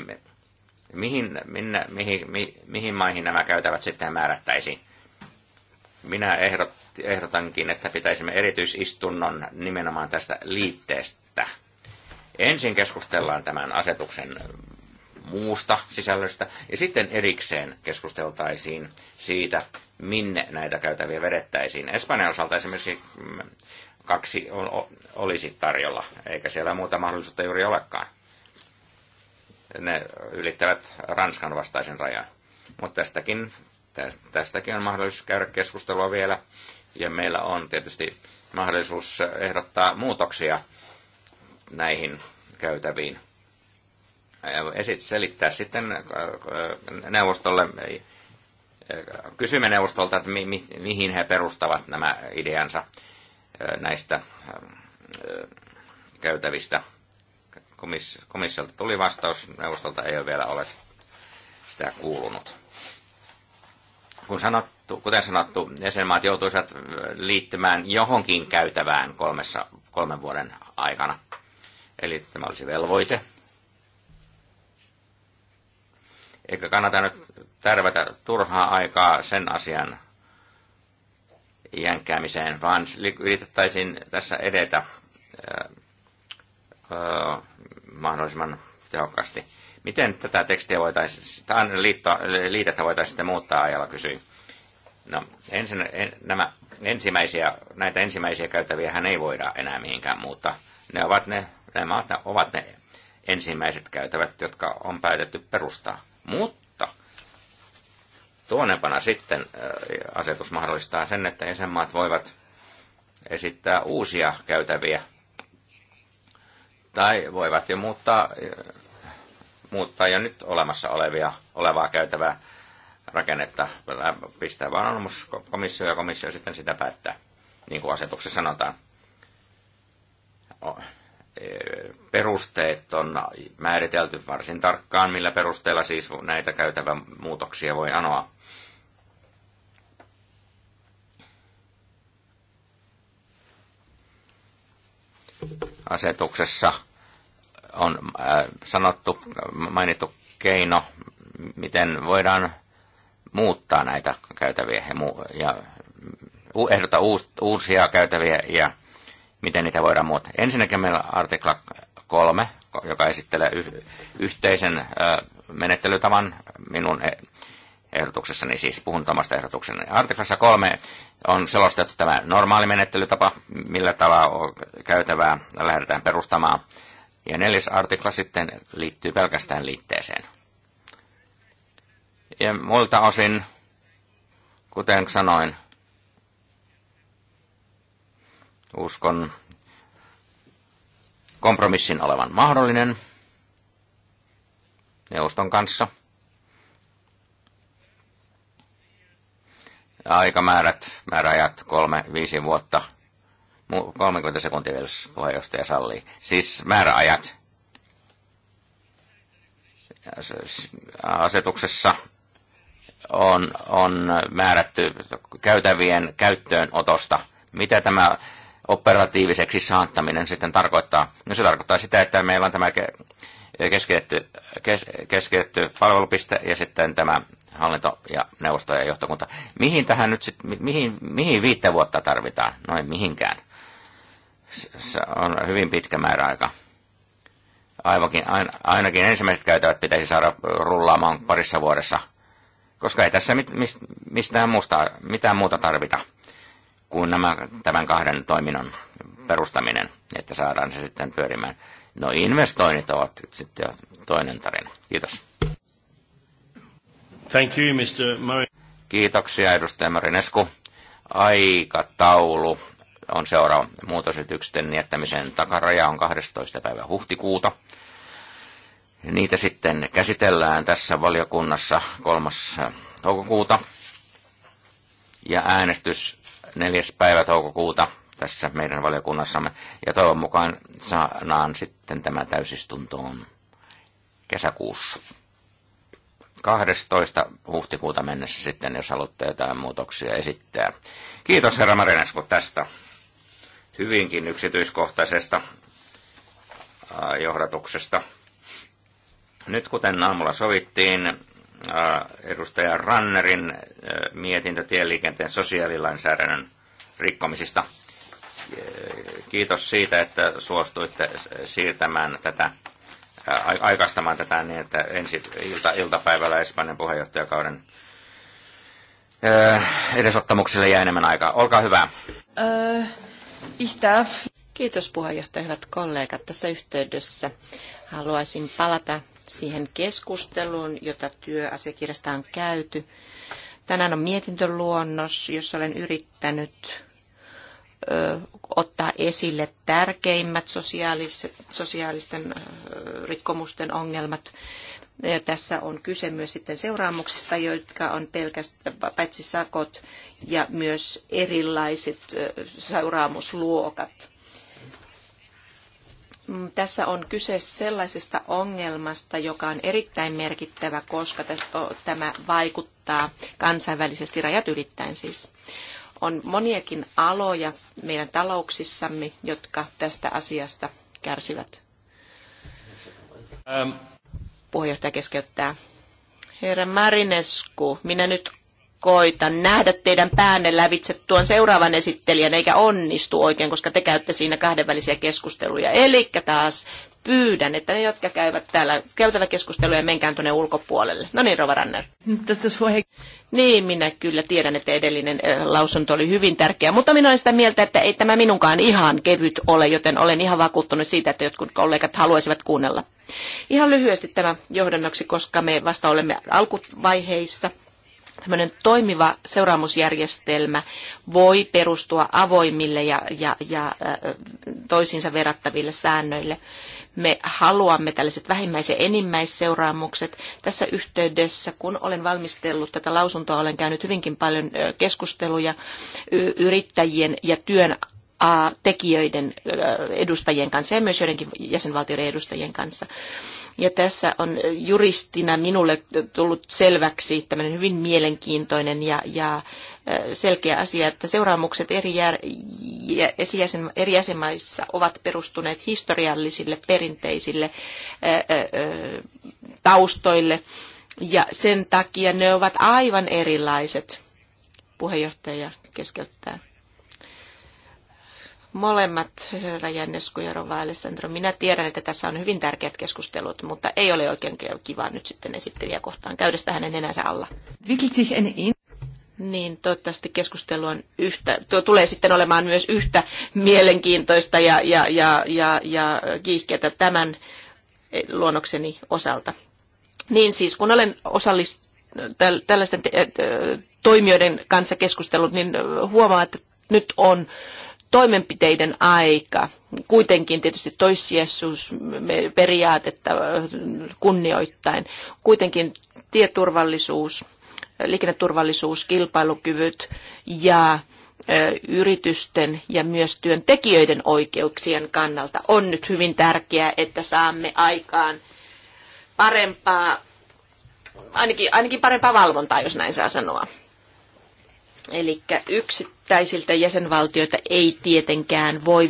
S1: mihin, minne, mihin, mi, mihin maihin nämä käytävät sitten määrättäisiin. Minä ehdot, ehdotankin, että pitäisimme erityisistunnon nimenomaan tästä liitteestä. Ensin keskustellaan tämän asetuksen muusta sisällöstä ja sitten erikseen keskusteltaisiin siitä, minne näitä käytäviä vedettäisiin. Espanjan osalta esimerkiksi mm, kaksi olisi tarjolla, eikä siellä muuta mahdollisuutta juuri olekaan. Ne ylittävät Ranskan vastaisen rajan. Mutta tästäkin Tästäkin on mahdollisuus käydä keskustelua vielä, ja meillä on tietysti mahdollisuus ehdottaa muutoksia näihin käytäviin. Esit selittää sitten äh, äh, neuvostolle, äh, kysymme neuvostolta, että mi, mi, mihin he perustavat nämä ideansa näistä käytävistä. Komissiolta tuli vastaus, neuvostolta ei ole vielä ole sitä kuulunut kun sanottu, kuten sanottu, jäsenmaat joutuisivat liittymään johonkin käytävään kolmessa, kolmen vuoden aikana. Eli tämä olisi velvoite. Eikä kannata nyt tärvätä turhaa aikaa sen asian jänkkäämiseen, vaan yritettäisiin tässä edetä öö, mahdollisimman tehokkaasti Miten tätä tekstiä voitaisiin, tämän liitettä voitaisiin sitten muuttaa, Ajala kysyi. No, ensin, en, nämä ensimmäisiä, näitä ensimmäisiä käytäviä hän ei voida enää mihinkään muuttaa. Ne ovat ne, nämä ovat ne ensimmäiset käytävät, jotka on päätetty perustaa. Mutta tuonempana sitten asetus mahdollistaa sen, että jäsenmaat voivat esittää uusia käytäviä tai voivat jo muuttaa muuttaa jo nyt olemassa olevia, olevaa käytävää rakennetta. Pistää vaan komissio ja komissio sitten sitä päättää, niin kuin asetuksessa sanotaan. E, perusteet on määritelty varsin tarkkaan, millä perusteella siis näitä käytävän muutoksia voi anoa. asetuksessa on äh, sanottu, mainittu keino, miten voidaan muuttaa näitä käytäviä ja, ehdota uusia käytäviä ja miten niitä voidaan muuttaa. Ensinnäkin meillä on artikla 3, joka esittelee yhteisen äh, menettelytavan minun e-, ehdotuksessani, siis puhun tämästä ehdotukseni. Artiklassa 3 on selostettu tämä normaali menettelytapa, millä tavalla käytävää lähdetään perustamaan – ja neljäs artikla sitten liittyy pelkästään liitteeseen. Ja muilta osin, kuten sanoin, uskon kompromissin olevan mahdollinen neuvoston kanssa. Aikamäärät, määräajat kolme, viisi vuotta – 30 sekuntia vielä, jos puheenjohtaja sallii. Siis määräajat asetuksessa on, on määrätty käytävien käyttöönotosta. Mitä tämä operatiiviseksi saattaminen sitten tarkoittaa? No se tarkoittaa sitä, että meillä on tämä keskitetty, kes, keskitetty palvelupiste ja sitten tämä hallinto ja neuvosto ja johtokunta. Mihin tähän nyt sit, mihin, mihin viittä vuotta tarvitaan? No ei mihinkään. Se on hyvin pitkä määräaika. Aivakin, ainakin ensimmäiset käytävät pitäisi saada rullaamaan parissa vuodessa, koska ei tässä mit, mist, mistään muusta, mitään muuta tarvita kuin nämä, tämän kahden toiminnon perustaminen, että saadaan se sitten pyörimään. No investoinnit ovat sitten toinen tarina. Kiitos. Thank you, Mr. Murray. Kiitoksia, edustaja Marinesku. Aikataulu on seuraava muutosyritysten jättämisen takaraja on 12. päivä huhtikuuta. Niitä sitten käsitellään tässä valiokunnassa 3. toukokuuta ja äänestys 4. päivä toukokuuta tässä meidän valiokunnassamme. Ja toivon mukaan saadaan sitten tämä täysistuntoon kesäkuussa. 12. huhtikuuta mennessä sitten, jos haluatte jotain muutoksia esittää. Kiitos herra Marinesku tästä hyvinkin yksityiskohtaisesta johdatuksesta. Nyt kuten aamulla sovittiin, edustaja Rannerin mietintö tieliikenteen sosiaalilainsäädännön rikkomisista. Kiitos siitä, että suostuitte siirtämään tätä, aikaistamaan tätä niin, että ensi ilta, iltapäivällä Espanjan puheenjohtajakauden edesottamuksille jää enemmän aikaa. Olkaa hyvä. Öö. Ich darf...
S2: Kiitos puheenjohtaja, hyvät kollegat. Tässä yhteydessä haluaisin palata siihen keskusteluun, jota työasiakirjasta on käyty. Tänään on mietintöluonnos, jossa olen yrittänyt ö, ottaa esille tärkeimmät sosiaalisten rikkomusten ongelmat tässä on kyse myös sitten seuraamuksista, jotka on pelkästään paitsi sakot ja myös erilaiset seuraamusluokat. Mm, tässä on kyse sellaisesta ongelmasta, joka on erittäin merkittävä, koska tämä vaikuttaa kansainvälisesti rajat ylittäen siis. On moniakin aloja meidän talouksissamme, jotka tästä asiasta kärsivät. Um. Puheenjohtaja keskeyttää. Herra Marinesku, minä nyt koitan nähdä teidän päänne lävitse tuon seuraavan esittelijän, eikä onnistu oikein, koska te käytte siinä kahdenvälisiä keskusteluja. Eli taas pyydän, että ne, jotka käyvät täällä käytävä keskusteluja, menkään tuonne ulkopuolelle. No niin, Rova Ranner. Niin, minä kyllä tiedän, että edellinen äh, lausunto oli hyvin tärkeä, mutta minä olen sitä mieltä, että ei tämä minunkaan ihan kevyt ole, joten olen ihan vakuuttunut siitä, että jotkut kollegat haluaisivat kuunnella. Ihan lyhyesti tämä johdannoksi, koska me vasta olemme alkuvaiheissa tämmöinen toimiva seuraamusjärjestelmä voi perustua avoimille ja, ja, ja äh, toisiinsa verrattaville säännöille. Me haluamme tällaiset vähimmäis- ja enimmäisseuraamukset. Tässä yhteydessä, kun olen valmistellut tätä lausuntoa, olen käynyt hyvinkin paljon äh, keskusteluja yrittäjien ja työn tekijöiden edustajien kanssa ja myös joidenkin jäsenvaltioiden edustajien kanssa. Ja tässä on juristina minulle tullut selväksi tämmöinen hyvin mielenkiintoinen ja, ja selkeä asia, että seuraamukset eri, jär, jäsen, eri jäsenmaissa ovat perustuneet historiallisille perinteisille ää, ää, taustoille. Ja sen takia ne ovat aivan erilaiset. Puheenjohtaja keskeyttää molemmat, herra Jännesku ja Rova Alessandro. Minä tiedän, että tässä on hyvin tärkeät keskustelut, mutta ei ole oikein kiva nyt sitten esittelijä kohtaan käydä sitä hänen nenänsä alla. Niin, toivottavasti keskustelu on yhtä, tuo tulee sitten olemaan myös yhtä mielenkiintoista ja, ja, ja, ja, ja kiihkeätä tämän eh, luonnokseni osalta. Niin siis, kun olen osallistunut tällaisten eh, eh, toimijoiden kanssa keskustellut, niin huomaa, että nyt on toimenpiteiden aika. Kuitenkin tietysti toissijaisuusperiaatetta kunnioittain. Kuitenkin tieturvallisuus, liikenneturvallisuus, kilpailukyvyt ja yritysten ja myös työntekijöiden oikeuksien kannalta on nyt hyvin tärkeää, että saamme aikaan parempaa, ainakin, ainakin parempaa valvontaa, jos näin saa sanoa. Eli yksittäisiltä jäsenvaltioilta ei tietenkään voi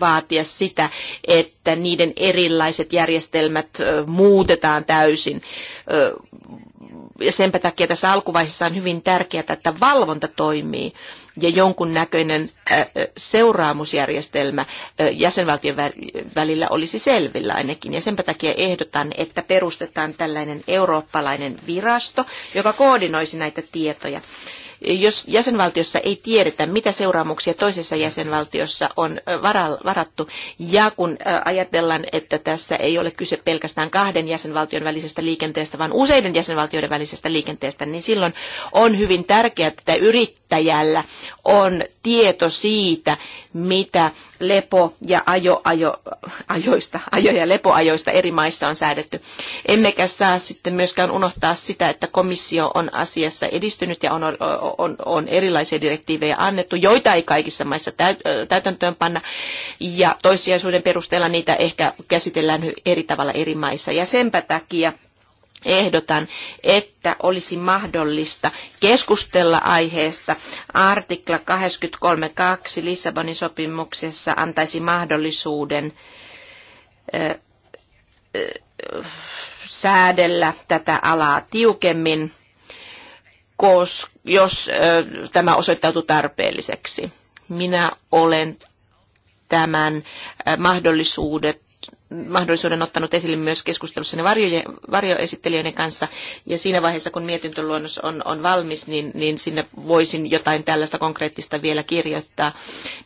S2: vaatia sitä, että niiden erilaiset järjestelmät muutetaan täysin. Ja senpä takia tässä alkuvaiheessa on hyvin tärkeää, että valvonta toimii ja jonkun näköinen seuraamusjärjestelmä jäsenvaltion välillä olisi selvillä ainakin. Ja senpä takia ehdotan, että perustetaan tällainen eurooppalainen virasto, joka koordinoisi näitä tietoja jos jäsenvaltiossa ei tiedetä, mitä seuraamuksia toisessa jäsenvaltiossa on varattu, ja kun ajatellaan, että tässä ei ole kyse pelkästään kahden jäsenvaltion välisestä liikenteestä, vaan useiden jäsenvaltioiden välisestä liikenteestä, niin silloin on hyvin tärkeää, että yrittäjällä on tieto siitä, mitä lepo- ja ajo, ajo, ajoista, ajo- ja lepoajoista eri maissa on säädetty. Emmekä saa sitten myöskään unohtaa sitä, että komissio on asiassa edistynyt ja on, on, on erilaisia direktiivejä annettu, joita ei kaikissa maissa täytäntöön panna, ja toissijaisuuden perusteella niitä ehkä käsitellään eri tavalla eri maissa. Ja senpä takia ehdotan, että olisi mahdollista keskustella aiheesta. Artikla 23.2 Lissabonin sopimuksessa antaisi mahdollisuuden ö, ö, säädellä tätä alaa tiukemmin, kos, jos ö, tämä osoittautuu tarpeelliseksi. Minä olen tämän mahdollisuudet mahdollisuuden ottanut esille myös keskustelussa varjoje, varjoesittelijöiden kanssa. Ja siinä vaiheessa, kun mietintöluonnos on, on valmis, niin, niin sinne voisin jotain tällaista konkreettista vielä kirjoittaa.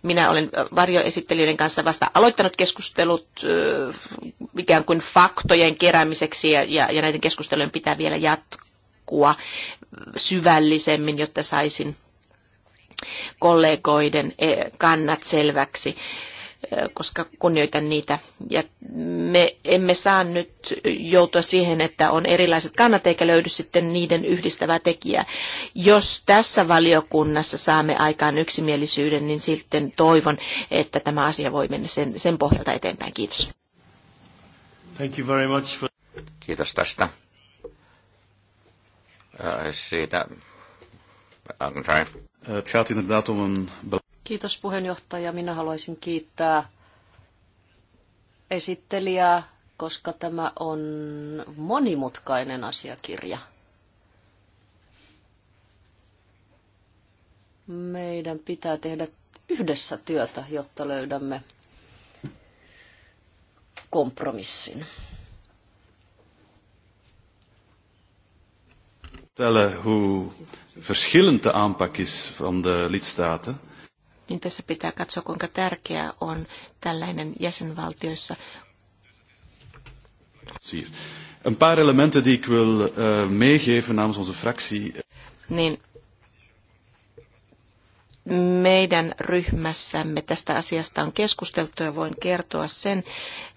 S2: Minä olen varjoesittelijöiden kanssa vasta aloittanut keskustelut äh, ikään kuin faktojen keräämiseksi ja, ja, ja näiden keskustelujen pitää vielä jatkua syvällisemmin, jotta saisin kollegoiden eh, kannat selväksi koska kunnioitan niitä. Ja me emme saa nyt joutua siihen, että on erilaiset kannat eikä löydy sitten niiden yhdistävää tekijää. Jos tässä valiokunnassa saamme aikaan yksimielisyyden, niin sitten toivon, että tämä asia voi mennä sen, sen pohjalta eteenpäin. Kiitos.
S1: Thank you very much for... Kiitos tästä. Uh, siitä. I'm sorry. Eh, het
S3: Kiitos puheenjohtaja. Minä haluaisin kiittää esittelijää, koska tämä on monimutkainen asiakirja. Meidän pitää tehdä yhdessä työtä, jotta löydämme kompromissin.
S1: Tellen hoe verschillend
S3: de aanpak is van de lidstaten
S2: niin tässä pitää katsoa, kuinka tärkeää on tällainen jäsenvaltioissa.
S3: Een paar elementen die ik wil uh, meegeven namens onze fractie.
S2: Niin, meidän ryhmässämme tästä asiasta on keskusteltu ja voin kertoa sen,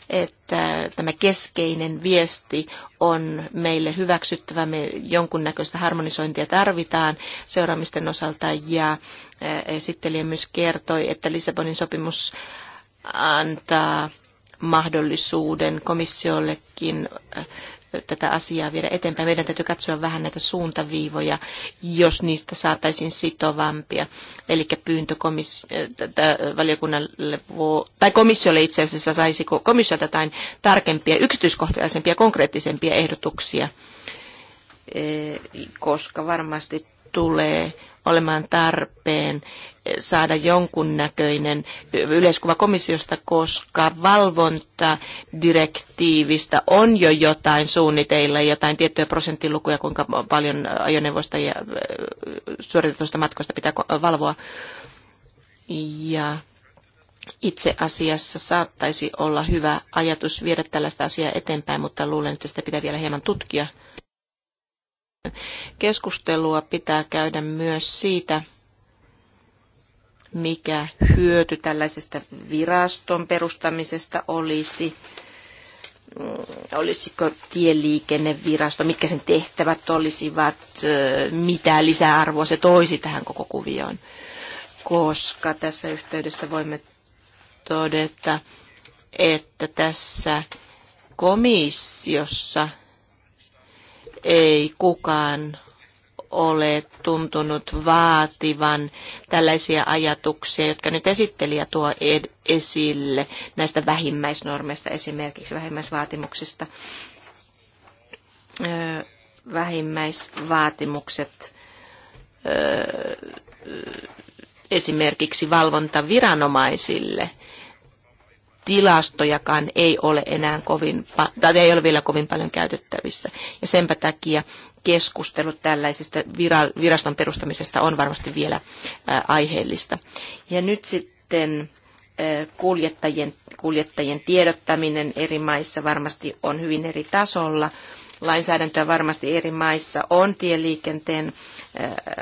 S2: että tämä keskeinen viesti on meille hyväksyttävä. Me jonkunnäköistä harmonisointia tarvitaan seuraamisten osalta ja eh, esittelijä myös kertoi, että Lissabonin sopimus antaa mahdollisuuden komissiollekin eh, tätä asiaa viedä eteenpäin. Meidän täytyy katsoa vähän näitä suuntaviivoja, jos niistä saataisiin sitovampia. Eli pyyntö komis- äh, valiokunnalle tai komissiolle itse asiassa saisi komissiolta jotain tarkempia, yksityiskohtaisempia, konkreettisempia ehdotuksia, koska varmasti tulee olemaan tarpeen saada jonkunnäköinen yleiskuva komissiosta, koska valvontadirektiivistä on jo jotain suunniteilla, jotain tiettyjä prosenttilukuja, kuinka paljon ajoneuvoista ja äh, suoritetusta matkoista pitää valvoa. Ja itse asiassa saattaisi olla hyvä ajatus viedä tällaista asiaa eteenpäin, mutta luulen, että sitä pitää vielä hieman tutkia. Keskustelua pitää käydä myös siitä, mikä hyöty tällaisesta viraston perustamisesta olisi mm, olisiko tieliikennevirasto, mitkä sen tehtävät olisivat, mitä lisäarvoa se toisi tähän koko kuvioon. Koska tässä yhteydessä voimme todeta, että tässä komissiossa ei kukaan ole tuntunut vaativan tällaisia ajatuksia, jotka nyt esittelijä tuo ed- esille näistä vähimmäisnormeista, esimerkiksi vähimmäisvaatimuksista. Öö, vähimmäisvaatimukset öö, esimerkiksi valvontaviranomaisille – tilastojakaan ei ole enää kovin, tai ei ole vielä kovin paljon käytettävissä. Ja senpä takia keskustelu tällaisesta viraston perustamisesta on varmasti vielä aiheellista. Ja nyt sitten kuljettajien, kuljettajien tiedottaminen eri maissa varmasti on hyvin eri tasolla. Lainsäädäntöä varmasti eri maissa on tieliikenteen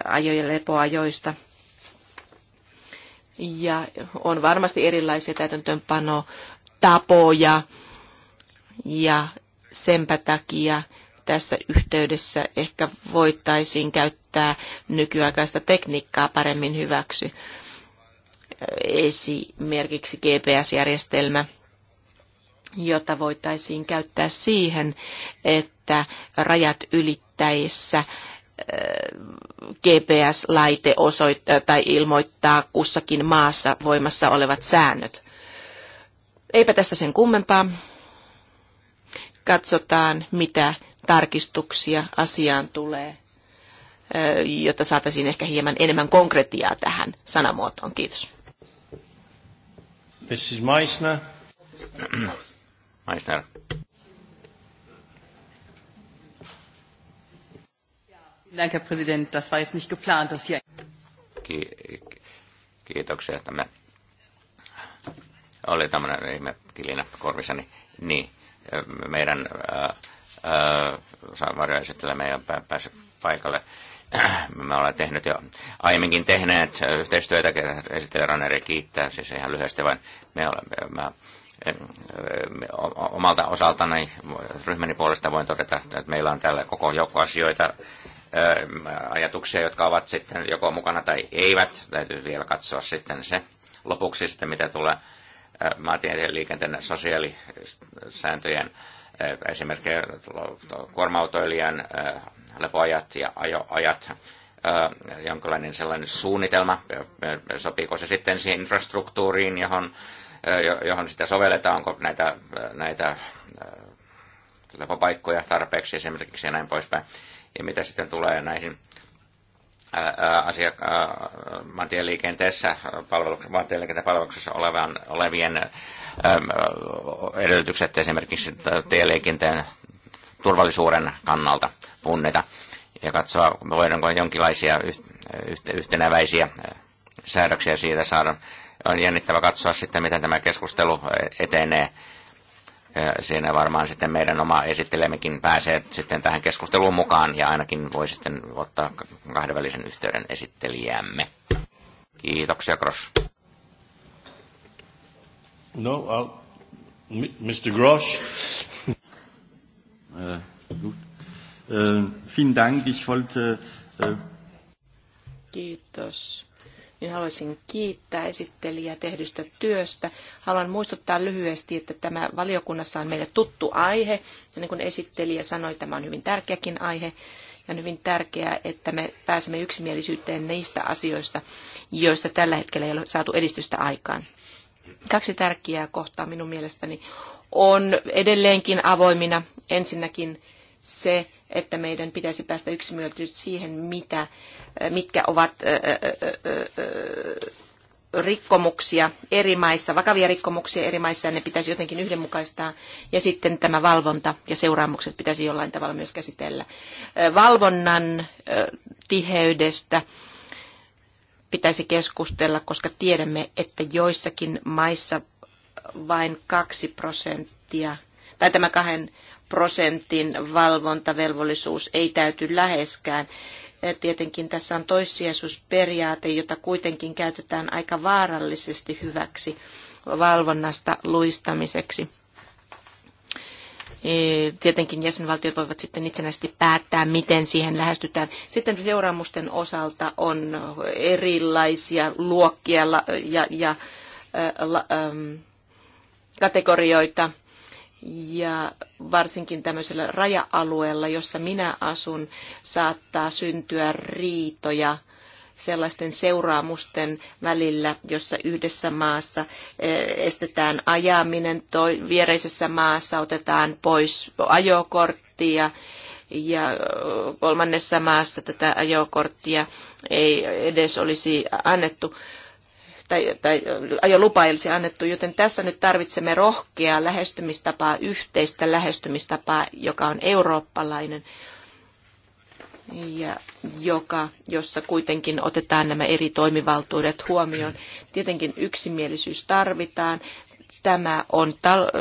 S2: ajo- ja lepoajoista – ja on varmasti erilaisia täytäntöönpanotapoja ja senpä takia tässä yhteydessä ehkä voitaisiin käyttää nykyaikaista tekniikkaa paremmin hyväksi. Esimerkiksi GPS-järjestelmä, jota voitaisiin käyttää siihen, että rajat ylittäessä GPS-laite osoittaa tai ilmoittaa kussakin maassa voimassa olevat säännöt. Eipä tästä sen kummempaa. Katsotaan, mitä tarkistuksia asiaan tulee, jotta saataisiin ehkä hieman enemmän konkretiaa tähän sanamuotoon. Kiitos.
S1: Mrs. Meissner. Meissner. Dank, Herr Präsident. Das war jetzt nicht geplant, dass hier... Ki- kiitoksia. Tämä oli tämmöinen ihme kilinä korvissani. Niin, meidän varjoesittelijämme ei ole päässyt paikalle. Me ollaan tehnyt jo aiemminkin tehneet yhteistyötä, esittelijä Raneri kiittää, siis ihan lyhyesti vain me olemme, mä, omalta osaltani ryhmäni puolesta voin todeta, että meillä on täällä koko joukko asioita, ajatuksia, jotka ovat sitten joko mukana tai eivät. Täytyy vielä katsoa sitten se lopuksi sitten, mitä tulee maantieteen liikenteen sosiaalisääntöjen esimerkiksi kuorma-autoilijan lepoajat ja ajoajat, jonkinlainen sellainen suunnitelma, sopiiko se sitten siihen infrastruktuuriin, johon, johon sitä sovelletaan, onko näitä, näitä lepopaikkoja tarpeeksi esimerkiksi ja näin poispäin. Ja mitä sitten tulee näihin asiakka- maantieliikenteen palveluksessa olevan, olevien edellytykset esimerkiksi tieliikenteen turvallisuuden kannalta punnita ja katsoa, voidaanko jonkinlaisia yhtenäväisiä säädöksiä siitä saada. On jännittävä katsoa sitten, miten tämä keskustelu e-, etenee siinä varmaan sitten meidän oma esittelemmekin pääsee sitten tähän keskusteluun mukaan ja ainakin voi sitten ottaa kahdenvälisen yhteyden esittelijämme. Kiitoksia, Gross. No, I'll... Mr. Grosch. Äh, ähm, vielen Dank. Ich wollte... Äh,
S2: Kiitos niin haluaisin kiittää esittelijää tehdystä työstä. Haluan muistuttaa lyhyesti, että tämä valiokunnassa on meille tuttu aihe. Ja niin kuin esittelijä sanoi, tämä on hyvin tärkeäkin aihe. Ja on hyvin tärkeää, että me pääsemme yksimielisyyteen niistä asioista, joissa tällä hetkellä ei ole saatu edistystä aikaan. Kaksi tärkeää kohtaa minun mielestäni on edelleenkin avoimina. Ensinnäkin se, että meidän pitäisi päästä yksimielisyyteen siihen, mitä, äh, mitkä ovat äh, äh, rikkomuksia eri maissa, vakavia rikkomuksia eri maissa, ja ne pitäisi jotenkin yhdenmukaistaa. Ja sitten tämä valvonta ja seuraamukset pitäisi jollain tavalla myös käsitellä. Valvonnan tiheydestä pitäisi keskustella, koska tiedämme, että joissakin maissa vain kaksi prosenttia, tai tämä kahden prosentin valvontavelvollisuus ei täyty läheskään. Tietenkin tässä on toissijaisuusperiaate, jota kuitenkin käytetään aika vaarallisesti hyväksi valvonnasta luistamiseksi. E, tietenkin jäsenvaltiot voivat sitten itsenäisesti päättää, miten siihen lähestytään. Sitten seuraamusten osalta on erilaisia luokkia ja, ja, kategorioita ja varsinkin tämmöisellä raja-alueella, jossa minä asun, saattaa syntyä riitoja sellaisten seuraamusten välillä, jossa yhdessä maassa e, estetään ajaminen, toi, viereisessä maassa otetaan pois ajokorttia ja kolmannessa maassa tätä ajokorttia ei edes olisi annettu tai, tai ajolupa ei olisi annettu, joten tässä nyt tarvitsemme rohkeaa lähestymistapaa, yhteistä lähestymistapaa, joka on eurooppalainen ja joka, jossa kuitenkin otetaan nämä eri toimivaltuudet huomioon. Tietenkin yksimielisyys tarvitaan. Tämä on tal-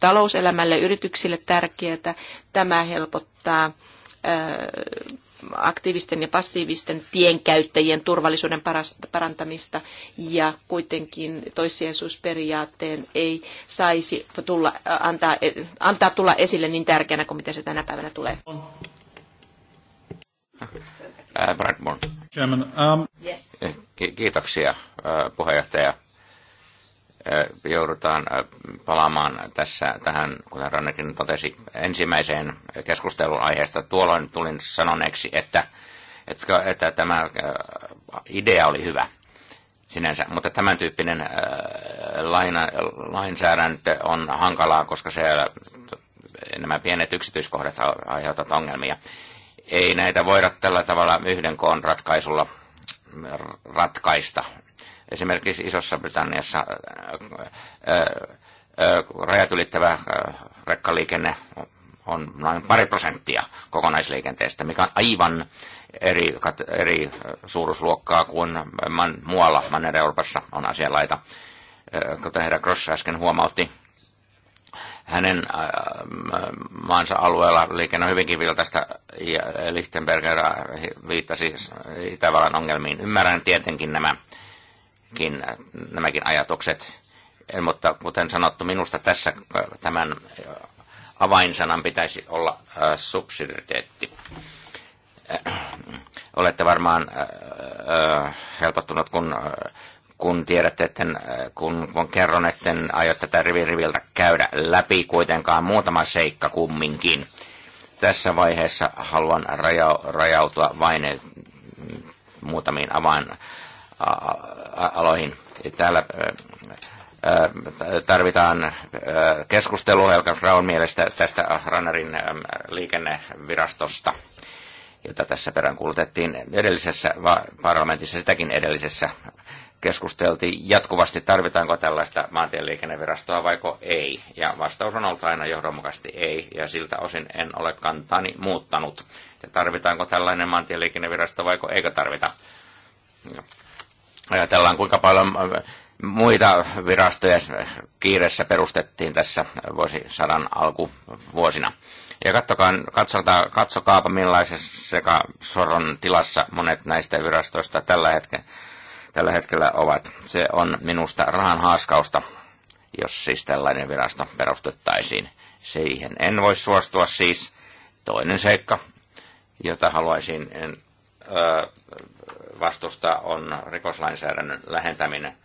S2: talouselämälle, yrityksille tärkeää. Tämä helpottaa aktiivisten ja passiivisten tienkäyttäjien turvallisuuden parantamista ja kuitenkin toissijaisuusperiaatteen ei saisi tulla, äh, antaa, äh, antaa tulla esille niin tärkeänä kuin mitä se tänä päivänä tulee.
S1: Äh, Bradburn.
S3: Chairman, um... yes.
S1: Kiitoksia puheenjohtaja joudutaan palaamaan tässä tähän, kuten Rannekin totesi, ensimmäiseen keskustelun aiheesta. Tuolloin tulin sanoneeksi, että, että, että tämä idea oli hyvä sinänsä, mutta tämän tyyppinen laina, lainsäädäntö on hankalaa, koska se, nämä pienet yksityiskohdat aiheuttavat ongelmia. Ei näitä voida tällä tavalla yhden koon ratkaisulla ratkaista Esimerkiksi Isossa-Britanniassa äh, äh, äh, rajat ylittävä rekkaliikenne on noin pari prosenttia kokonaisliikenteestä, mikä on aivan eri, eri suuruusluokkaa kuin man, muualla Manner-Euroopassa on asianlaita. Kuten herra Gross äsken huomautti, hänen maansa alueella liikenne on hyvinkin viltaista ja Lichtenberger viittasi Itävallan ongelmiin. Ymmärrän tietenkin nämä nämäkin, nämäkin ajatukset. Eh, mutta kuten sanottu, minusta tässä eh, tämän eh, avainsanan pitäisi olla subsidiariteetti. Olette varmaan helpottunut, kun, kun tiedätte, että kun, kun kerron, että en aio tätä rivin riviltä käydä läpi kuitenkaan muutama seikka kumminkin. Tässä vaiheessa haluan rajautua vain muutamiin avain aloihin. Täällä tarvitaan keskustelua Helga Fraun mielestä tästä Rannerin liikennevirastosta, jota tässä perään kuulutettiin edellisessä parlamentissa, sitäkin edellisessä keskusteltiin jatkuvasti, tarvitaanko tällaista maantieliikennevirastoa vaiko ei. Ja vastaus on ollut aina johdonmukaisesti ei, ja siltä osin en ole kantani muuttanut. Ja tarvitaanko tällainen maantieliikennevirasto vaiko eikö tarvita? Ajatellaan, kuinka paljon äh, muita virastoja kiireessä perustettiin tässä vuosisadan alkuvuosina. Ja katsokaa, katsotaan, katsokaapa millaisessa soron tilassa monet näistä virastoista tällä hetkellä, tällä hetkellä ovat. Se on minusta rahan haaskausta, jos siis tällainen virasto perustettaisiin. Siihen en voi suostua siis. Toinen seikka, jota haluaisin en, öö, vastusta on rikoslainsäädännön lähentäminen.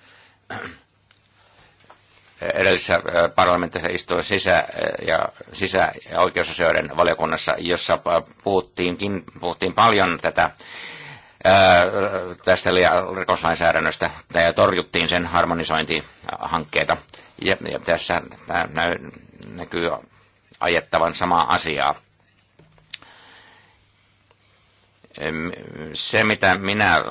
S1: Edellisessä parlamentissa istui sisä- ja, sisä- ja oikeusasioiden valiokunnassa, jossa puhuttiinkin, puhuttiin paljon tätä tästä rikoslainsäädännöstä ja torjuttiin sen harmonisointihankkeita. Ja, ja tässä näkyy ajettavan samaa asiaa se, mitä minä äh,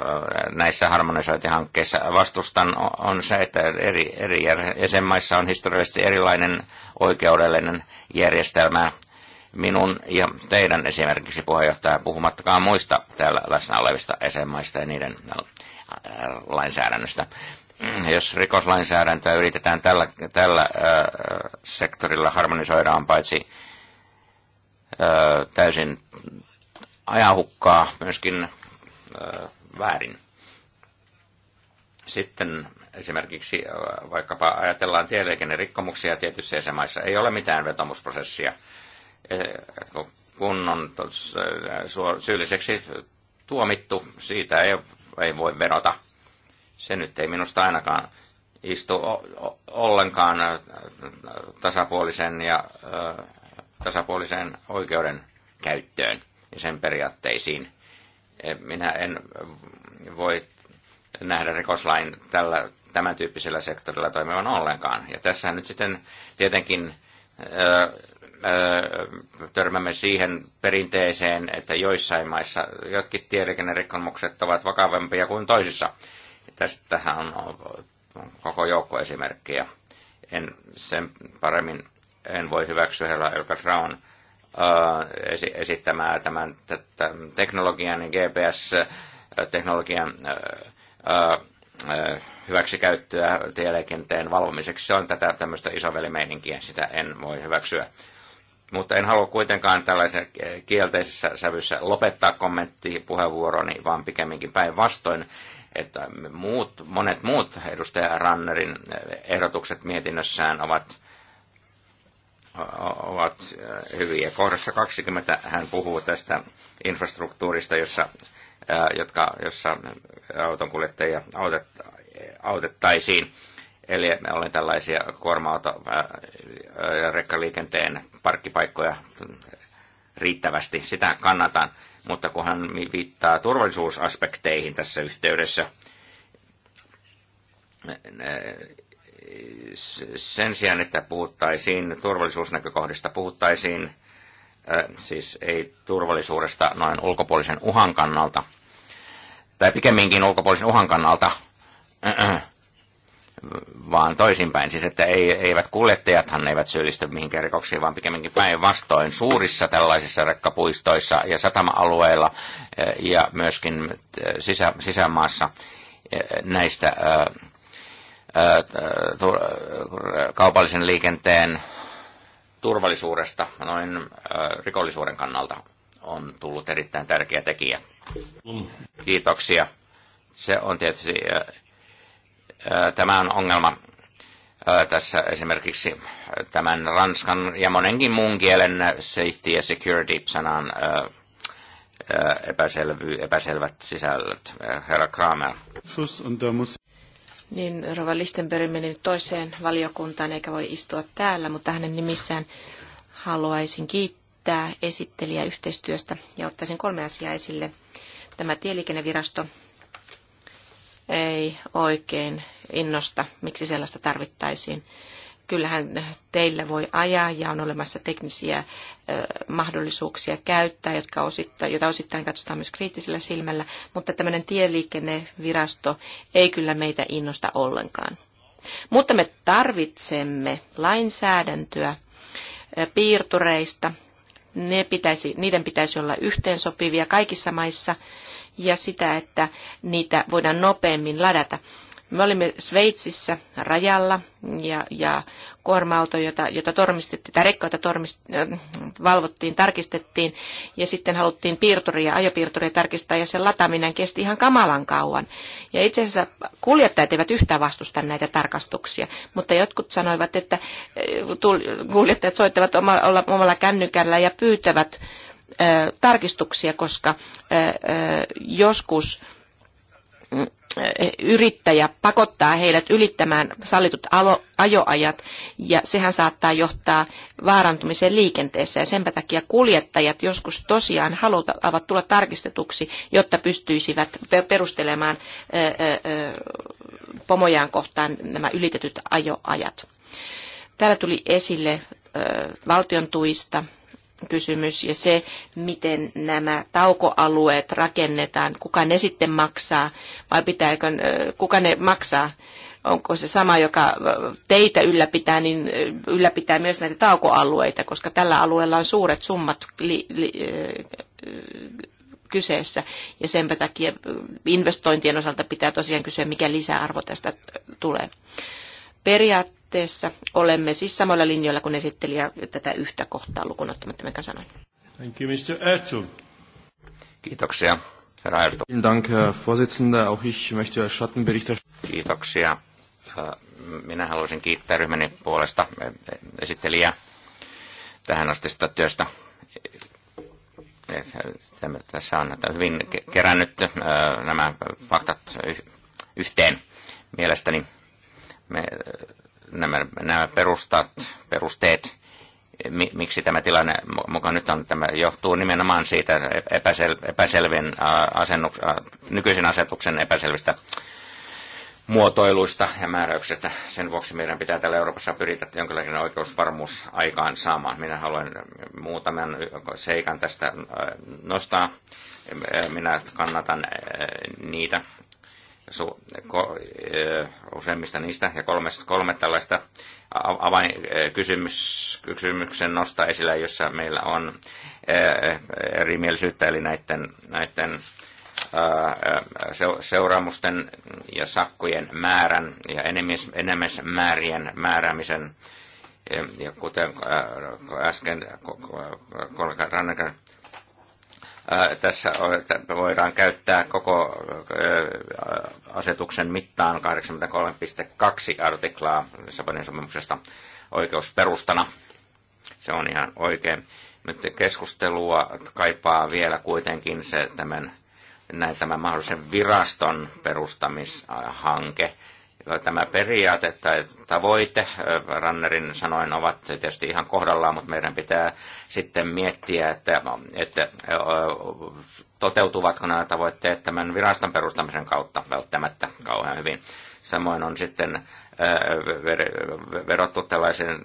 S1: näissä harmonisointihankkeissa vastustan, on se, että eri, eri jäsenmaissa on historiallisesti erilainen oikeudellinen järjestelmä minun ja teidän esimerkiksi puheenjohtaja, puhumattakaan muista täällä läsnä olevista jäsenmaista ja niiden äh, lainsäädännöstä. Jos rikoslainsäädäntöä yritetään tällä, tällä äh, sektorilla harmonisoidaan paitsi täysin ajahukkaa myöskin väärin. Sitten esimerkiksi vaikkapa ajatellaan tieliikennerikkomuksia tietyissä jäsenmaissa, ei ole mitään vetomusprosessia, e, kun on syylliseksi tuomittu, siitä ei, ei voi vedota. Se nyt ei minusta ainakaan istu ollenkaan tasapuolisen ja tasapuolisen oikeuden käyttöön ja sen periaatteisiin. Eh, minä en voi nähdä rikoslain tällä, tämän tyyppisellä sektorilla toimivan ollenkaan. Ja tässä nyt sitten tietenkin öö, öö, törmämme siihen perinteeseen, että joissain maissa jotkin tieliikennerikkomukset ovat vakavampia kuin toisissa. Tästähän on koko joukko esimerkkejä. En sen paremmin en voi hyväksyä herra Traun Äh, esittämää tämän teknologian niin GPS-teknologian äh, äh, hyväksikäyttöä tieliikenteen valvomiseksi. Se on tätä tämmöistä isovelimeininkiä, sitä en voi hyväksyä. Mutta en halua kuitenkaan tällaisen kielteisessä sävyssä lopettaa kommentti puheenvuoroni, vaan pikemminkin päinvastoin, että muut, monet muut edustaja Rannerin ehdotukset mietinnössään ovat ovat hyviä. Kohdassa 20 hän puhuu tästä infrastruktuurista, jossa, jotka, jossa autonkuljettajia autet, autettaisiin. Eli me olemme tällaisia kuorma-auto- ja rekkaliikenteen parkkipaikkoja riittävästi. Sitä kannatan, mutta kun hän viittaa turvallisuusaspekteihin tässä yhteydessä, sen sijaan, että puhuttaisiin turvallisuusnäkökohdista, puhuttaisiin siis ei turvallisuudesta noin ulkopuolisen uhan kannalta, tai pikemminkin ulkopuolisen uhan kannalta, vaan toisinpäin. Siis että ei, eivät kuljettajathan eivät syyllisty mihinkään rikoksiin, vaan pikemminkin päinvastoin suurissa tällaisissa rekkapuistoissa ja satama-alueilla ja myöskin sisä, sisämaassa näistä äh, kaupallisen liikenteen turvallisuudesta noin rikollisuuden kannalta on tullut erittäin tärkeä tekijä. Kiitoksia. Se on tietysti, tämä on ongelma tässä esimerkiksi tämän ranskan ja monenkin muun kielen safety ja security-sanan epäselvy, epäselvät sisällöt. Herra Kramer.
S2: Niin Rova Lichtenberg meni nyt toiseen valiokuntaan eikä voi istua täällä, mutta hänen nimissään haluaisin kiittää esittelijä yhteistyöstä ja ottaisin kolme asiaa esille. Tämä tieliikennevirasto ei oikein innosta, miksi sellaista tarvittaisiin kyllähän teillä voi ajaa ja on olemassa teknisiä mahdollisuuksia käyttää, jotka osittain, joita osittain katsotaan myös kriittisellä silmällä, mutta tämmöinen tieliikennevirasto ei kyllä meitä innosta ollenkaan. Mutta me tarvitsemme lainsäädäntöä piirtureista. Ne pitäisi, niiden pitäisi olla yhteensopivia kaikissa maissa ja sitä, että niitä voidaan nopeammin ladata me olimme Sveitsissä rajalla ja, ja kuorma-auto, jota, jota tormistettiin, tai rekka, jota tormist, äh, valvottiin, tarkistettiin, ja sitten haluttiin piirturia, ajopiirturia tarkistaa, ja sen lataaminen kesti ihan kamalan kauan. Ja itse asiassa kuljettajat eivät yhtään vastusta näitä tarkastuksia, mutta jotkut sanoivat, että äh, kuljettajat soittavat omalla, olla, omalla kännykällä ja pyytävät äh, tarkistuksia, koska äh, äh joskus mm, yrittäjä pakottaa heidät ylittämään sallitut ajoajat, ja sehän saattaa johtaa vaarantumiseen liikenteessä, ja senpä takia kuljettajat joskus tosiaan haluavat tulla tarkistetuksi, jotta pystyisivät perustelemaan pomojaan kohtaan nämä ylitetyt ajoajat. Täällä tuli esille valtion tuista, kysymys ja se, miten nämä taukoalueet rakennetaan, kuka ne sitten maksaa vai pitääkö, kuka ne maksaa, onko se sama, joka teitä ylläpitää, niin ylläpitää myös näitä taukoalueita, koska tällä alueella on suuret summat li, li, kyseessä. Ja sen takia investointien osalta pitää tosiaan kysyä, mikä lisäarvo tästä tulee. Periaat, periaatteessa olemme siis samoilla linjoilla kuin esittelijä tätä yhtä kohtaa lukuun ottamatta, minkä sanoin.
S1: Thank you, Mr. Kiitoksia. Herra Ertug. Vielen Dank, Herr Vorsitzender.
S3: Auch ich möchte als Schattenberichterstatter...
S1: Kiitoksia. Äh, minä haluaisin kiittää ryhmäni puolesta esittelijää tähän sitä työstä. Tässä on hyvin kerännyt nämä faktat yhteen mielestäni me nämä, nämä perustat, perusteet, mi, miksi tämä tilanne mukaan nyt on, tämä johtuu nimenomaan siitä epäsel, epäselvien asennuk, nykyisen asetuksen epäselvistä muotoiluista ja määräyksistä. Sen vuoksi meidän pitää täällä Euroopassa pyritä jonkinlainen oikeusvarmuus aikaan saamaan. Minä haluan muutaman seikan tästä nostaa. Minä kannatan niitä useimmista niistä ja kolme, kolme tällaista avainkysymyksen nostaa esille, jossa meillä on erimielisyyttä, eli näiden, näiden seuraamusten ja sakkojen määrän ja enemmismäärien määräämisen. Ja kuten äsken kollega Ranneker tässä voidaan käyttää koko asetuksen mittaan 83.2 artiklaa Lissabonin sopimuksesta oikeusperustana. Se on ihan oikein. Nyt keskustelua kaipaa vielä kuitenkin se tämän, näin, tämän mahdollisen viraston perustamishanke. Tämä periaate tai tavoite, äh, Rannerin sanoin, ovat tietysti ihan kohdallaan, mutta meidän pitää sitten miettiä, että, että toteutuvatko nämä tavoitteet tämän viraston perustamisen kautta välttämättä kauhean hyvin. Samoin on sitten verottu tällaisen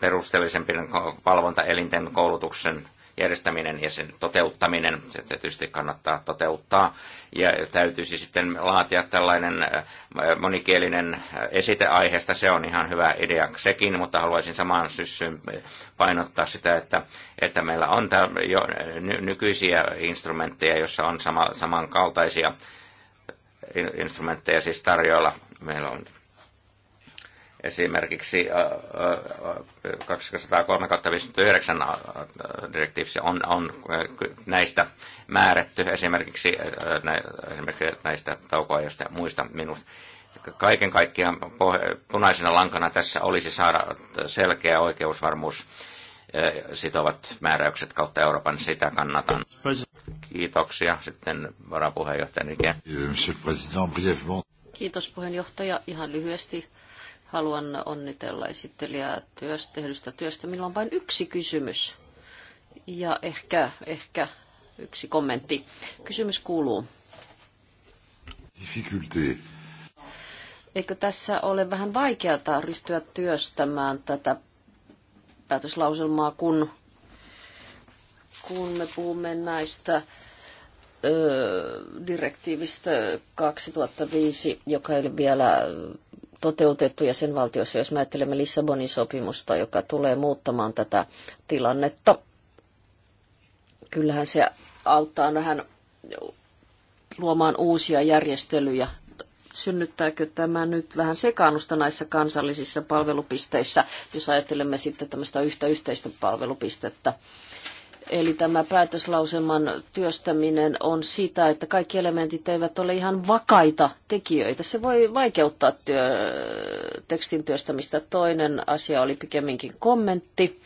S1: perusteellisempien valvontaelinten koulutuksen järjestäminen ja sen toteuttaminen, se tietysti kannattaa toteuttaa. Ja täytyisi sitten laatia tällainen äh, monikielinen äh, esite aiheesta, se on ihan hyvä idea sekin, mutta haluaisin samaan syssyyn painottaa sitä, että, että meillä on jo nykyisiä instrumentteja, joissa on sama, samankaltaisia instrumentteja siis tarjolla. Meillä on Esimerkiksi 203-59 äh, äh, äh, direktiivissä on, on näistä määrätty, esimerkiksi, esimerkiksi näistä taukoajoista ja muista minusta kaiken kaikkiaan punaisena lankana tässä olisi saada selkeä oikeusvarmuus sitovat määräykset kautta Euroopan. Sitä kannatan. Kiitoksia. Sitten varapuheenjohtaja Nike.
S3: Kiitos puheenjohtaja. Ihan lyhyesti Haluan onnitella esittelijää työstä, tehdystä työstä. Minulla on vain yksi kysymys ja ehkä, ehkä yksi kommentti. Kysymys kuuluu. Difficulté. Eikö tässä ole vähän vaikeata ryhtyä työstämään tätä päätöslauselmaa, kun, kun me puhumme näistä direktiivistä 2005, joka ei ole vielä toteutettu jäsenvaltiossa, jos me ajattelemme Lissabonin sopimusta, joka tulee muuttamaan tätä tilannetta. Kyllähän se auttaa vähän luomaan uusia järjestelyjä. Synnyttääkö tämä nyt vähän sekaannusta näissä kansallisissa palvelupisteissä, jos ajattelemme sitten tämmöistä yhtä yhteistä palvelupistettä? Eli tämä päätöslauseman työstäminen on sitä, että kaikki elementit eivät ole ihan vakaita tekijöitä. Se voi vaikeuttaa työ, tekstin työstämistä. Toinen asia oli pikemminkin kommentti.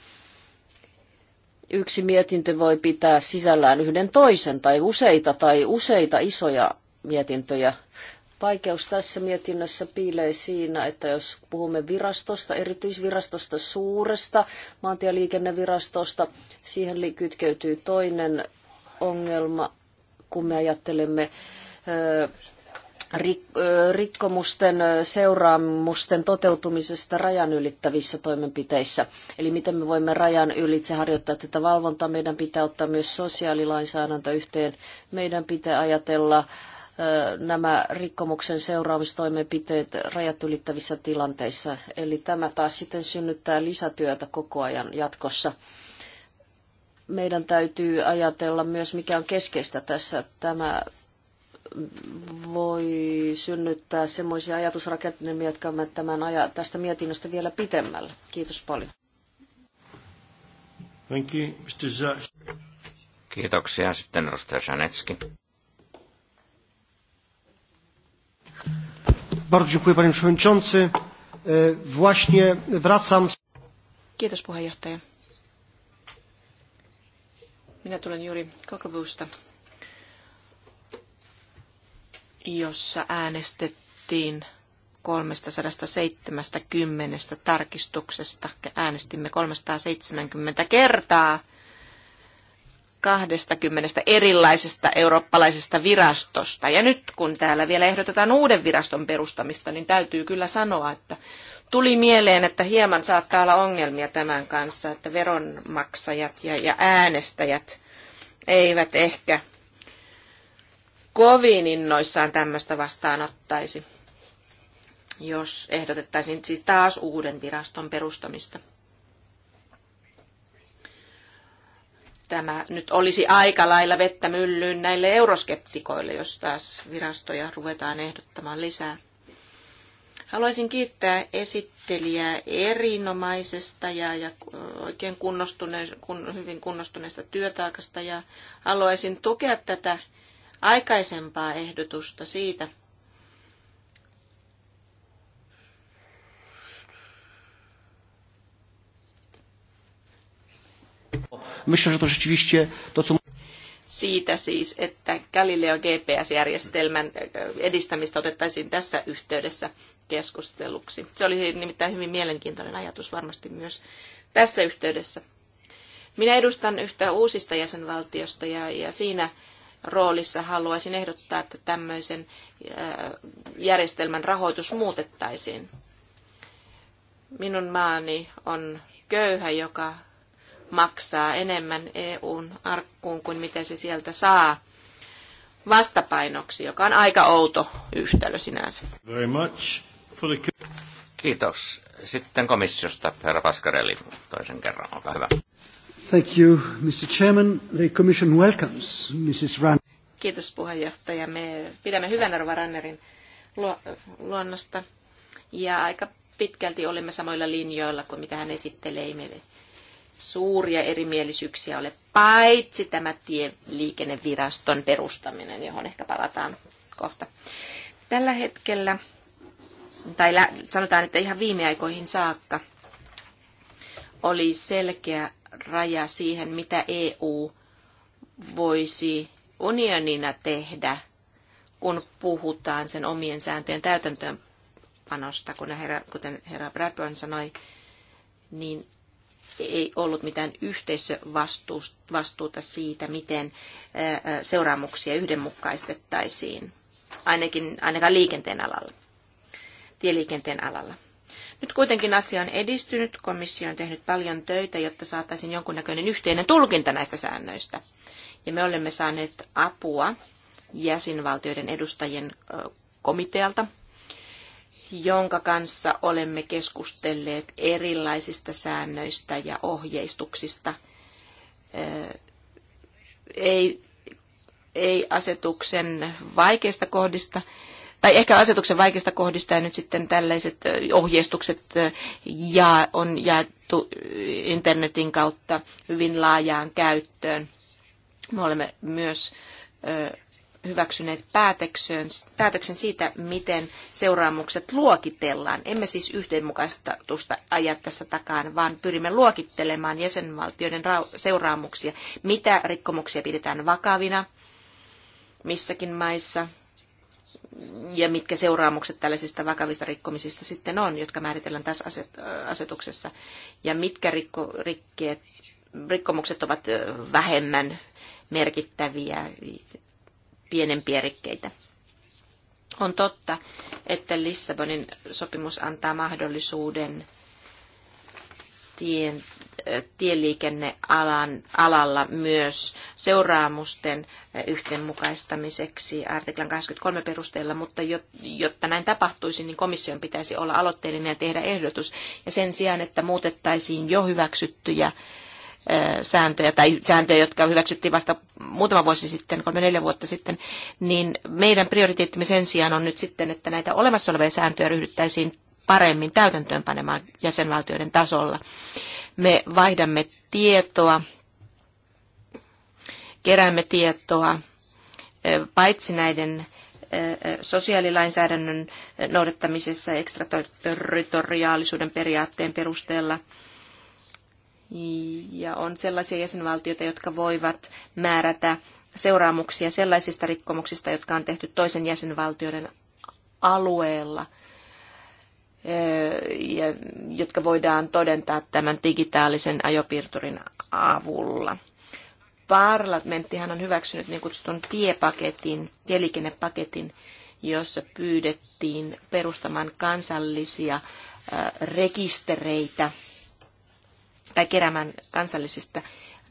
S3: Yksi mietintö voi pitää sisällään yhden toisen tai useita tai useita isoja mietintöjä. Vaikeus tässä mietinnössä piilee siinä, että jos puhumme virastosta, erityisvirastosta suuresta, maantieliikennevirastosta, siihen kytkeytyy toinen ongelma, kun me ajattelemme rikkomusten seuraamusten toteutumisesta rajan ylittävissä toimenpiteissä. Eli miten me voimme rajan ylitse harjoittaa tätä valvontaa. Meidän pitää ottaa myös sosiaalilainsäädäntö yhteen. Meidän pitää ajatella nämä rikkomuksen seuraamistoimenpiteet rajat ylittävissä tilanteissa. Eli tämä taas sitten synnyttää lisätyötä koko ajan jatkossa. Meidän täytyy ajatella myös, mikä on keskeistä tässä. Tämä voi synnyttää semmoisia ajatusrakennelmia, jotka ovat tämän aja, tästä mietinnöstä vielä pitemmälle. Kiitos paljon. Thank you, Mr.
S1: Kiitoksia. Sitten edustaja Janetski. Bardzo dziękuję panie przewodniczący. E, właśnie
S3: wracam.
S2: Kiitos puheenjohtaja. Minä tulen juuri kokouksesta, jossa äänestettiin 370 tarkistuksesta. Äänestimme 370 kertaa. 20 erilaisesta eurooppalaisesta virastosta. Ja nyt kun täällä vielä ehdotetaan uuden viraston perustamista, niin täytyy kyllä sanoa, että tuli mieleen, että hieman saattaa olla ongelmia tämän kanssa, että veronmaksajat ja, ja äänestäjät eivät ehkä kovin innoissaan tämmöistä vastaanottaisi, jos ehdotettaisiin siis taas uuden viraston perustamista. tämä nyt olisi aika lailla vettä myllyyn näille euroskeptikoille, jos taas virastoja ruvetaan ehdottamaan lisää. Haluaisin kiittää esittelijää erinomaisesta ja, ja oikein kunnostune, kun, hyvin kunnostuneesta työtaakasta ja haluaisin tukea tätä aikaisempaa ehdotusta siitä –
S1: Myślę, że to rzeczywiście to, co...
S2: Siitä siis, että Galileo GPS-järjestelmän e, e, edistämistä otettaisiin tässä yhteydessä keskusteluksi. Se oli nimittäin hyvin mielenkiintoinen ajatus varmasti myös tässä yhteydessä. Minä edustan yhtä uusista jäsenvaltiosta ja, ja siinä roolissa haluaisin ehdottaa, että tämmöisen e, järjestelmän rahoitus muutettaisiin. Minun maani on köyhä, joka maksaa enemmän EUn arkkuun kuin mitä se sieltä saa vastapainoksi, joka on aika outo yhtälö sinänsä.
S1: Very much for the... Kiitos. Sitten komissiosta, herra Pascarelli, toisen kerran, olkaa hyvä.
S3: Thank you, Mr. Chairman. The
S1: Commission welcomes Mrs. Ran.
S2: Kiitos puheenjohtaja. Me pidämme hyvän arvoa Rannerin luonnosta ja aika pitkälti olimme samoilla linjoilla kuin mitä hän esittelee meille suuria erimielisyyksiä ole, paitsi tämä tieliikenneviraston perustaminen, johon ehkä palataan kohta. Tällä hetkellä, tai sanotaan, että ihan viime aikoihin saakka, oli selkeä raja siihen, mitä EU voisi unionina tehdä, kun puhutaan sen omien sääntöjen täytäntöönpanosta. Kun herra, kuten herra Bradburn sanoi, niin ei ollut mitään yhteisövastuuta siitä, miten seuraamuksia yhdenmukaistettaisiin, ainakin, ainakaan liikenteen alalla, tieliikenteen alalla. Nyt kuitenkin asia on edistynyt, komissio on tehnyt paljon töitä, jotta saataisiin jonkunnäköinen yhteinen tulkinta näistä säännöistä. Ja me olemme saaneet apua jäsenvaltioiden edustajien komitealta jonka kanssa olemme keskustelleet erilaisista säännöistä ja ohjeistuksista. Ei, ei asetuksen vaikeista kohdista, tai ehkä asetuksen vaikeista kohdista ja nyt sitten tällaiset ohjeistukset ja on jaettu internetin kautta hyvin laajaan käyttöön. Me olemme myös hyväksyneet päätöksen, päätöksen siitä, miten seuraamukset luokitellaan. Emme siis yhdenmukaistusta aja tässä takaan, vaan pyrimme luokittelemaan jäsenvaltioiden seuraamuksia, mitä rikkomuksia pidetään vakavina missäkin maissa ja mitkä seuraamukset tällaisista vakavista rikkomisista sitten on, jotka määritellään tässä asetuksessa, ja mitkä rikko, rikkeet, rikkomukset ovat vähemmän merkittäviä pienempiä rikkeitä. On totta, että Lissabonin sopimus antaa mahdollisuuden tien, tieliikennealan alalla myös seuraamusten yhteenmukaistamiseksi artiklan 23 perusteella, mutta jotta näin tapahtuisi, niin komission pitäisi olla aloitteellinen ja tehdä ehdotus. Ja sen sijaan, että muutettaisiin jo hyväksyttyjä sääntöjä tai sääntöjä, jotka hyväksyttiin vasta muutama vuosi sitten, kolme neljä vuotta sitten, niin meidän prioriteettimme sen sijaan on nyt sitten, että näitä olemassa olevia sääntöjä ryhdyttäisiin paremmin täytäntöönpanemaan jäsenvaltioiden tasolla. Me vaihdamme tietoa, keräämme tietoa paitsi näiden sosiaalilainsäädännön noudattamisessa ekstraterritoriaalisuuden periaatteen perusteella – ja on sellaisia jäsenvaltioita, jotka voivat määrätä seuraamuksia sellaisista rikkomuksista, jotka on tehty toisen jäsenvaltioiden alueella, ja jotka voidaan todentaa tämän digitaalisen ajopiirturin avulla. Parlamenttihan on hyväksynyt niin kutsutun tiepaketin, tieliikennepaketin, jossa pyydettiin perustamaan kansallisia rekistereitä tai keräämään kansallisista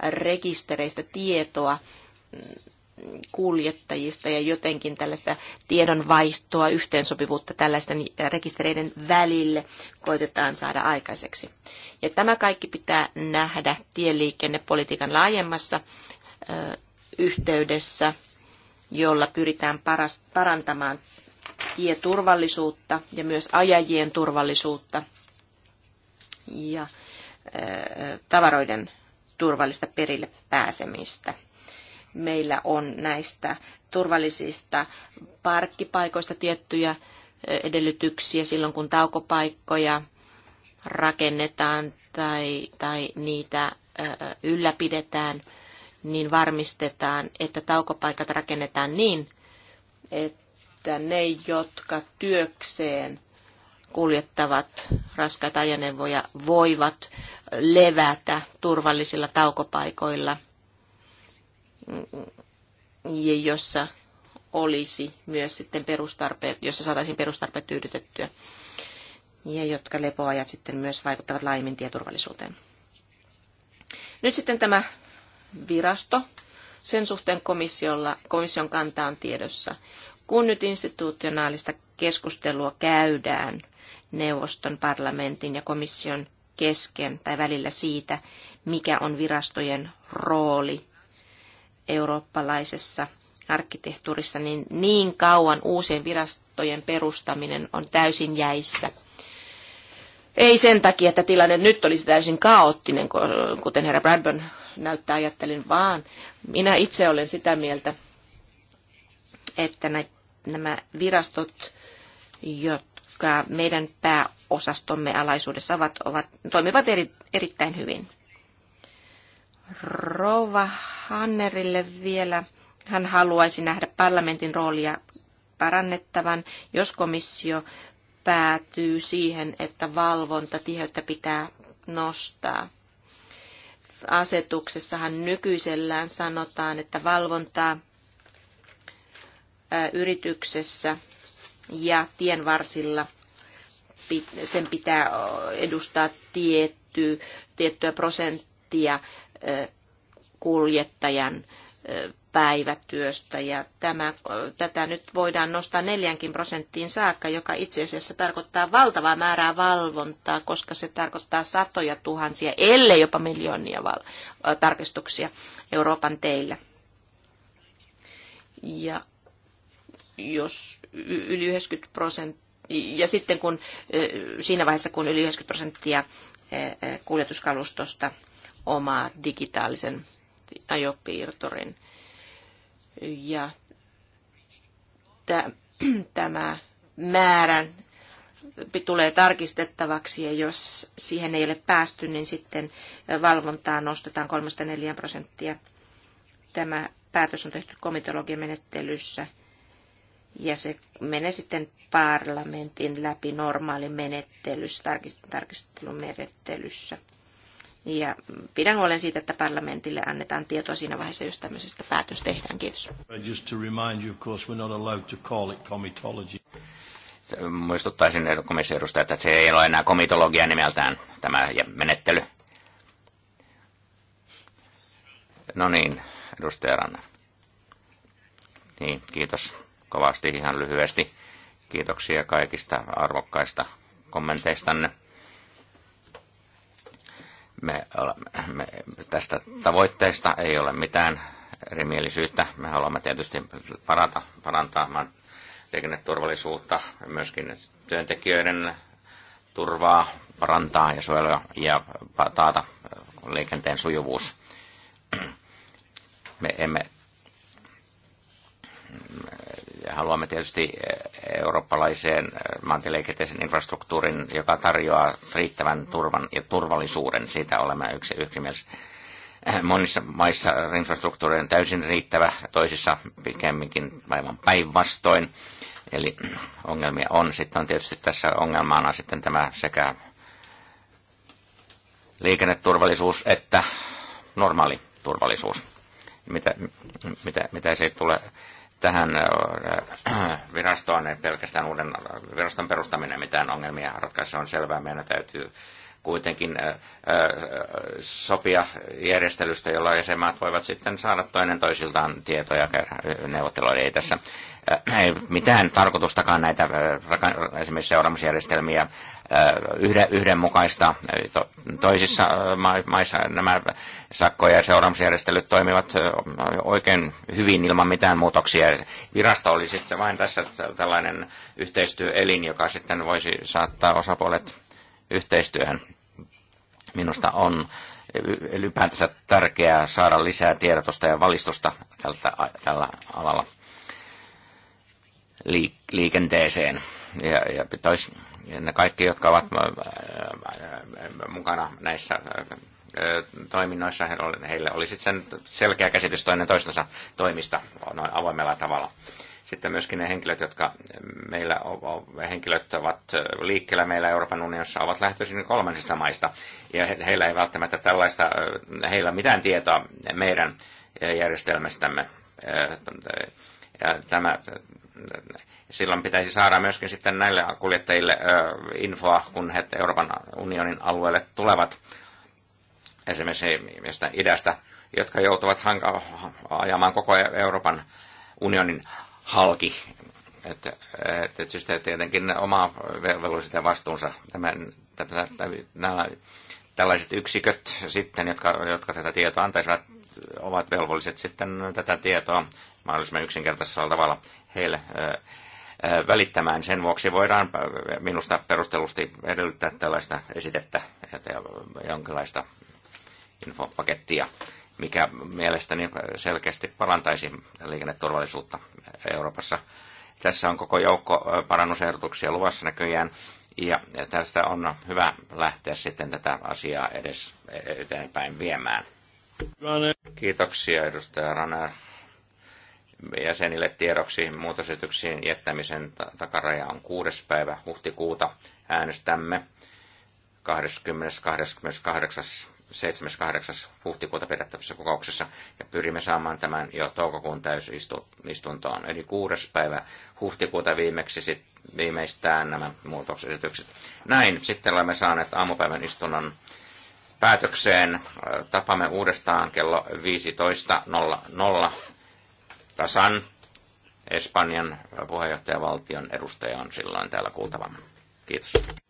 S2: rekistereistä tietoa kuljettajista ja jotenkin tällaista tiedonvaihtoa, yhteensopivuutta tällaisten rekistereiden välille koitetaan saada aikaiseksi. Ja tämä kaikki pitää nähdä tieliikennepolitiikan laajemmassa ö, yhteydessä, jolla pyritään paras, parantamaan tieturvallisuutta ja myös ajajien turvallisuutta. Ja tavaroiden turvallista perille pääsemistä. Meillä on näistä turvallisista parkkipaikoista tiettyjä edellytyksiä silloin, kun taukopaikkoja rakennetaan tai, tai niitä ylläpidetään, niin varmistetaan, että taukopaikat rakennetaan niin, että ne, jotka työkseen kuljettavat raskaita ajoneuvoja, voivat levätä turvallisilla taukopaikoilla, ja jossa olisi myös sitten perustarpeet, jossa saataisiin perustarpeet tyydytettyä, ja jotka lepoajat sitten myös vaikuttavat laajemmin tieturvallisuuteen. Nyt sitten tämä virasto. Sen suhteen komissiolla, komission kanta on tiedossa. Kun nyt institutionaalista keskustelua käydään neuvoston, parlamentin ja komission kesken tai välillä siitä, mikä on virastojen rooli eurooppalaisessa arkkitehtuurissa, niin niin kauan uusien virastojen perustaminen on täysin jäissä. Ei sen takia, että tilanne nyt olisi täysin kaoottinen, kuten herra Bradburn näyttää ajattelin, vaan minä itse olen sitä mieltä, että nämä virastot, jotka jotka meidän pääosastomme alaisuudessa ovat, ovat, toimivat eri, erittäin hyvin. Rova Hannerille vielä. Hän haluaisi nähdä parlamentin roolia parannettavan, jos komissio päätyy siihen, että valvonta tiheyttä pitää nostaa. Asetuksessahan nykyisellään sanotaan, että valvontaa yrityksessä – ja tien varsilla sen pitää edustaa tietty, tiettyä prosenttia kuljettajan päivätyöstä ja tämä, tätä nyt voidaan nostaa neljänkin prosenttiin saakka, joka itse asiassa tarkoittaa valtavaa määrää valvontaa, koska se tarkoittaa satoja tuhansia, ellei jopa miljoonia val- tarkistuksia Euroopan teillä. Ja jos yli 90 prosenttia. Ja sitten kun, siinä vaiheessa, kun yli 90 prosenttia kuljetuskalustosta omaa digitaalisen ajopiirturin. Ja tämä määrän tulee tarkistettavaksi ja jos siihen ei ole päästy, niin sitten valvontaa nostetaan 3-4 prosenttia. Tämä päätös on tehty komitologian menettelyssä ja se menee sitten parlamentin läpi normaali menettelyssä, tarkistelumenettelyssä. Ja pidän huolen siitä, että parlamentille annetaan tietoa siinä vaiheessa, jos tämmöisestä päätös tehdään. Kiitos. Just to remind you, of course, we're not allowed to call it comitology.
S1: Muistuttaisin komission edustajat, että se ei ole enää komitologia nimeltään tämä menettely. No niin, edustaja Ranner. Niin, kiitos kovasti ihan lyhyesti. Kiitoksia kaikista arvokkaista kommenteistanne. Me, me tästä tavoitteesta ei ole mitään erimielisyyttä. Me haluamme tietysti parata, parantaa liikenneturvallisuutta, myöskin työntekijöiden turvaa parantaa ja suojella ja taata liikenteen sujuvuus. Me emme haluamme tietysti eh, eurooppalaiseen eh, maantieliikenteisen infrastruktuurin, joka tarjoaa riittävän turvan ja turvallisuuden. Siitä olemme yksi yksimielisiä. Eh, monissa maissa infrastruktuuri on täysin riittävä, toisissa pikemminkin aivan päinvastoin. Eli ongelmia on. Sitten on tietysti tässä ongelmana sitten tämä sekä liikenneturvallisuus että normaali turvallisuus. Mitä, mitä, mitä se tulee tähän äh, virastoon, ei pelkästään uuden viraston perustaminen mitään ongelmia ratkaisu on selvää. Meidän täytyy kuitenkin sopia järjestelystä, jolla jäsenmaat voivat sitten saada toinen toisiltaan tietoja neuvotteluiden. Ei tässä ei mitään tarkoitustakaan näitä esimerkiksi seuraamusjärjestelmiä yhdenmukaista. Toisissa maissa nämä sakkoja ja seuraamusjärjestelyt toimivat oikein hyvin ilman mitään muutoksia. Virasto olisi sitten vain tässä tällainen yhteistyöelin, joka sitten voisi saattaa osapuolet yhteistyöhön. Minusta on ylipäätänsä tärkeää saada lisää tiedotusta ja valistusta tältä, tällä alalla liikenteeseen. Ja, ja pitäisi, ne kaikki, jotka ovat äh, äh, äh, mukana näissä toiminnoissa, heille olisi sen selkeä käsitys toinen toistensa toimista noin avoimella tavalla. Sitten myöskin ne henkilöt, jotka eh, meillä henkilöt ovat eh, liikkeellä meillä Euroopan unionissa, ovat lähtöisin kolmansista maista. Ja heillä ei välttämättä tällaista, eh, heillä mitään tietoa meidän järjestelmästämme. Ja tämä, silloin pitäisi saada myöskin sitten näille kuljettajille infoa, kun he Euroopan unionin alueelle tulevat, esimerkiksi idästä, jotka joutuvat hanka- ajamaan koko Euroopan unionin halki. Että, että syystä tietenkin oma velvollisuus ja vastuunsa tämän, tämän, nämä tällaiset yksiköt sitten, jotka, jotka tätä tietoa antaisivat, ovat velvolliset sitten tätä tietoa mahdollisimman yksinkertaisella tavalla heille välittämään. Sen vuoksi voidaan minusta perustelusti edellyttää tällaista esitettä ja jonkinlaista infopakettia mikä mielestäni selkeästi parantaisi liikenneturvallisuutta Euroopassa. Tässä on koko joukko parannusehdotuksia luvassa näköjään, ja tästä on hyvä lähteä sitten tätä asiaa edes e-, eteenpäin viemään. Kiitoksia edustaja Raner. Jäsenille tiedoksi muutosetyksiin jättämisen takaraja on 6. päivä huhtikuuta. Äänestämme 20. 28. 7.8. huhtikuuta pidettävässä kokouksessa ja pyrimme saamaan tämän jo toukokuun täysistuntoon. Eli 6. päivä huhtikuuta viimeksi sit, viimeistään nämä muutoksesitykset. Näin sitten olemme saaneet aamupäivän istunnon päätökseen. Tapamme uudestaan kello 15.00 tasan. Espanjan puheenjohtajavaltion edustaja on silloin täällä kuultavana. Kiitos.